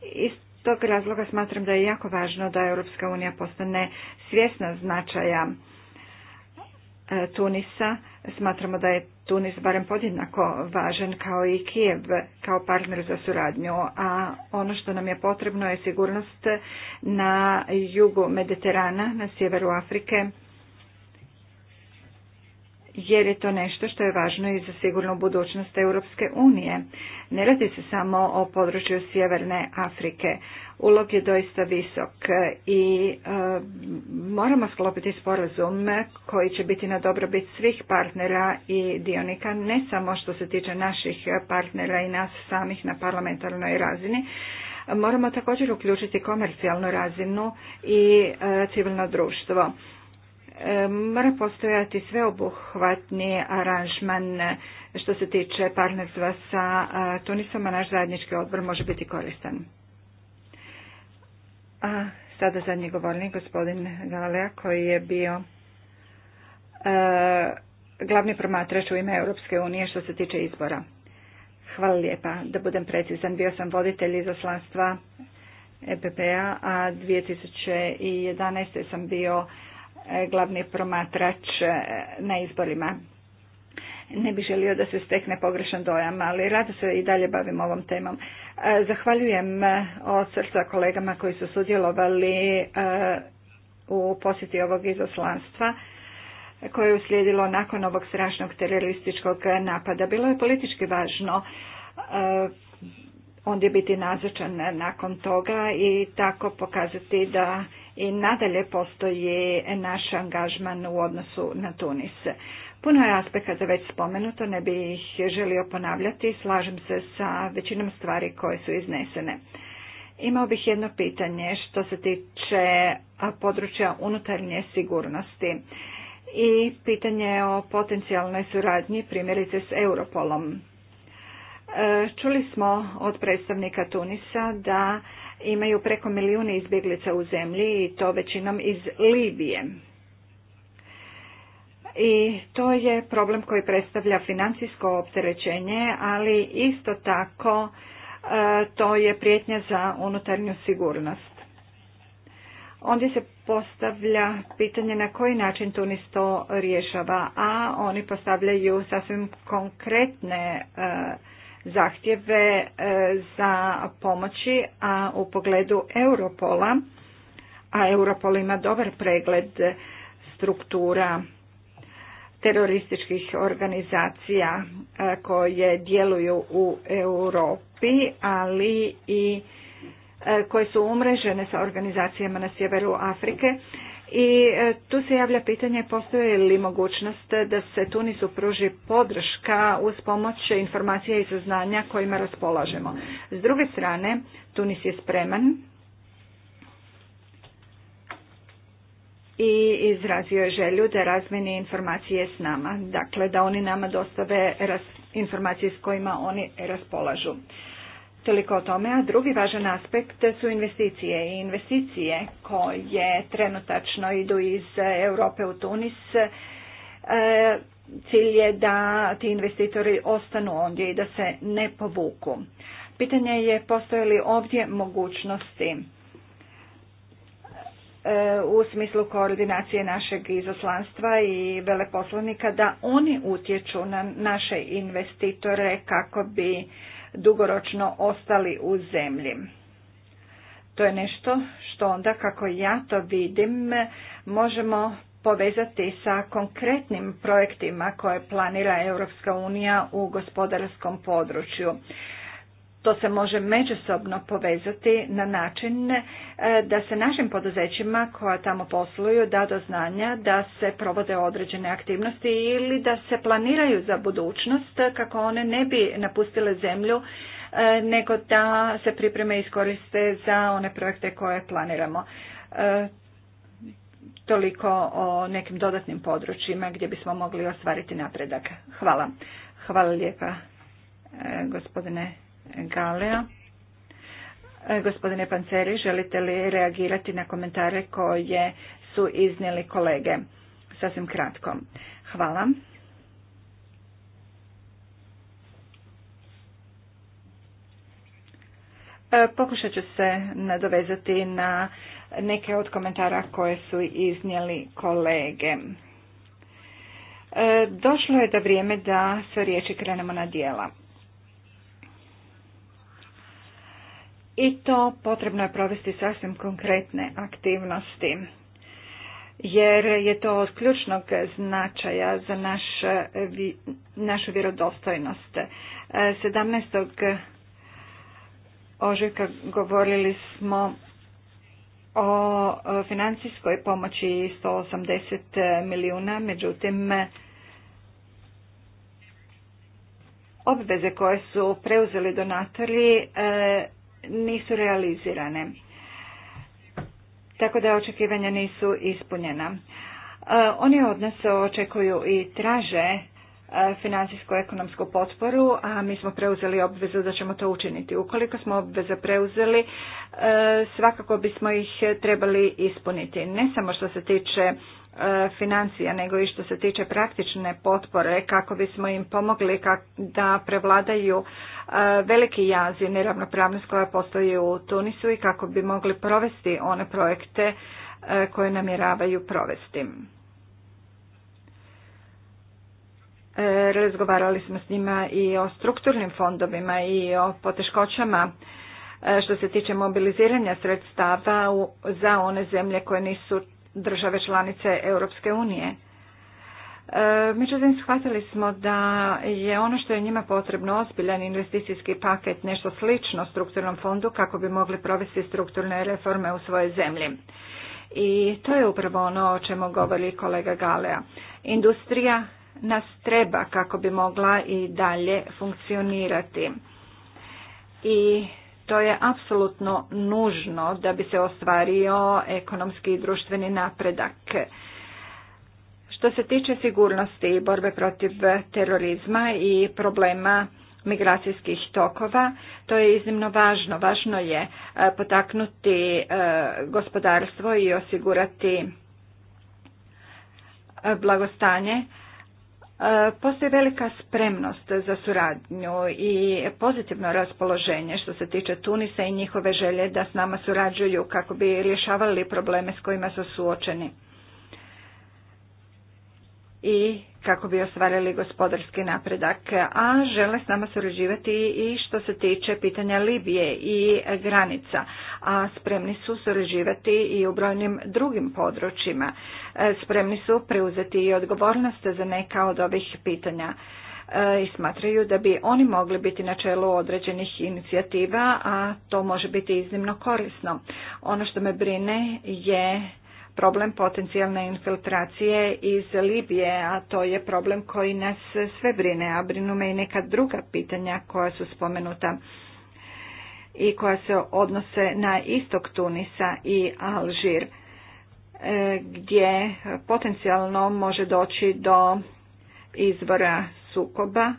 Speaker 1: Iz tog razloga smatram da je jako važno da Europska unija postane svjesna značaja e, Tunisa. Smatramo da je Tunis barem podjednako važan kao i Kijev kao partner za suradnju, a ono što nam je potrebno je sigurnost na jugu Mediterana, na sjeveru Afrike jer je to nešto što je važno i za sigurnu budućnost Europske unije. Ne radi se samo o području Sjeverne Afrike. Ulog je doista visok i e, moramo sklopiti sporazum koji će biti na dobrobit svih partnera i dionika, ne samo što se tiče naših partnera i nas samih na parlamentarnoj razini, moramo također uključiti komercijalnu razinu i e, civilno društvo mora postojati sveobuhvatni aranžman što se tiče partnerstva sa Tunisom, a naš zajednički odbor može biti koristan. A sada zadnji govornik, gospodin Galea, koji je bio e, glavni promatrač u ime Europske unije što se tiče izbora. Hvala lijepa, da budem precizan, bio sam voditelj izaslanstva EPP-a, a 2011. sam bio E, glavni promatrač e, na izborima. Ne bih želio da se stekne pogrešan dojam, ali rado se i dalje bavim ovom temom. E, zahvaljujem od srca kolegama koji su sudjelovali u posjeti ovog izoslanstva koje je uslijedilo nakon ovog strašnog terorističkog napada. Bilo je politički važno ondje biti nazočan nakon toga i tako pokazati da i nadalje postoji naš angažman u odnosu na Tunis. Puno je aspekata već spomenuto, ne bi ih želio ponavljati, slažem se sa većinom stvari koje su iznesene. Imao bih jedno pitanje što se tiče područja unutarnje sigurnosti i pitanje o potencijalnoj suradnji primjerice s Europolom. E, čuli smo od predstavnika Tunisa da imaju preko milijuna izbjeglica u zemlji i to većinom iz Libije. I to je problem koji predstavlja financijsko opterećenje, ali isto tako e, to je prijetnja za unutarnju sigurnost. Ondje se postavlja pitanje na koji način Tunis to rješava, a oni postavljaju sasvim konkretne e, zahtjeve e, za pomoći, a u pogledu Europola, a Europol ima dobar pregled struktura terorističkih organizacija e, koje djeluju u Europi, ali i e, koje su umrežene sa organizacijama na sjeveru Afrike. I e, tu se javlja pitanje postoje li mogućnost da se Tunisu pruži podrška uz pomoć informacija i saznanja kojima raspolažemo. S druge strane, Tunis je spreman i izrazio je želju da razmeni informacije s nama, dakle da oni nama dostave informacije s kojima oni raspolažu. Toliko o tome, a drugi važan aspekt su investicije i investicije koje trenutačno idu iz Europe u Tunis. E, cilj je da ti investitori ostanu ondje i da se ne povuku. Pitanje je postoje li ovdje mogućnosti e, u smislu koordinacije našeg izoslanstva i veleposlanika da oni utječu na naše investitore kako bi dugoročno ostali u zemlji. To je nešto što onda, kako ja to vidim, možemo povezati sa konkretnim projektima koje planira Europska unija u gospodarskom području to se može međusobno povezati na način e, da se našim poduzećima koja tamo posluju da do znanja da se provode određene aktivnosti ili da se planiraju za budućnost kako one ne bi napustile zemlju e, nego da se pripreme iskoriste za one projekte koje planiramo. E, toliko o nekim dodatnim područjima gdje bismo mogli ostvariti napredak. Hvala. Hvala lijepa gospodine Galea. E, gospodine Panceri, želite li reagirati na komentare koje su iznijeli kolege? Sasvim kratko. Hvala. E, pokušat ću se nadovezati na neke od komentara koje su iznijeli kolege. E, došlo je da vrijeme da sve riječi krenemo na dijela. i to potrebno je provesti sasvim konkretne aktivnosti jer je to od ključnog značaja za naš, našu vjerodostojnost. 17. E, ožujka govorili smo o financijskoj pomoći 180 milijuna, međutim obveze koje su preuzeli donatori e, nisu realizirane. Tako da očekivanja nisu ispunjena. E, oni od nas očekuju i traže e, financijsko ekonomsku potporu, a mi smo preuzeli obvezu da ćemo to učiniti. Ukoliko smo obveze preuzeli, e, svakako bismo ih trebali ispuniti. Ne samo što se tiče E, financija nego i što se tiče praktične potpore kako bismo im pomogli da prevladaju e, veliki jaz i neravnopravnost koja postoji u Tunisu i kako bi mogli provesti one projekte e, koje namjeravaju provesti. Razgovarali smo s njima i o strukturnim fondovima i o poteškoćama što se tiče mobiliziranja sredstava za one zemlje koje nisu države članice Europske unije. E, međutim, shvatili smo da je ono što je njima potrebno ozbiljan investicijski paket, nešto slično strukturnom fondu kako bi mogli provesti strukturne reforme u svojoj zemlji. I to je upravo ono o čemu govori kolega Galea. Industrija nas treba kako bi mogla i dalje funkcionirati. I to je apsolutno nužno da bi se ostvario ekonomski i društveni napredak. Što se tiče sigurnosti i borbe protiv terorizma i problema migracijskih tokova, to je iznimno važno. Važno je e, potaknuti e, gospodarstvo i osigurati e, blagostanje Postoji velika spremnost za suradnju i pozitivno raspoloženje što se tiče Tunisa i njihove želje da s nama surađuju kako bi rješavali probleme s kojima su suočeni i kako bi ostvarili gospodarski napredak. A žele s nama surađivati i što se tiče pitanja Libije i granica, a spremni su surađivati i u brojnim drugim područjima. E, spremni su preuzeti i odgovornost za neka od ovih pitanja e, i smatraju da bi oni mogli biti na čelu određenih inicijativa, a to može biti iznimno korisno. Ono što me brine je problem potencijalne infiltracije iz Libije, a to je problem koji nas sve brine, a brinu me i neka druga pitanja koja su spomenuta i koja se odnose na istok Tunisa i Alžir, e, gdje potencijalno može doći do izvora sukoba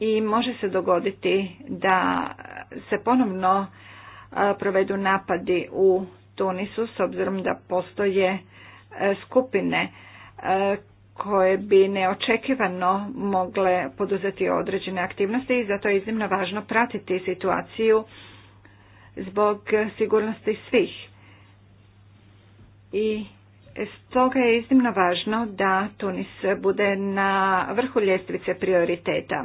Speaker 1: i može se dogoditi da se ponovno e, provedu napadi u Tunisu s obzirom da postoje e, skupine e, koje bi neočekivano mogle poduzeti određene aktivnosti i zato je iznimno važno pratiti situaciju zbog sigurnosti svih. I stoga je iznimno važno da Tunis bude na vrhu ljestvice prioriteta.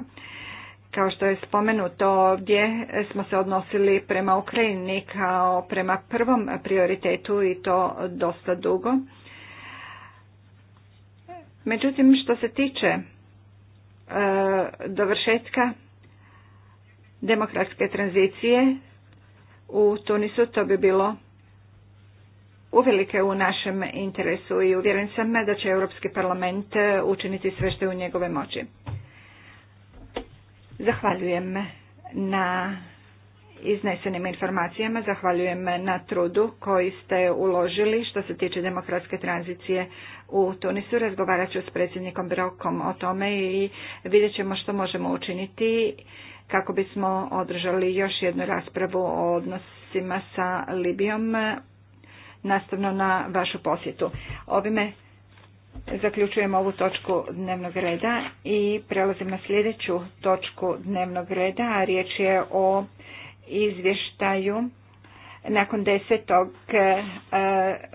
Speaker 1: Kao što je spomenuto ovdje smo se odnosili prema Ukrajini kao prema prvom prioritetu i to dosta dugo. Međutim, što se tiče e, dovršetka demokratske tranzicije u Tunisu, to bi bilo uvelike u našem interesu i uvjeren sam da će Europski parlament učiniti sve što je u njegove moći. Zahvaljujem na iznesenim informacijama, zahvaljujem na trudu koji ste uložili što se tiče demokratske tranzicije u Tunisu. Razgovarat ću s predsjednikom Brokom o tome i vidjet ćemo što možemo učiniti kako bismo održali još jednu raspravu o odnosima sa Libijom nastavno na vašu posjetu. Ovime Zaključujem ovu točku dnevnog reda i prelazim na sljedeću točku dnevnog reda, a riječ je o izvještaju nakon desetog eh,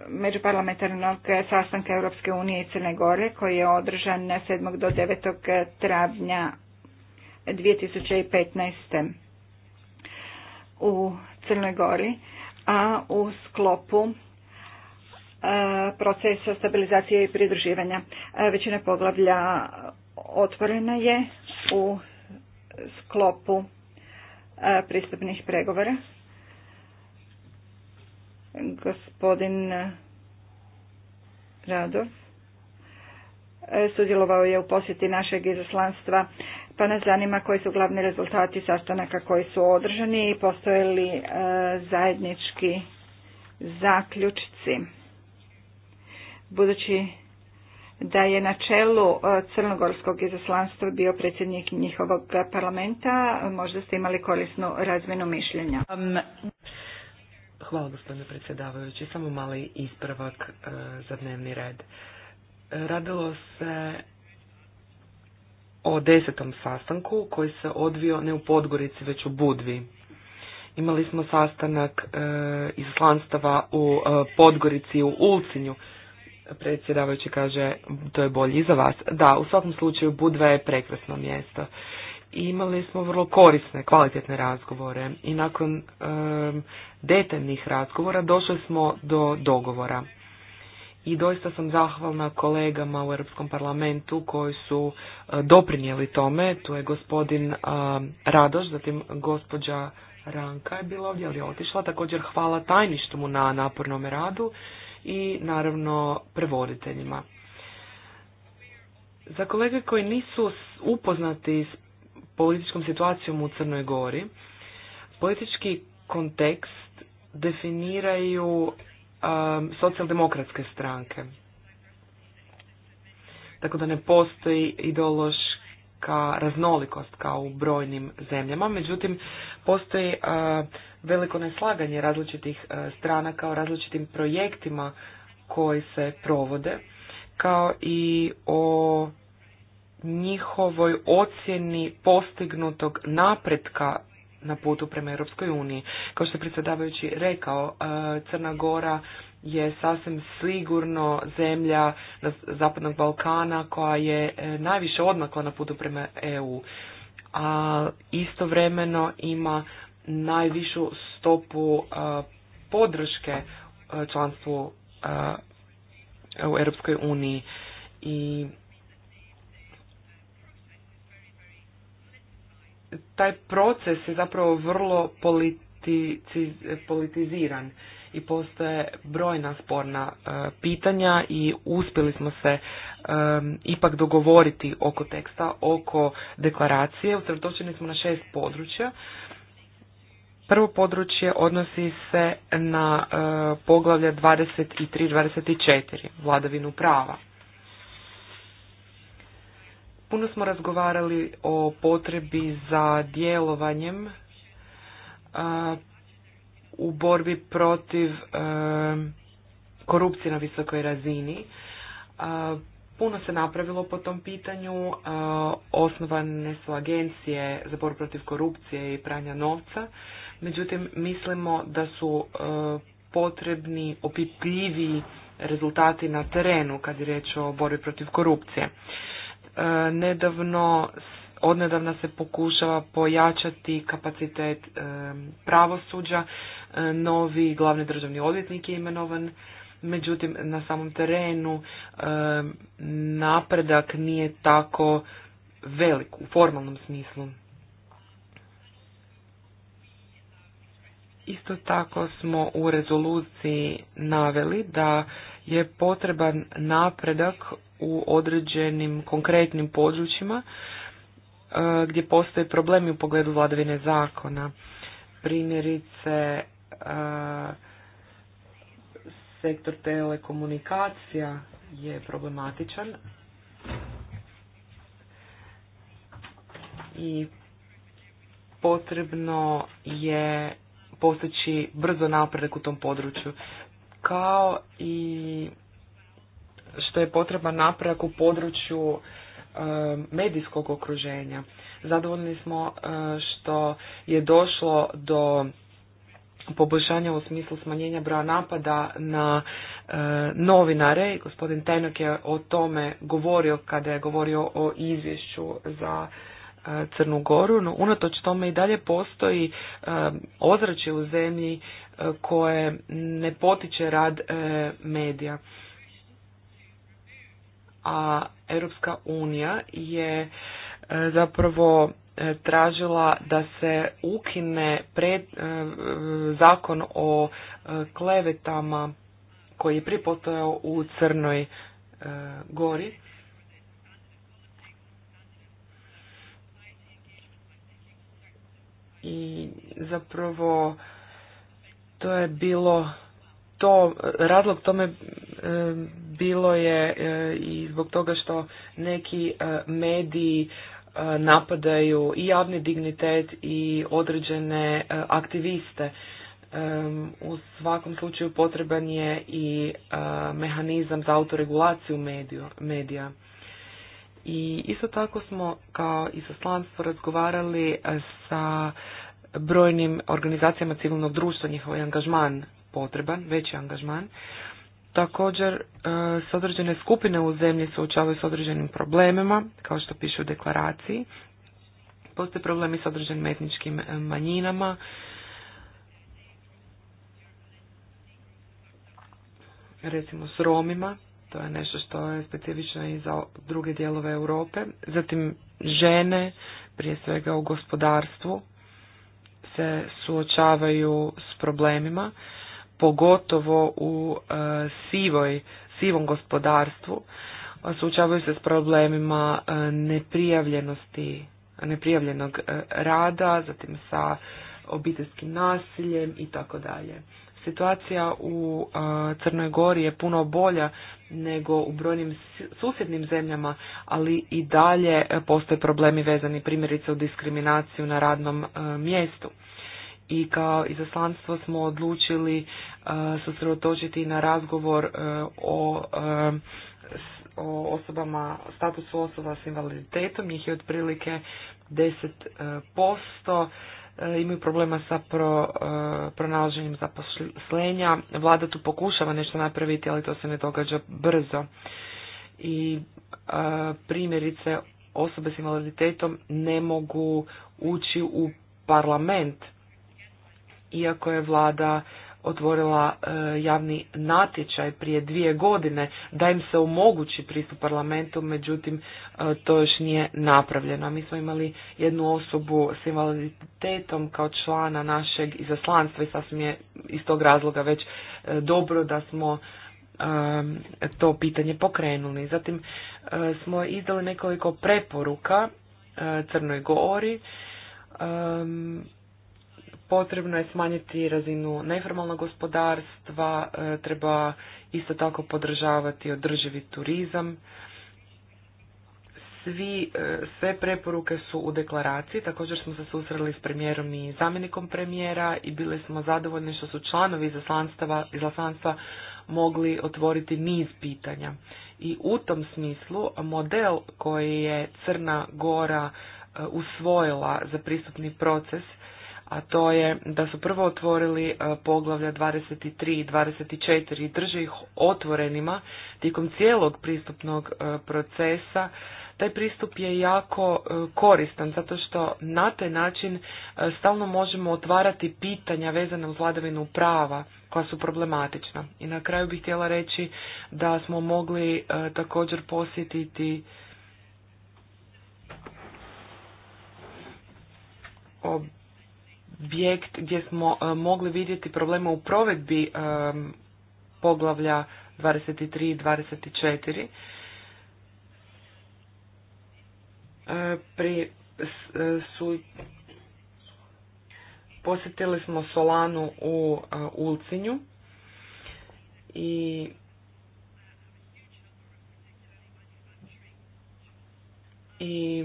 Speaker 1: međuparlamentarnog sastanka Europske unije i Crne Gore koji je održan 7. do 9. travnja 2015. u Crnoj Gori, a u sklopu E, Proces stabilizacije i pridruživanja. E, većina poglavlja otvorena je u sklopu e, pristupnih pregovora. Gospodin Radov sudjelovao je u posjeti našeg izaslanstva pa nas zanima koji su glavni rezultati sastanaka koji su održani i postoje li zajednički zaključci budući da je na čelu e, crnogorskog izaslanstva bio predsjednik njihovog parlamenta, možda ste imali korisnu razmjenu mišljenja. Um, hvala gospodine predsjedavajući. Samo mali ispravak e, za dnevni red. Radilo
Speaker 5: se o desetom sastanku koji se odvio ne u Podgorici već u Budvi. Imali smo sastanak e, izaslanstava u Podgorici u Ulcinju Predsjedavajući kaže, to je bolji za vas. Da, u svakom slučaju Budva je prekrasno mjesto. Imali smo vrlo korisne, kvalitetne razgovore i nakon um, detaljnih razgovora došli smo do dogovora. I doista sam zahvalna kolegama u Europskom parlamentu koji su e, doprinijeli tome. Tu je gospodin e, Radoš, zatim gospođa Ranka je bila ovdje, ali je otišla. Također hvala tajništvu na napornom radu i naravno prevoditeljima. Za kolege koji nisu upoznati s političkom situacijom u Crnoj Gori, politički kontekst definiraju um, socijaldemokratske stranke. Tako da ne postoji ideološka raznolikost kao u brojnim zemljama, međutim postoji uh, veliko neslaganje različitih e, strana kao različitim projektima koji se provode, kao i o njihovoj ocjeni postignutog napretka na putu prema Europskoj uniji. Kao što je predsjedavajući rekao, e, Crna Gora je sasvim sigurno zemlja Zapadnog Balkana koja je e, najviše odmakla na putu prema EU. A istovremeno ima najvišu stopu podrške članstvu u Europskoj uniji i taj proces je zapravo vrlo politiziran i postoje brojna sporna pitanja i uspjeli smo se ipak dogovoriti oko teksta, oko deklaracije. Usredotočeni smo na šest područja. Prvo područje odnosi se na e, poglavlja 23-24, vladavinu prava. Puno smo razgovarali o potrebi za djelovanjem e, u borbi protiv e, korupcije na visokoj razini. E, puno se napravilo po tom pitanju, osnovane su agencije za borbu protiv korupcije i pranja novca međutim mislimo da su e, potrebni opipljiviji rezultati na terenu kad je riječ o borbi protiv korupcije. E, nedavno, odnedavna se pokušava pojačati kapacitet e, pravosuđa, novi glavni državni odvjetnik je imenovan, međutim na samom terenu napredak nije tako velik u formalnom smislu. Isto tako smo u rezoluciji naveli da je potreban napredak u određenim konkretnim područjima e, gdje postoje problemi u pogledu vladavine zakona. Primjerice e, sektor telekomunikacija je problematičan i potrebno je postići brzo napredak u tom području, kao i što je potreban napredak u području um, medijskog okruženja. Zadovoljni smo uh, što je došlo do poboljšanja u smislu smanjenja broja napada na uh, novinare. Gospodin Tenok je o tome govorio kada je govorio o izvješću za Crnu Goru, no unatoč tome i dalje postoji e, ozračje u zemlji e, koje ne potiče rad e, medija. A Europska unija je zapravo tražila da se ukine pred, zakon o klevetama koji je pripotojao u Crnoj Gori i zapravo to je bilo to, razlog tome e, bilo je e, i zbog toga što neki e, mediji napadaju i javni dignitet i određene aktiviste. U svakom slučaju potreban je i mehanizam za autoregulaciju medija. I isto tako smo kao izaslanstvo razgovarali e, sa brojnim organizacijama civilnog društva, njihov je angažman potreban, veći angažman. Također e, s određene skupine u zemlji suočavaju s određenim problemima, kao što piše u deklaraciji. Postoje problemi s određenim etničkim e, manjinama. Recimo s Romima to je nešto što je specifično i za druge dijelove Europe. Zatim žene, prije svega u gospodarstvu, se suočavaju s problemima, pogotovo u e, sivoj, sivom gospodarstvu. Suočavaju se s problemima e, neprijavljenosti, neprijavljenog e, rada, zatim sa obiteljskim nasiljem i tako dalje situacija u Crnoj Gori je puno bolja nego u brojnim susjednim zemljama, ali i dalje e, postoje problemi vezani primjerice u diskriminaciju na radnom e, mjestu. I kao izaslanstvo smo odlučili e, susredotočiti na razgovor o osobama, statusu osoba s invaliditetom, njih je otprilike 10%, E, imaju problema sa pro, e, pronalaženjem zaposlenja. Vlada tu pokušava nešto napraviti, ali to se ne događa brzo. I e, primjerice osobe s invaliditetom ne mogu ući u parlament iako je vlada otvorila e, javni natječaj prije dvije godine da im se omogući pristup parlamentu, međutim e, to još nije napravljeno. Mi smo imali jednu osobu s invaliditetom kao člana našeg izaslanstva i sasvim je iz tog razloga već e, dobro da smo to pitanje pokrenuli. Zatim smo izdali nekoliko preporuka Crnoj Gori potrebno je smanjiti razinu neformalnog gospodarstva, e, treba isto tako podržavati održivi turizam. Svi, e, sve preporuke su u deklaraciji, također smo se susreli s premijerom i zamjenikom premijera i bili smo zadovoljni što su članovi izaslanstva mogli otvoriti niz pitanja. I u tom smislu model koji je Crna Gora e, usvojila za pristupni proces a to je da su prvo otvorili e, poglavlja 23 i 24 i drže ih otvorenima tijekom cijelog pristupnog e, procesa. Taj pristup je jako e, koristan zato što na taj način stalno možemo otvarati pitanja vezana uz vladavinu prava koja su problematična. I na kraju bih htjela reći da smo mogli također posjetiti ob objekt gdje smo e, mogli vidjeti probleme u provedbi e, poglavlja 23 i 24 e, pri su posjetili smo Solanu u Ulcinju i i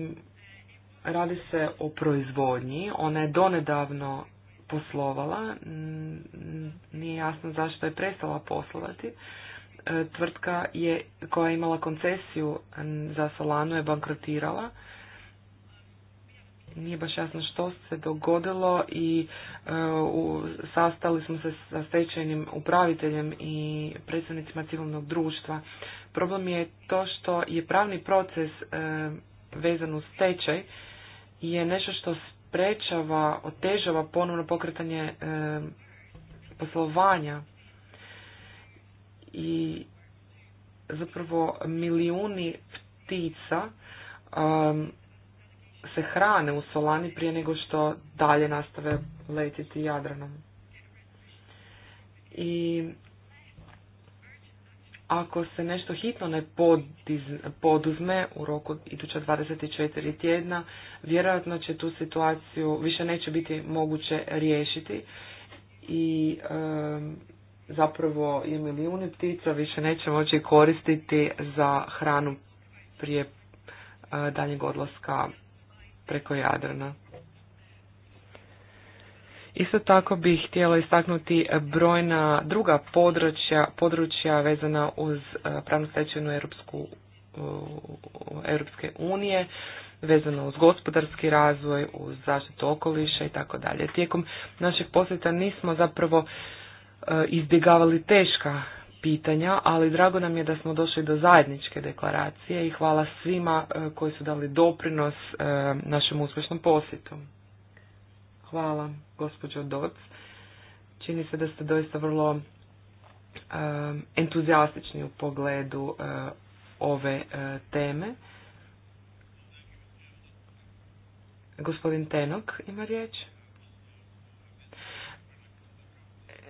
Speaker 5: Radi se o proizvodnji, ona je donedavno poslovala, nije jasno zašto je prestala poslovati. E, tvrtka je, koja je imala koncesiju za Solanu je bankrotirala. Nije baš jasno što se dogodilo i e, u, sastali smo se sa stečajnim upraviteljem i predstavnicima civilnog društva. Problem je to što je pravni proces e, vezan uz stečaj je nešto što sprečava, otežava ponovno pokretanje e, poslovanja i zapravo milijuni ptica se hrane u solani prije nego što dalje nastave letiti jadranom. I ako se nešto hitno ne poduzme u roku iduća 24 tjedna, vjerojatno će tu situaciju više neće biti moguće riješiti i zapravo i milijuni ptica više neće moći koristiti za hranu prije e, daljnjeg odlaska preko Jadrana. Isto tako bih htjela istaknuti brojna druga područja, područja vezana uz e, pravnu stečevinu Europsku, Europske unije, vezano uz gospodarski razvoj, uz zaštitu okoliša i tako dalje. Tijekom našeg posjeta nismo zapravo e, izbjegavali teška pitanja, ali drago nam je da smo došli do zajedničke deklaracije i hvala svima e, koji su dali doprinos našem uspješnom posjetu. Hvala, gospođo Doc. Čini se da ste doista vrlo um, entuzijastični u pogledu uh, ove uh, teme. Gospodin Tenok ima riječ.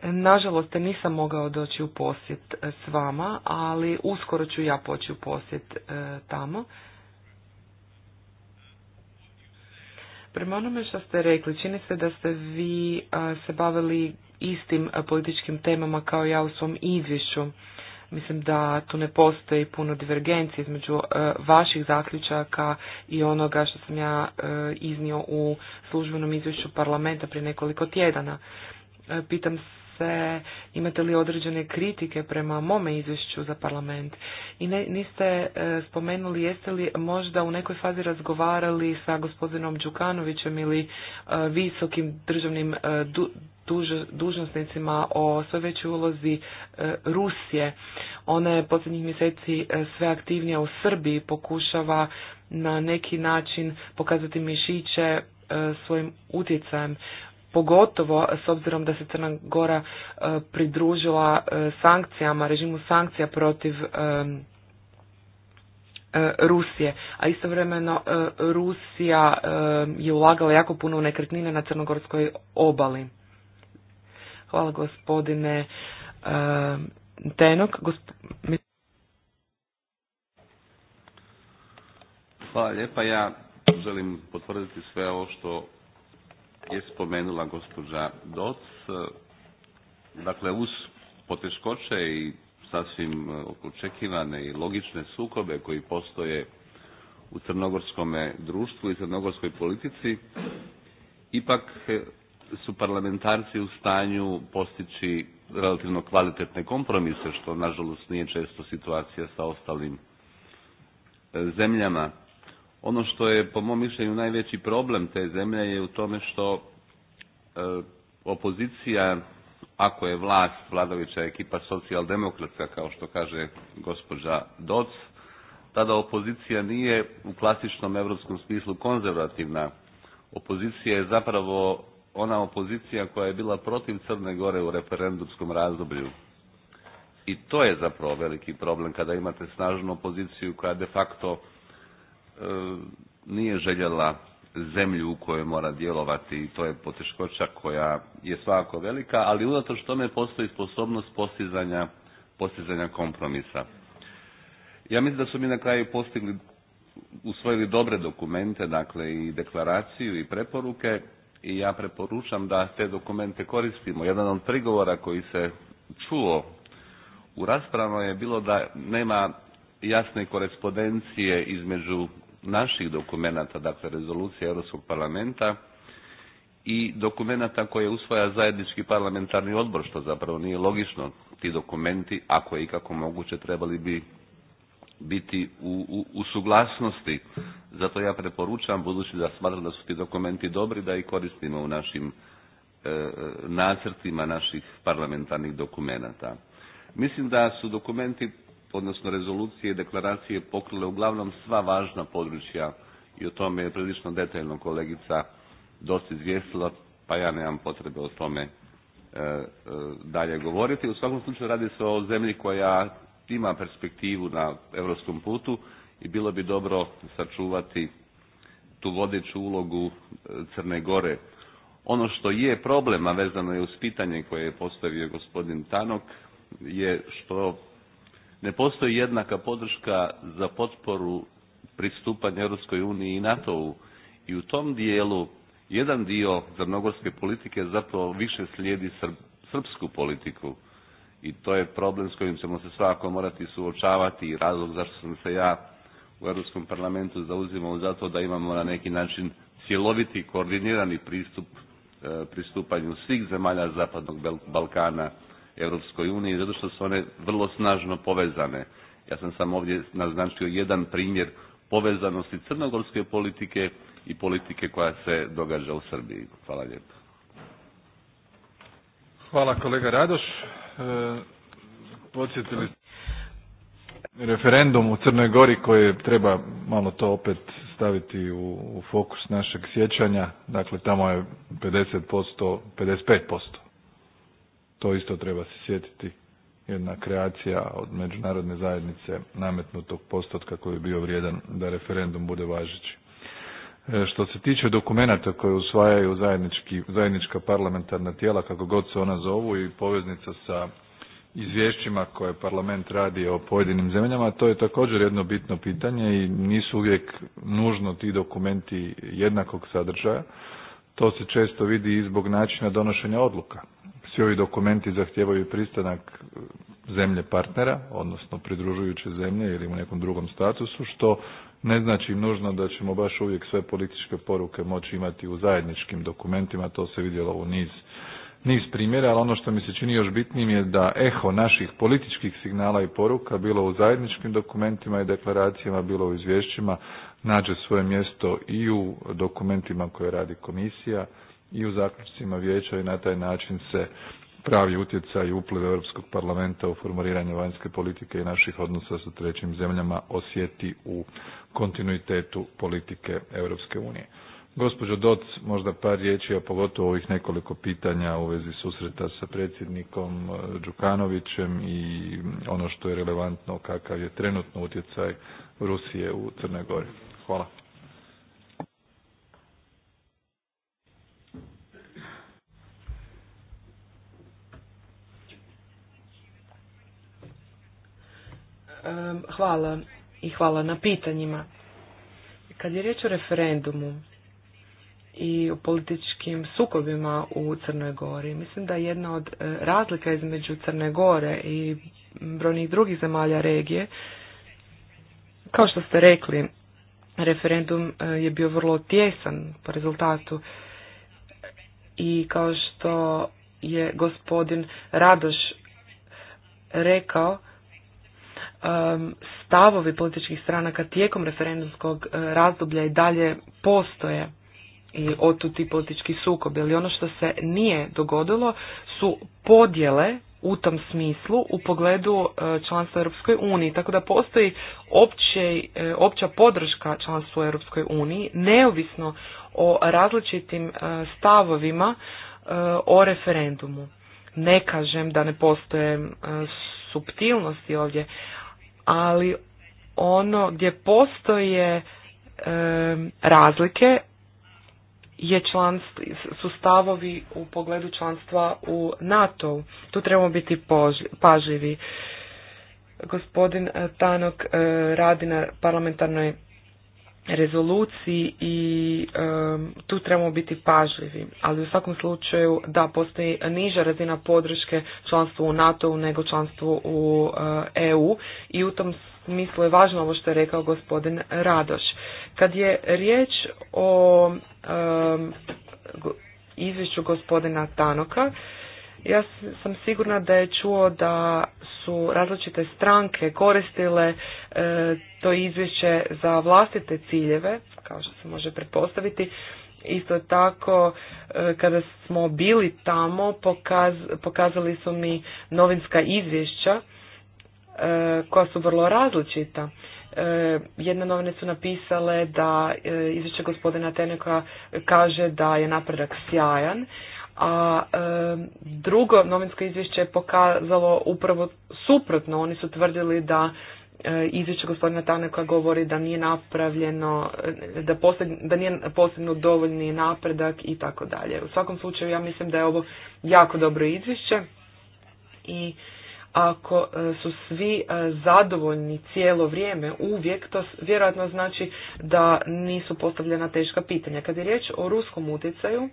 Speaker 5: Nažalost, nisam mogao doći u posjet eh, s vama, ali uskoro ću ja poći u posjet eh, tamo. Prema onome što ste rekli, čini se da ste vi se bavili istim političkim temama kao ja u svom izvješću. Mislim da tu ne postoji puno divergencije između vaših zaključaka i onoga što sam ja iznio u službenom izvješću parlamenta prije nekoliko tjedana. Pitam se imate li određene kritike prema mome izvješću za parlament. I niste e, spomenuli jeste li možda u nekoj fazi razgovarali sa gospodinom Đukanovićem ili e, visokim državnim e, du, dužnosnicima o sve većoj ulozi Rusije. Ona je posljednjih mjeseci sve aktivnija u Srbiji, pokušava na neki način pokazati mišiće svojim utjecajem pogotovo s obzirom da se Crna Gora e, pridružila e, sankcijama, režimu sankcija protiv e, Rusije, a istovremeno Rusija je ulagala jako puno u nekretnine na crnogorskoj obali. Hvala gospodine Tenok.
Speaker 3: Hvala lijepa. Ja želim potvrditi sve ovo što je spomenula gospođa Doc. Dakle, uz poteškoće i sasvim e, očekivane i logične sukobe koji postoje u crnogorskome društvu i crnogorskoj politici, ipak e, su parlamentarci u stanju postići relativno kvalitetne kompromise, što nažalost nije često situacija sa ostalim e, zemljama. Ono što je po mom mišljenju najveći problem te zemlje je u tome što e, opozicija, ako je vlast, vladajuća ekipa socijaldemokratska kao što kaže gospođa Doc, tada opozicija nije u klasičnom europskom smislu konzervativna. Opozicija je zapravo ona opozicija koja je bila protiv Crne Gore u referendumskom razdoblju. I to je zapravo veliki problem kada imate snažnu opoziciju koja de facto E, nije željela zemlju u kojoj mora djelovati i to je poteškoća koja je svakako velika, ali unatoč tome postoji sposobnost postizanja, postizanja kompromisa. Ja mislim da su mi na kraju postigli, usvojili dobre dokumente, dakle i deklaraciju i preporuke i ja preporučam da te dokumente koristimo. Jedan od prigovora koji se čuo u raspravama je bilo da nema jasne korespondencije između naših dokumenata, dakle rezolucije Europskog parlamenta i dokumenata koje usvaja zajednički parlamentarni odbor, što zapravo nije logično. Ti dokumenti, ako je ikako moguće, trebali bi biti u, u, u suglasnosti. Zato ja preporučam, budući da smatram da su ti dokumenti dobri, da ih koristimo u našim e, nacrtima naših parlamentarnih dokumenata. Mislim da su dokumenti odnosno rezolucije i deklaracije pokrile uglavnom sva važna područja i o tome je prilično detaljno kolegica dosta izvijestila, pa ja nemam potrebe o tome e, e, dalje govoriti. U svakom slučaju radi se o zemlji koja ima perspektivu na europskom putu i bilo bi dobro sačuvati tu vodeću ulogu e, Crne Gore. Ono što je problem, a vezano je uz pitanje koje je postavio gospodin Tanok, je što ne postoji jednaka podrška za potporu pristupanja Europskoj uniji i NATO-u i u tom dijelu jedan dio crnogorske politike zapravo više slijedi srpsku politiku i to je problem s kojim ćemo se svakako morati suočavati i razlog zašto sam se ja u Europskom parlamentu zauzimao za to da imamo na neki način cjeloviti koordinirani pristup e, pristupanju svih zemalja Zapadnog Balkana Europskoj uniji zato što su one vrlo snažno povezane. Ja sam sam ovdje naznačio jedan primjer povezanosti crnogorske politike i politike koja se događa u Srbiji. Hvala lijepo.
Speaker 4: Hvala kolega Radoš. E, podsjetili referendum u Crnoj Gori koji treba malo to opet staviti u, u fokus našeg sjećanja. Dakle, tamo je 50%, 55% to isto treba se sjetiti jedna kreacija od međunarodne zajednice nametnutog postotka koji je bio vrijedan da referendum bude važeći. E, što se tiče dokumenata koje usvajaju zajednička parlamentarna tijela, kako god se ona zovu, i poveznica sa izvješćima koje parlament radi o pojedinim zemljama, to je također jedno bitno pitanje i nisu uvijek nužno ti dokumenti jednakog sadržaja. To se često vidi i zbog načina donošenja odluka svi ovi dokumenti zahtijevaju pristanak e, zemlje partnera, odnosno pridružujuće zemlje ili u nekom drugom statusu, što ne znači nužno da ćemo baš uvijek sve političke poruke moći imati u zajedničkim dokumentima, to se vidjelo u niz niz primjera, ali ono što mi se čini još bitnijim je da eho naših političkih signala i poruka, bilo u zajedničkim dokumentima i deklaracijama, bilo u izvješćima, nađe svoje mjesto i u dokumentima koje radi komisija, i u zaključcima vijeća i na taj način se pravi utjecaj i upliv Europskog parlamenta u formuliranje vanjske politike i naših odnosa sa trećim zemljama osjeti u kontinuitetu politike Europske unije. Gospođo Doc, možda par riječi, a pogotovo ovih nekoliko pitanja u vezi susreta sa predsjednikom e, Đukanovićem i ono što je relevantno kakav je trenutno utjecaj Rusije u Crnoj Gori. Hvala.
Speaker 5: Hvala i hvala na pitanjima. Kad je riječ o referendumu i o političkim sukobima u Crnoj Gori, mislim da je jedna od e, razlika između Crne Gore i brojnih drugih zemalja regije, kao što ste rekli, referendum e, je bio vrlo tjesan po rezultatu i kao što je gospodin Radoš rekao, stavovi političkih stranaka tijekom referendumskog e, razdoblja i dalje postoje i otuti politički sukob. Ali ono što se nije dogodilo su podjele u tom smislu u pogledu e, članstva Europskoj uniji. Tako da postoji opće, e, opća podrška članstvu Europskoj uniji, neovisno o različitim stavovima o referendumu. Ne kažem da ne postoje subtilnosti ovdje, ali ono gdje postoje e, razlike je su stavovi u pogledu članstva u NATO. -u. Tu trebamo biti pažljivi. Gospodin e, Tanok e, radi na parlamentarnoj rezoluciji i tu trebamo biti pažljivi. Ali u svakom slučaju da postoji niža razina podrške članstvu u NATO-u nego članstvu u eh, EU i u tom smislu je važno ovo što je rekao gospodin Radoš. Kad je riječ o izvišću izvješću gospodina Tanoka, ja sam sigurna da je čuo da su različite stranke koristile e, to izvješće za vlastite ciljeve, kao što se može pretpostaviti. Isto tako, e, kada smo bili tamo, pokazali su mi novinska izvješća e, koja su vrlo različita. Jedne novine su napisale da izvješće gospodina Teneka kaže da je napredak sjajan, a e, drugo novinsko izvješće je pokazalo upravo suprotno. Oni su tvrdili da e, izvješće gospodina Taneka govori da nije napravljeno, e, da, da nije posebno dovoljni napredak i tako dalje. U svakom slučaju ja mislim da je ovo jako dobro izvješće i ako e, su svi zadovoljni cijelo vrijeme, uvijek, to vjerojatno znači da nisu postavljena teška pitanja. Kad je riječ o ruskom utjecaju,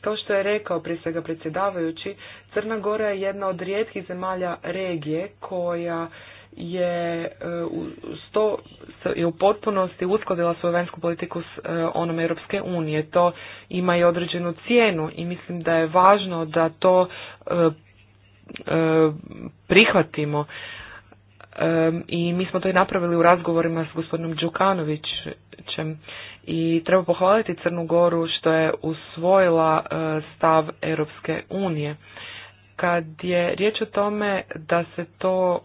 Speaker 5: kao što je rekao prije svega predsjedavajući, Crna Gora je jedna od rijetkih zemalja regije koja je, e, sto, je u potpunosti uskladila svoju vanjsku politiku s e, onom Europske unije. To ima i određenu cijenu i mislim da je važno da to e, prihvatimo. I mi smo to i napravili u razgovorima s gospodinom Đukanovićem i treba pohvaliti Crnu Goru što je usvojila e, stav Europske unije. Kad je riječ o tome da se to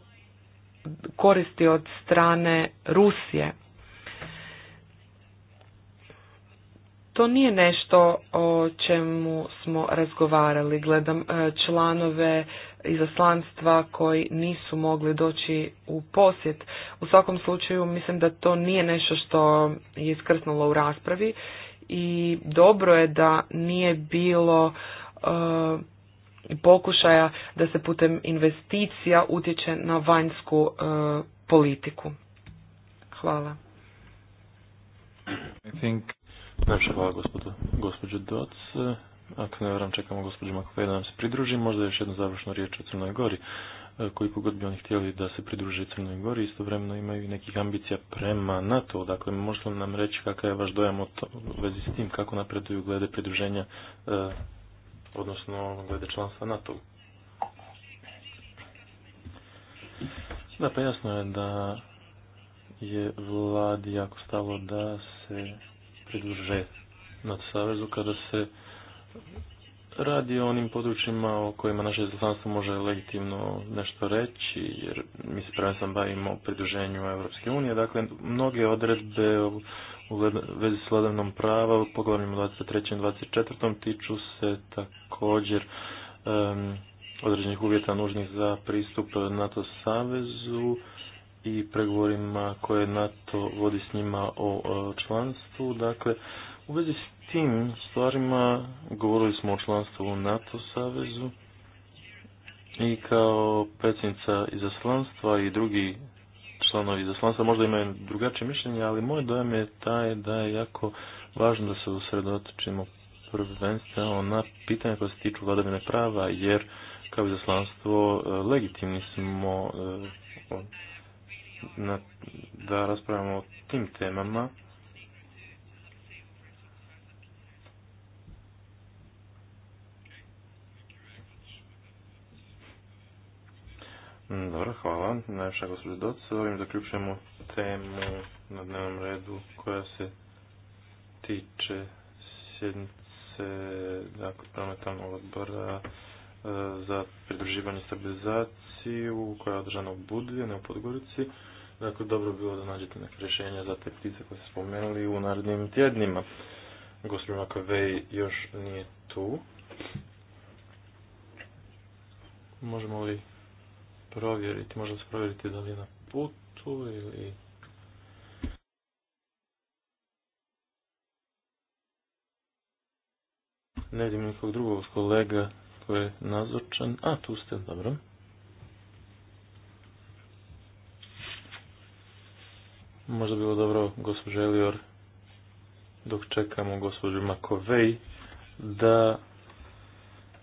Speaker 5: koristi od strane Rusije, to nije nešto o čemu smo razgovarali. Gledam e, članove izaslanstva koji nisu mogli doći u posjet. U svakom slučaju mislim da to nije nešto što je iskrsnulo u raspravi i dobro je da nije bilo e, pokušaja da se putem investicija utječe na vanjsku e, politiku. Hvala.
Speaker 6: I think... hvala Doc. Ako ne varam čekamo gospođu Makovej da nam se pridruži. Možda još jednu završnu riječ o Crnoj Gori. E, koliko god bi oni htjeli da se pridruži Crnoj Gori, istovremeno imaju nekih ambicija prema NATO. Dakle, možete li nam reći kakav je vaš dojam u vezi s tim, kako napreduju glede pridruženja, e, odnosno glede članstva NATO? Da, pa jasno je da je vladi jako stalo da se pridruže NATO Savezu kada se radi o onim područjima o kojima naše izaslanstvo može legitimno nešto reći, jer mi se sam bavimo pridruženju Europske unije. Dakle, mnoge odredbe u vezi s vladavnom prava u poglavnjima 23. i 24. tiču se također um, određenih uvjeta nužnih za pristup NATO savezu i pregovorima koje NATO vodi s njima o, o članstvu. Dakle, u vezi s tim stvarima govorili smo o članstvu u NATO savezu i kao predsjednica izaslanstva i drugi članovi izaslanstva možda imaju drugačije mišljenje, ali moj dojam je taj da je jako važno da se usredotočimo prvenstveno na pitanja koja se tiču vladavine prava, jer kao izaslanstvo e, legitimni smo e, da raspravljamo o tim temama Mm, dobro, hvala. Najviše gospođo Doc. Ovim zaključujemo temu na dnevnom redu koja se tiče sjednice dakle, prometalnog odbora e, za pridruživanje stabilizaciju koja je održana u ne u Podgorici. Dakle, dobro bi bilo da nađete neke rješenja za te ptice koje ste spomenuli u narednim tjednima. Gospodin Makavej još nije tu. Možemo li provjeriti, možda se provjeriti da li je na
Speaker 2: putu ili...
Speaker 6: Ne vidim nikog drugog kolega koji je nazočan. A, tu ste, dobro. Možda bi bilo dobro, gospođo Elior, dok čekamo gospođu Makovej, da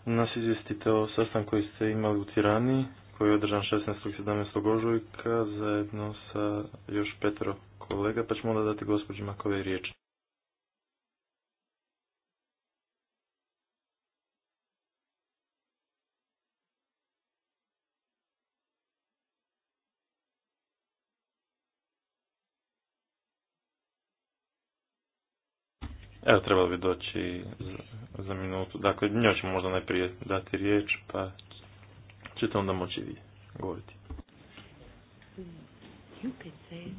Speaker 6: nas izvjestite o sastanku koji ste imali u Tirani koji je održan 16. i 17. ožujka zajedno sa još petro kolega, pa ćemo onda
Speaker 2: dati gospođi Makove riječ.
Speaker 6: Evo, trebalo bi doći za, za minutu. Dakle, njoj ćemo možda najprije dati riječ, pa ćete onda moći vi
Speaker 2: govoriti. You could say it.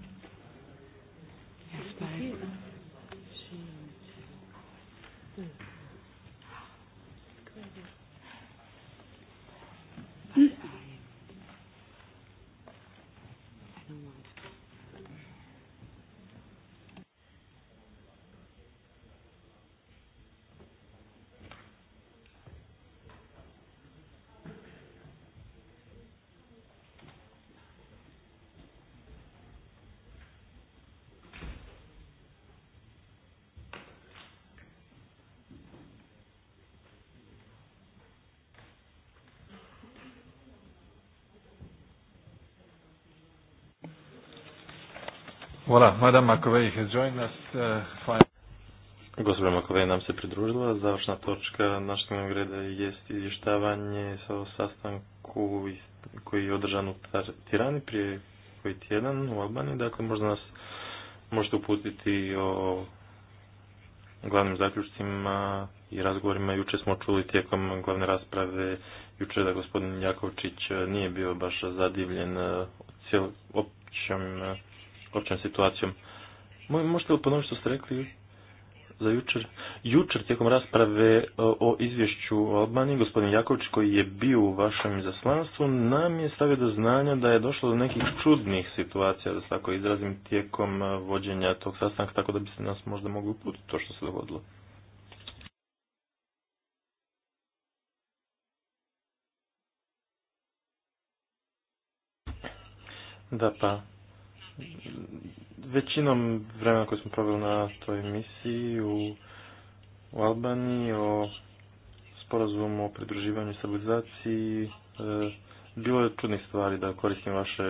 Speaker 2: Yes,
Speaker 4: Voilà, Madame McAvey has joined us. Uh,
Speaker 6: Gospođa nam se pridružila. Završna točka našeg dnevnog reda je izvještavanje sa sastanku koji je održan u Tirani prije koji tjedan u Albaniji. Dakle, možda nas možete uputiti o glavnim zaključcima i razgovorima. Juče smo čuli tijekom glavne rasprave juče da gospodin Jakovčić nije bio baš zadivljen uh, općom općom situacijom. Možete li ponoviti što ste rekli za jučer? Jučer tijekom rasprave o izvješću o Albaniji, gospodin Jaković koji je bio u vašem izaslanstvu, nam je stavio do znanja da je došlo do nekih čudnih situacija, da se tako izrazim, tijekom e, vođenja tog sastanka, tako da biste nas možda mogli uputiti to što se dogodilo. Da pa, većinom vremena koje smo proveli na toj misiji u, u Albaniji o sporazumu o pridruživanju i stabilizaciji e, bilo je čudnih stvari da koristim vaše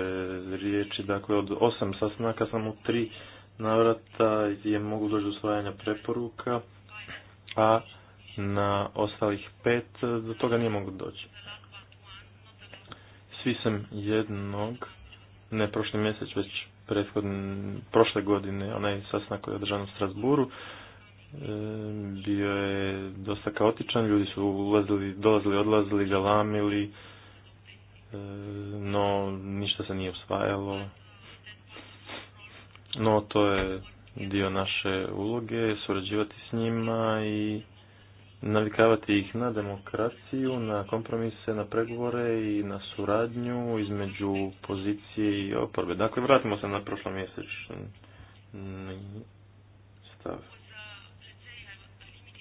Speaker 6: riječi. Dakle, od osam sastanaka samo tri navrata je mogu doći do usvajanja preporuka, a na ostalih pet do toga nije mogu doći. Svi sam jednog, ne prošli mjesec, već prošle godine, onaj sastanak koji je održan u Strasburu, e, bio je dosta kaotičan, ljudi su ulazili, dolazili, odlazili, galamili, e, no ništa se nije osvajalo. No to je dio naše uloge, surađivati s njima i navikavati ih na demokraciju, na kompromise, na pregovore i na suradnju između pozicije i oporbe. Dakle, vratimo se na prošlomjesečni stav,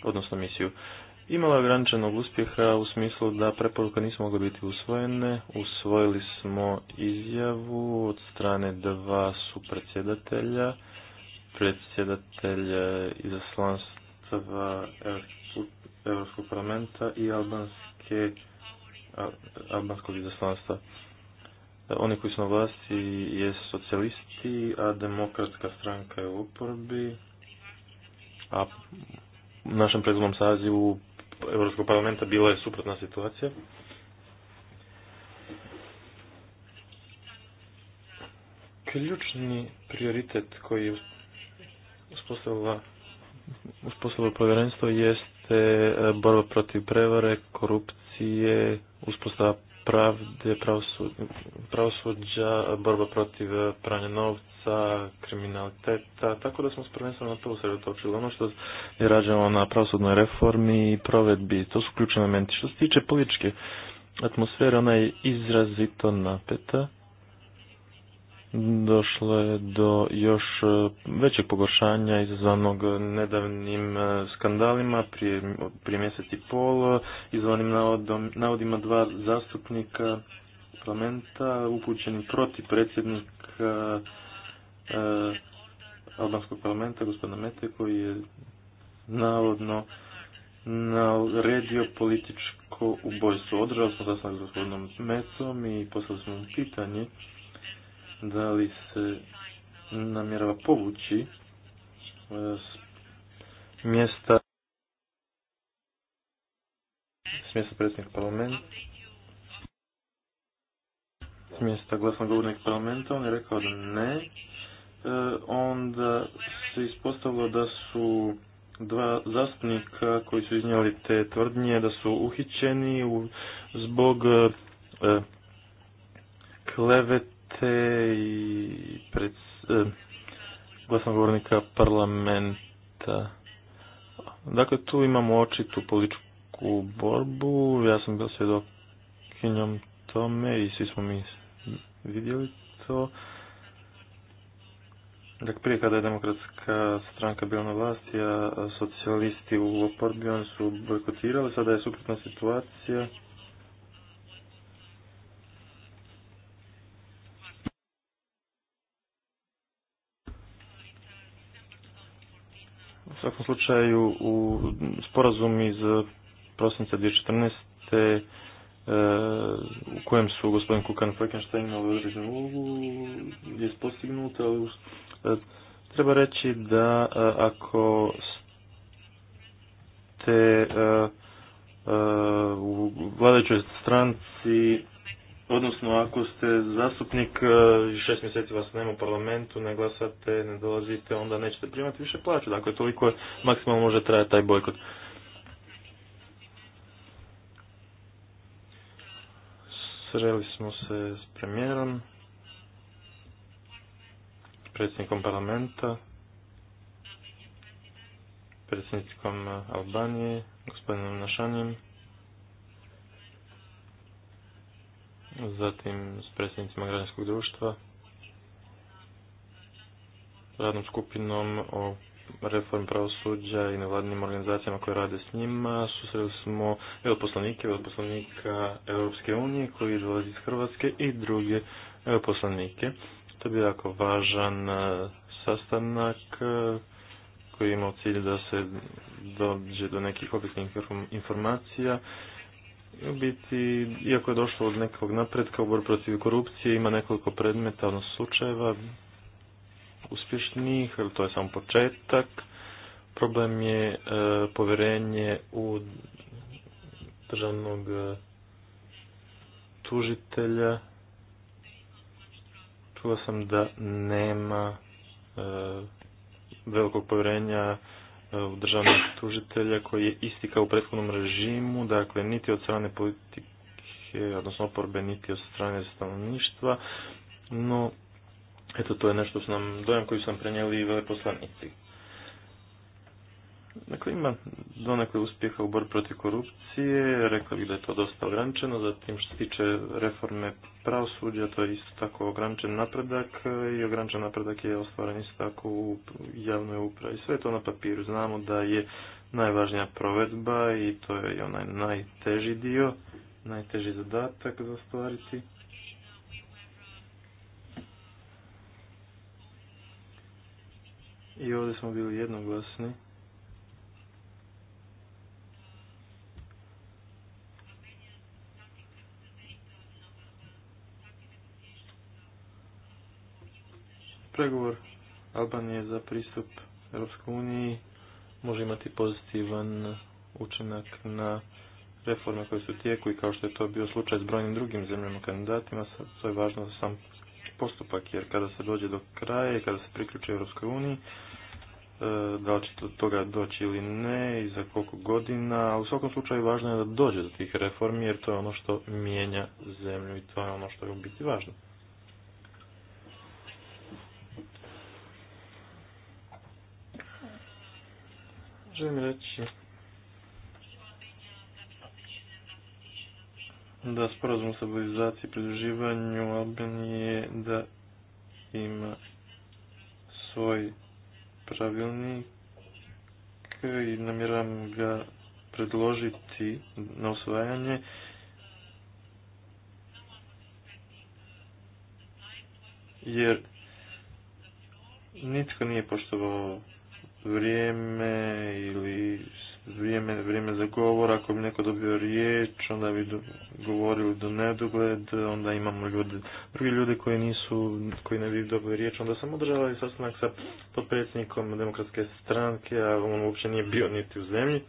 Speaker 6: odnosno misiju. Imala je ograničenog uspjeha u smislu da preporuka nisu mogle biti usvojene. Usvojili smo izjavu od strane dva su predsjedatelja izaslanstva Europskog parlamenta i albanske, albanskog izaslanstva. E, oni koji su na vlasti je socijalisti, a demokratska stranka je u uporbi. a u našem prethodnom sazivu Europskog parlamenta bila je suprotna situacija. Ključni prioritet koji je uspostavilo povjerenstvo jest jeste e, borba protiv prevare, korupcije, uspostava pravde, pravosuđa, borba protiv e, pranja novca, kriminaliteta, tako da smo prvenstveno na to usredotočili. Ono što je rađeno na pravosudnoj reformi i provedbi, to su ključni elementi. Što se tiče političke atmosfere, ona je izrazito napeta došlo je do još e, većeg pogoršanja izazvanog nedavnim e, skandalima prije, prije mjesec i pol, e, izvanim navodima dva zastupnika parlamenta upućeni protiv predsjednika e, albanskog parlamenta, gospodina Mete, koji je navodno naredio političko ubojstvo. Održao smo sastanak s gospodinom Metom i poslali smo pitanje da li se namjerava povući e, s mjesta s mjesta predsjednika parlamenta s mjesta glasnog govornika parlamenta on je rekao da ne e, onda se ispostavilo da su dva zastupnika koji su iznijeli te tvrdnje da su uhićeni zbog e, klevet te i pred, e, glasnogovornika parlamenta. Dakle, tu imamo očitu političku borbu. Ja sam bio svjedokinjom tome i svi smo mi vidjeli to. Dakle, prije kada je demokratska stranka bila na vlasti, a socijalisti u oporbi, oni su bojkotirali, sada je suprotna situacija. svakom slučaju u sporazum iz prosinca 2014. E, u kojem su gospodin Kukan Frankenstein određenu ulogu je postignuta. E, treba reći da e, ako ste u vladajućoj stranci Odnosno, ako ste zastupnik e, i šest mjeseci vas nema u parlamentu, ne glasate, ne dolazite, onda nećete primati više plaću. Dakle, toliko maksimalno može trajati taj bojkot. Sreli smo se s premijerom, predsjednikom parlamenta, predsjednikom Albanije, gospodinom Našanjem, zatim s predsjednicima građanskog društva, radnom skupinom o reform pravosuđa i nevladnim organizacijama koje rade s njima. Susreli smo europoslanike, europoslanika Europske unije koji dolazi iz Hrvatske i druge europoslanike. To je bio jako važan e, sastanak e, koji je imao cilj da se dođe do nekih objektivnih informacija u biti, iako je došlo od nekog napretka u borbi protiv korupcije, ima nekoliko predmeta, odnosno slučajeva uspješnih, ali to je samo početak. Problem je e, povjerenje u državnog e, tužitelja. Čuo sam da nema e, velikog povjerenja E, državnog tužitelja koji je isti u prethodnom režimu, dakle niti od strane politike, odnosno oporbe, niti od strane stanovništva, no eto to je nešto što nam dojam koji su nam prenijeli veleposlanici Dakle, ima donekle uspjeha u borbi protiv korupcije, rekla bih da je to dosta ograničeno, zatim što se tiče reforme pravosuđa, to je isto tako ograničen napredak i ograničen napredak je ostvaren isto tako u javnoj upravi. Sve to na papiru, znamo da je najvažnija provedba i to je i onaj najteži dio, najteži zadatak za ostvariti. I ovdje smo bili jednoglasni Pregovor Albanije za pristup Europskoj uniji može imati pozitivan učinak na reforme koje su tijeku i kao što je to bio slučaj s brojnim drugim zemljama kandidatima, to je važno za sam postupak, jer kada se dođe do kraja i kada se priključi Europskoj uniji, e, da li će do toga doći ili ne i za koliko godina, a u svakom slučaju važno je da dođe do tih reformi jer to je ono što mijenja zemlju i to je ono što je u biti važno. Želim reći da sporazum o stabilizaciji i pridruživanju Albanije da ima svoj pravilnik i namjeram ga predložiti na usvajanje Jer nitko nije poštovao vrijeme ili vrijeme, vrijeme za govor, ako bi neko dobio riječ, onda bi do, govorili do nedogled, onda imamo ljudi, drugi ljudi koji nisu, koji ne bi dobili riječ, onda sam održavao i sastanak sa potpredsjednikom demokratske stranke, a on uopće nije bio niti u zemlji.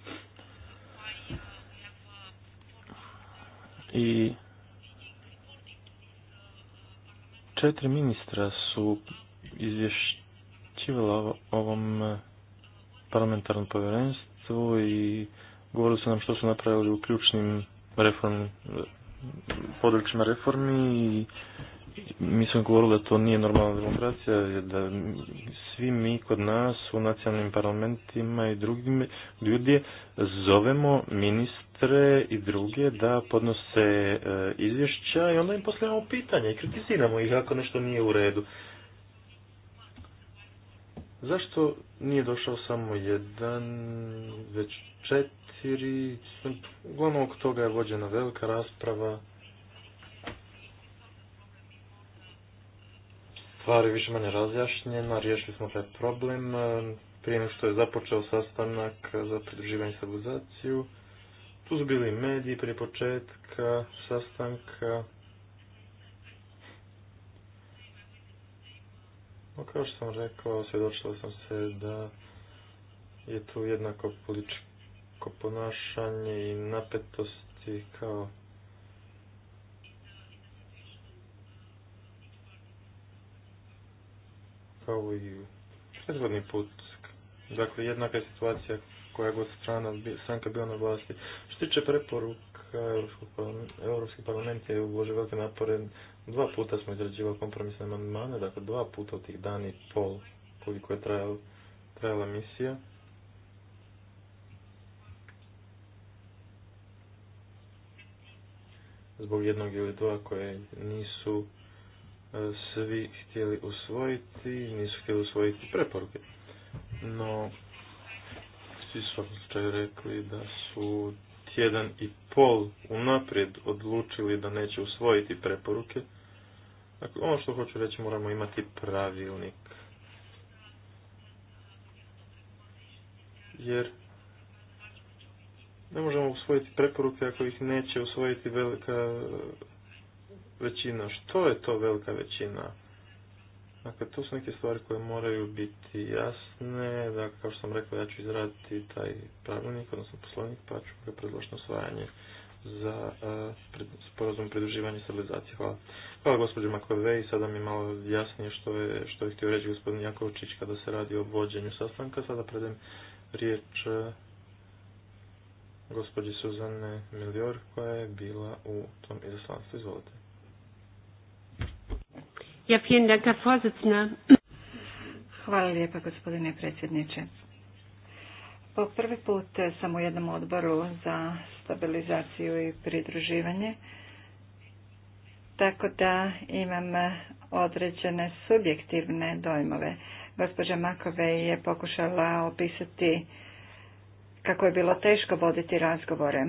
Speaker 6: I četiri ministra su izvješćivala ovom parlamentarnom povjerenstvu i govorili su nam što su napravili u ključnim reform, područjima reformi i mi smo govorili da to nije normalna demokracija, da svi mi kod nas u nacionalnim parlamentima i drugim ljudi zovemo ministre i druge da podnose e, izvješća i onda im postavljamo pitanja i kritiziramo ih ako nešto nije u redu. Zašto nije došao samo jedan, već četiri. Uglavnom oko toga je vođena velika rasprava. Stvar je više manje razjašnjena, riješili smo taj problem. E, prije nego što je započeo sastanak za pridruživanje i stabilizaciju, tu su bili mediji prije početka sastanka, No, pa kao što sam rekao, svjedočila sam se da je tu jednako političko ponašanje i napetosti kao kao i prethodni put. Dakle, jednaka je situacija koja god strana stranka bila na vlasti. Što tiče preporuka, Europski parlament je uložio velike napore. Dva puta smo izrađivali kompromisne amandmane, dakle dva puta od tih dani i pol koliko je trajala, misija. Zbog jednog ili dva koje nisu e, svi htjeli usvojiti, nisu htjeli usvojiti preporuke. No, svi su svakom rekli da su jedan i pol unaprijed odlučili da neće usvojiti preporuke. Dakle, ono što hoću reći moramo imati pravilnik. Jer ne možemo usvojiti preporuke ako ih neće usvojiti velika većina. Što je to velika većina? Dakle, to su neke stvari koje moraju biti jasne. Dakle, kao što sam rekao, ja ću izraditi taj pravilnik, odnosno poslovnik, pa ću ga predložiti osvajanje za sporazum pridruživanja i stabilizacije. Hvala. Hvala gospođo Makove i sada mi malo jasnije što je, što htio reći gospodin Jakovčić kada se radi o vođenju sastanka. Sada predem riječ gospođi Suzane Milior koja je bila u tom izaslanstvu. Izvolite.
Speaker 1: Ja, vielen Dank, Herr Vorsitzender. Hvala lijepa, gospodine predsjedniče. Po prvi put sam u jednom odboru za stabilizaciju i pridruživanje, tako da imam određene subjektivne dojmove. Gospođa Makove je pokušala opisati kako je bilo teško voditi razgovore.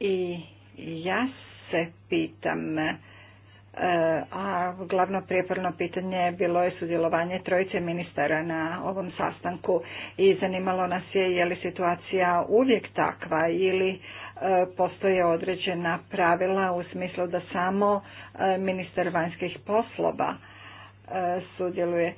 Speaker 1: I ja se pitam a glavno prijeporno pitanje bilo je sudjelovanje trojice ministara na ovom sastanku i zanimalo nas je je li situacija uvijek takva ili e, postoje određena pravila u smislu da samo e, ministar vanjskih poslova e, sudjeluje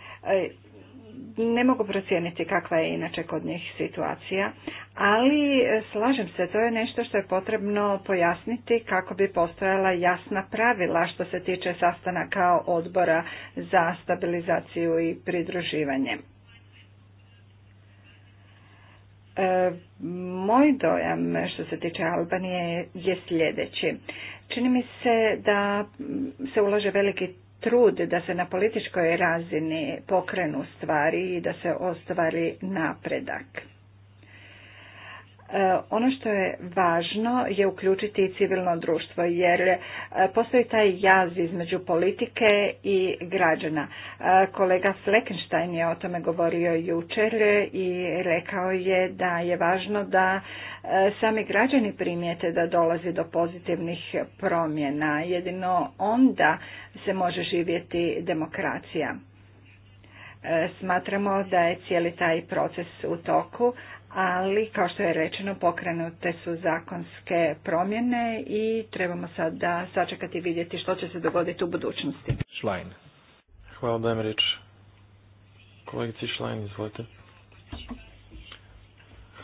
Speaker 1: ne mogu procijeniti kakva je inače kod njih situacija, ali e, slažem se, to je nešto što je potrebno pojasniti kako bi postojala jasna pravila što se tiče sastanaka odbora za stabilizaciju i pridruživanje. E, moj dojam što se tiče Albanije je sljedeći. Čini mi se da se ulaže veliki trud da se na političkoj razini pokrenu stvari i da se ostvari napredak. E, ono što je važno je uključiti i civilno društvo jer e, postoji taj jaz između politike i građana. E, kolega Fleckenstein je o tome govorio jučer i rekao je da je važno da sami građani primijete da dolazi do pozitivnih promjena. Jedino onda se može živjeti demokracija. Smatramo da je cijeli taj proces u toku, ali kao što je rečeno pokrenute su zakonske promjene i trebamo sada sačekati i vidjeti što će se dogoditi u budućnosti. Šlajn.
Speaker 6: Hvala dajem riječ. Kolegici Šlajn, izvolite.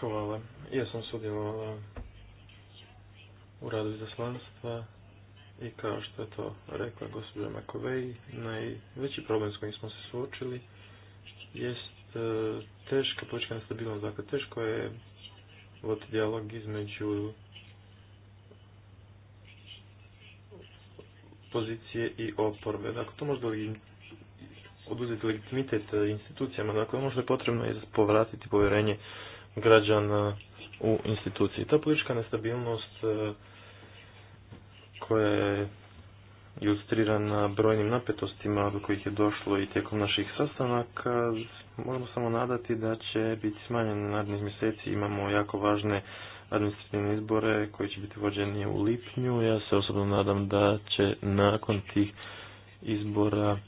Speaker 6: Hvala. Ja sam sudjelovala u radu izaslanstva i kao što je to rekla gospođa Makovej, najveći problem s kojim smo se suočili jest E, teška politička nestabilnost, dakle teško je voditi dijalog između pozicije i oporbe. Dakle, to možda oduzeti legitimitet institucijama, dakle možda je potrebno povratiti povjerenje građana u instituciji. Ta politička nestabilnost e, koja je ilustrirana brojnim napetostima do kojih je došlo i tijekom naših sastanaka Možemo samo nadati da će biti smanjeno narednih mjeseci. Imamo jako važne administrativne izbore koji će biti vođeni u lipnju. Ja se osobno nadam da će nakon tih izbora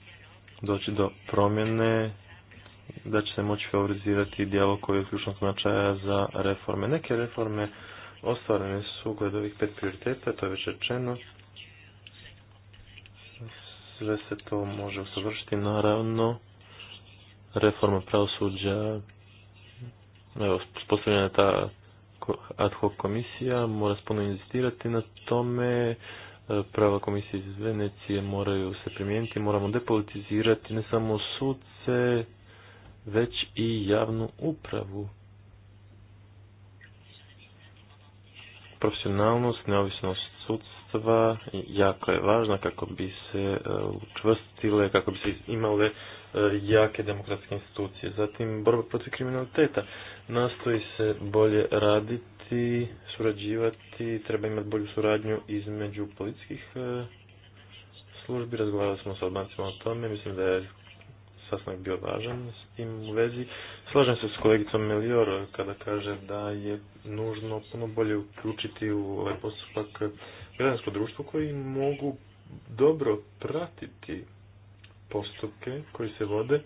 Speaker 6: doći do promjene da će se moći favorizirati dijalog koji je ključno značaja za reforme. Neke reforme ostvarene su gled ovih pet prioriteta, to je već rečeno. Sve se to može usavršiti naravno reforma pravosuđa, evo, spostavljena ta ad hoc komisija, mora spuno inzistirati na tome, e, prava komisije iz Venecije moraju se primijeniti, moramo depolitizirati ne samo sudce, već i javnu upravu. Profesionalnost, neovisnost sudstva jako je važna kako bi se e, učvrstile, kako bi se imale jake demokratske institucije. Zatim borba protiv kriminaliteta. Nastoji se bolje raditi, surađivati, treba imati bolju suradnju između policijskih e, službi. Razgovarali smo s Albancima o tome, mislim da je sastanak bio važan s tim u vezi. Slažem se s kolegicom Melior kada kaže da je nužno puno bolje uključiti u ovaj postupak građansko društvo koji mogu dobro pratiti postupke koji se vode,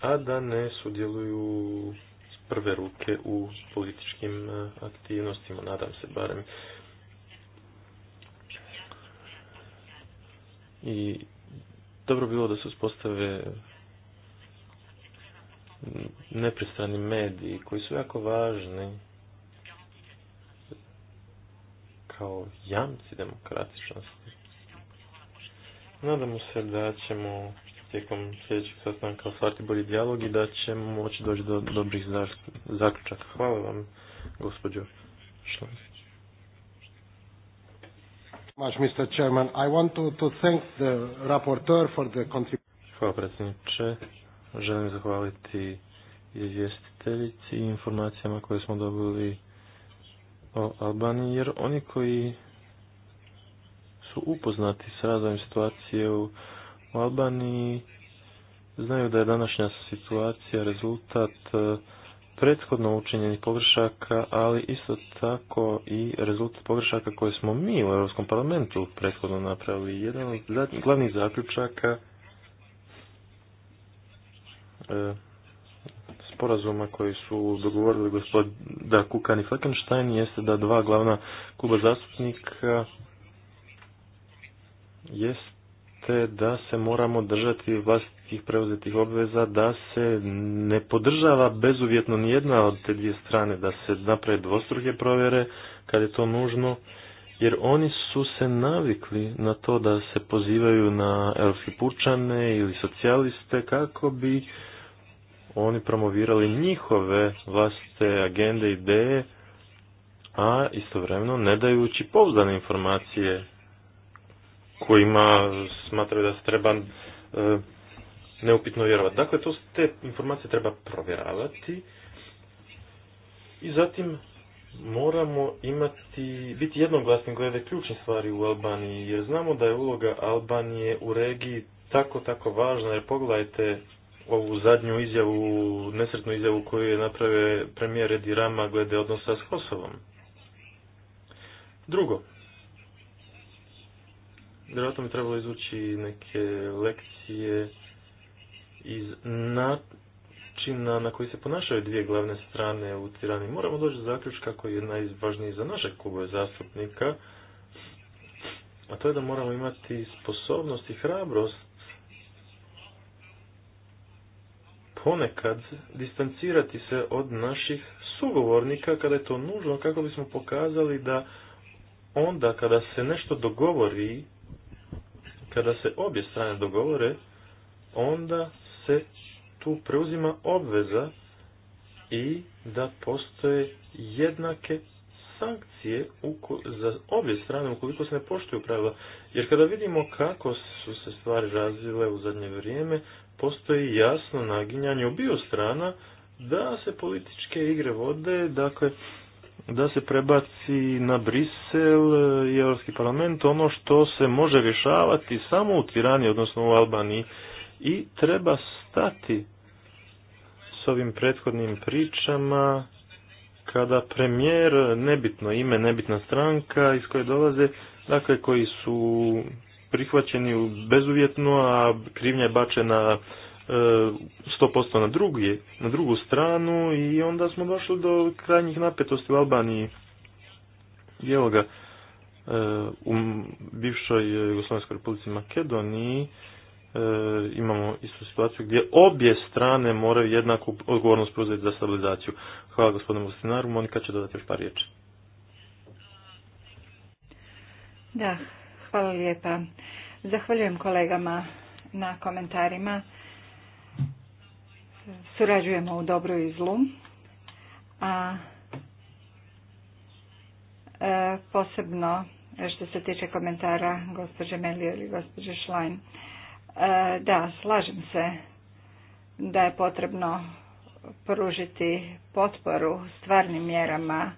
Speaker 6: a da ne sudjeluju s prve ruke u političkim e, aktivnostima, nadam se barem. I dobro bilo da se uspostave nepristrani mediji koji su jako važni kao jamci demokratičnosti. Nadamo se da ćemo tijekom sljedećeg sastanka ostvariti bolji dijalog i da ćemo moći doći do dobrih zaključaka. Hvala vam, gospođo Šlans. Much, Mr. to, to for the contribution. Hvala predsjedniče. Želim zahvaliti izvjestiteljici i informacijama koje smo dobili o Albaniji, jer oni koji upoznati s razvojem situacije u Albaniji, znaju da je današnja situacija rezultat e, prethodno učinjenih pogrešaka, ali isto tako i rezultat pogrešaka koje smo mi u Europskom parlamentu prethodno napravili. Jedan od glavnih zaključaka e, sporazuma koji su dogovorili gospod Kukan i Fleckenstein jeste da dva glavna kluba zastupnika jeste da se moramo držati vlastitih preuzetih obveza, da se ne podržava bezuvjetno nijedna od te dvije strane, da se naprave dvostruke provjere kad je to nužno, jer oni su se navikli na to da se pozivaju na europske pučane ili socijaliste kako bi oni promovirali njihove vlastite agende, ideje, a istovremeno ne dajući pouzdane informacije kojima smatraju da se treba e, neupitno vjerovati. Dakle, to, te informacije treba provjeravati i zatim moramo imati, biti jednoglasni glede ključne stvari u Albaniji, jer znamo da je uloga Albanije u regiji tako, tako važna, jer pogledajte ovu zadnju izjavu, nesretnu izjavu koju je napravio premijer Rama glede odnosa s Kosovom. Drugo, vjerojatno bi trebalo izvući neke lekcije iz načina na koji se ponašaju dvije glavne strane u tirani. Moramo doći do zaključka koji je najvažniji za naše klubove zastupnika, a to je da moramo imati sposobnost i hrabrost ponekad distancirati se od naših sugovornika kada je to nužno kako bismo pokazali da onda kada se nešto dogovori kada se obje strane dogovore, onda se tu preuzima obveza i da postoje jednake sankcije za obje strane ukoliko se ne poštuju pravila. Jer kada vidimo kako su se stvari razvile u zadnje vrijeme, postoji jasno naginjanje u bio strana da se političke igre vode, dakle da se prebaci na Brisel eh, i Europski parlament ono što se može rješavati samo u Tirani, odnosno u Albaniji. I treba stati s ovim prethodnim pričama kada premijer, nebitno ime, nebitna stranka iz koje dolaze, dakle koji su prihvaćeni bezuvjetno, a krivnja je bačena 100% na, drugi, na drugu stranu i onda smo došli do krajnjih napetosti u Albaniji. Evo ga, e, u bivšoj Jugoslovenskoj republici Makedoniji e, imamo istu situaciju gdje obje strane moraju jednaku odgovornost preuzeti za stabilizaciju. Hvala gospodinu Vostinaru, Monika će dodati još par riječi.
Speaker 2: Da,
Speaker 1: hvala lijepa. Zahvaljujem kolegama na komentarima surađujemo u dobru i zlu, a e, posebno što se tiče komentara gospođe Melio ili gospođe Schlein. E, da, slažem se da je potrebno pružiti potporu stvarnim mjerama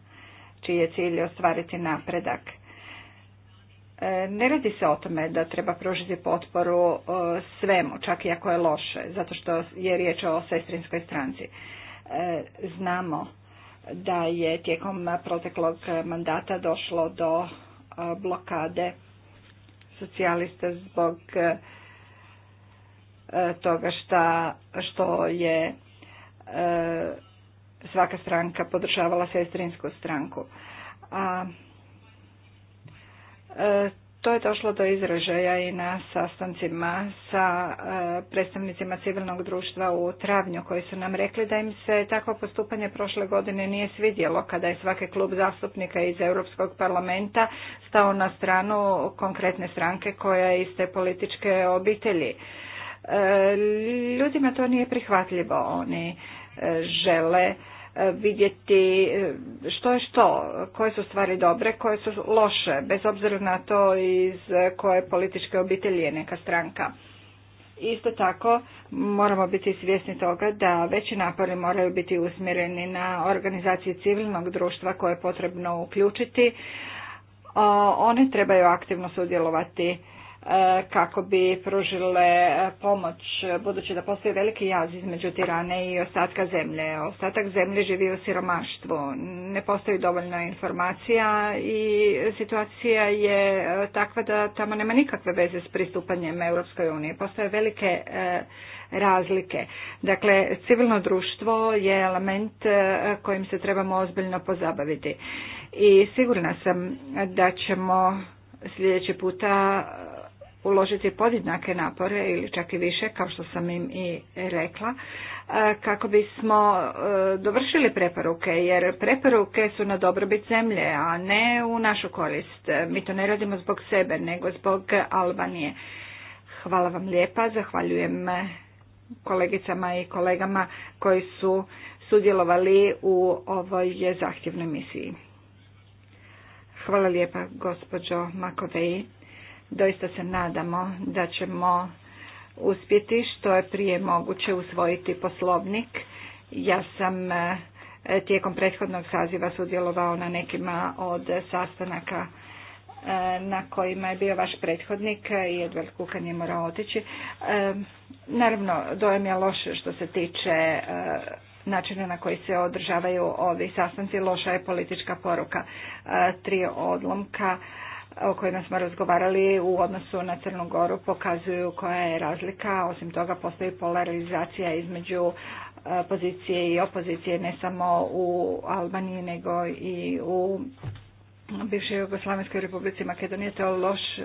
Speaker 1: čiji je cilj ostvariti napredak. E, ne radi se o tome da treba pružiti potporu e, svemu, čak i ako je loše, zato što je riječ o sestrinskoj stranci. E, znamo da je tijekom proteklog mandata došlo do blokade socijalista zbog toga što je svaka stranka podržavala sestrinsku stranku. A E, to je došlo do izražaja i na sastancima sa e, predstavnicima civilnog društva u travnju koji su nam rekli da im se takvo postupanje prošle godine nije svidjelo kada je svaki klub zastupnika iz Europskog parlamenta stao na stranu konkretne stranke koja je iz te političke obitelji. E, ljudima to nije prihvatljivo, oni žele E, vidjeti e, što je što, koje su stvari dobre, koje su loše, bez obzira na to iz koje političke obitelji je neka stranka. Isto tako moramo biti svjesni toga da veći napori moraju biti usmjereni na organizaciju civilnog društva koje je potrebno uključiti. One trebaju aktivno sudjelovati E, kako bi pružile e, pomoć, budući da postoji veliki jaz između Tirane i ostatka zemlje. Ostatak zemlje živi u siromaštvu, ne postoji dovoljno informacija i situacija je e, takva da tamo nema nikakve veze s pristupanjem Europskoj uniji. Postoje velike razlike. Dakle, civilno društvo je element kojim se trebamo ozbiljno pozabaviti. I sigurna sam da ćemo sljedeći puta uložiti podjednake napore ili čak i više, kao što sam im i rekla, e, kako bismo e, dovršili preporuke, jer preporuke su na dobrobit zemlje, a ne u našu korist. Mi to ne radimo zbog sebe, nego zbog Albanije. Hvala vam lijepa, zahvaljujem kolegicama i kolegama koji su sudjelovali u ovoj zahtjevnoj misiji. Hvala lijepa gospođo Makovej. Doista se nadamo da ćemo uspjeti što je prije moguće usvojiti poslovnik. Ja sam e, tijekom prethodnog saziva sudjelovao na nekima od sastanaka e, na kojima je bio vaš prethodnik i Edvard Kukan je morao otići. E, naravno, dojem je loš što se tiče načina na koji se održavaju ovi sastanci, loša je politička poruka. Tri odlomka o kojima smo razgovarali u odnosu na Crnu Goru pokazuju koja je razlika. Osim toga postoji polarizacija između e, pozicije i opozicije ne samo u Albaniji nego i u bivšoj Jugoslavenskoj republici Makedonije. To je loš e,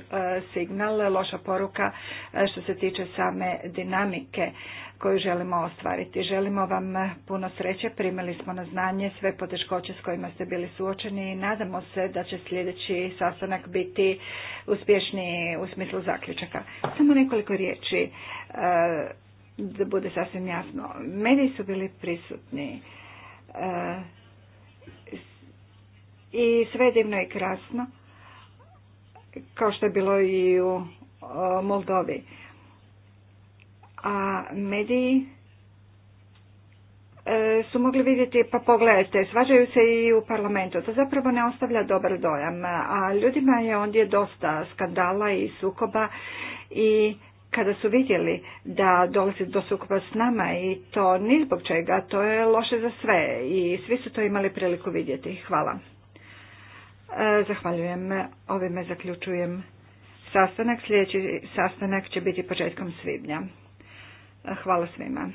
Speaker 1: signal, loša poruka e, što se tiče same dinamike koju želimo ostvariti. Želimo vam eh, puno sreće, primili smo na znanje sve poteškoće s kojima ste bili suočeni i nadamo se da će sljedeći sastanak biti uspješniji u smislu zaključaka. Samo nekoliko riječi eh, da bude sasvim jasno. Mediji su bili prisutni eh, i sve divno i krasno kao što je bilo i u Moldovi a mediji e, su mogli vidjeti, pa pogledajte, svađaju se i u parlamentu. To zapravo ne ostavlja dobar dojam, a ljudima je ondje dosta skandala i sukoba i kada su vidjeli da dolazi do sukoba s nama i to ni zbog čega, to je loše za sve i svi su to imali priliku vidjeti. Hvala. E, zahvaljujem, ovime zaključujem sastanak. Sljedeći sastanak će biti početkom svibnja. Hvala svima.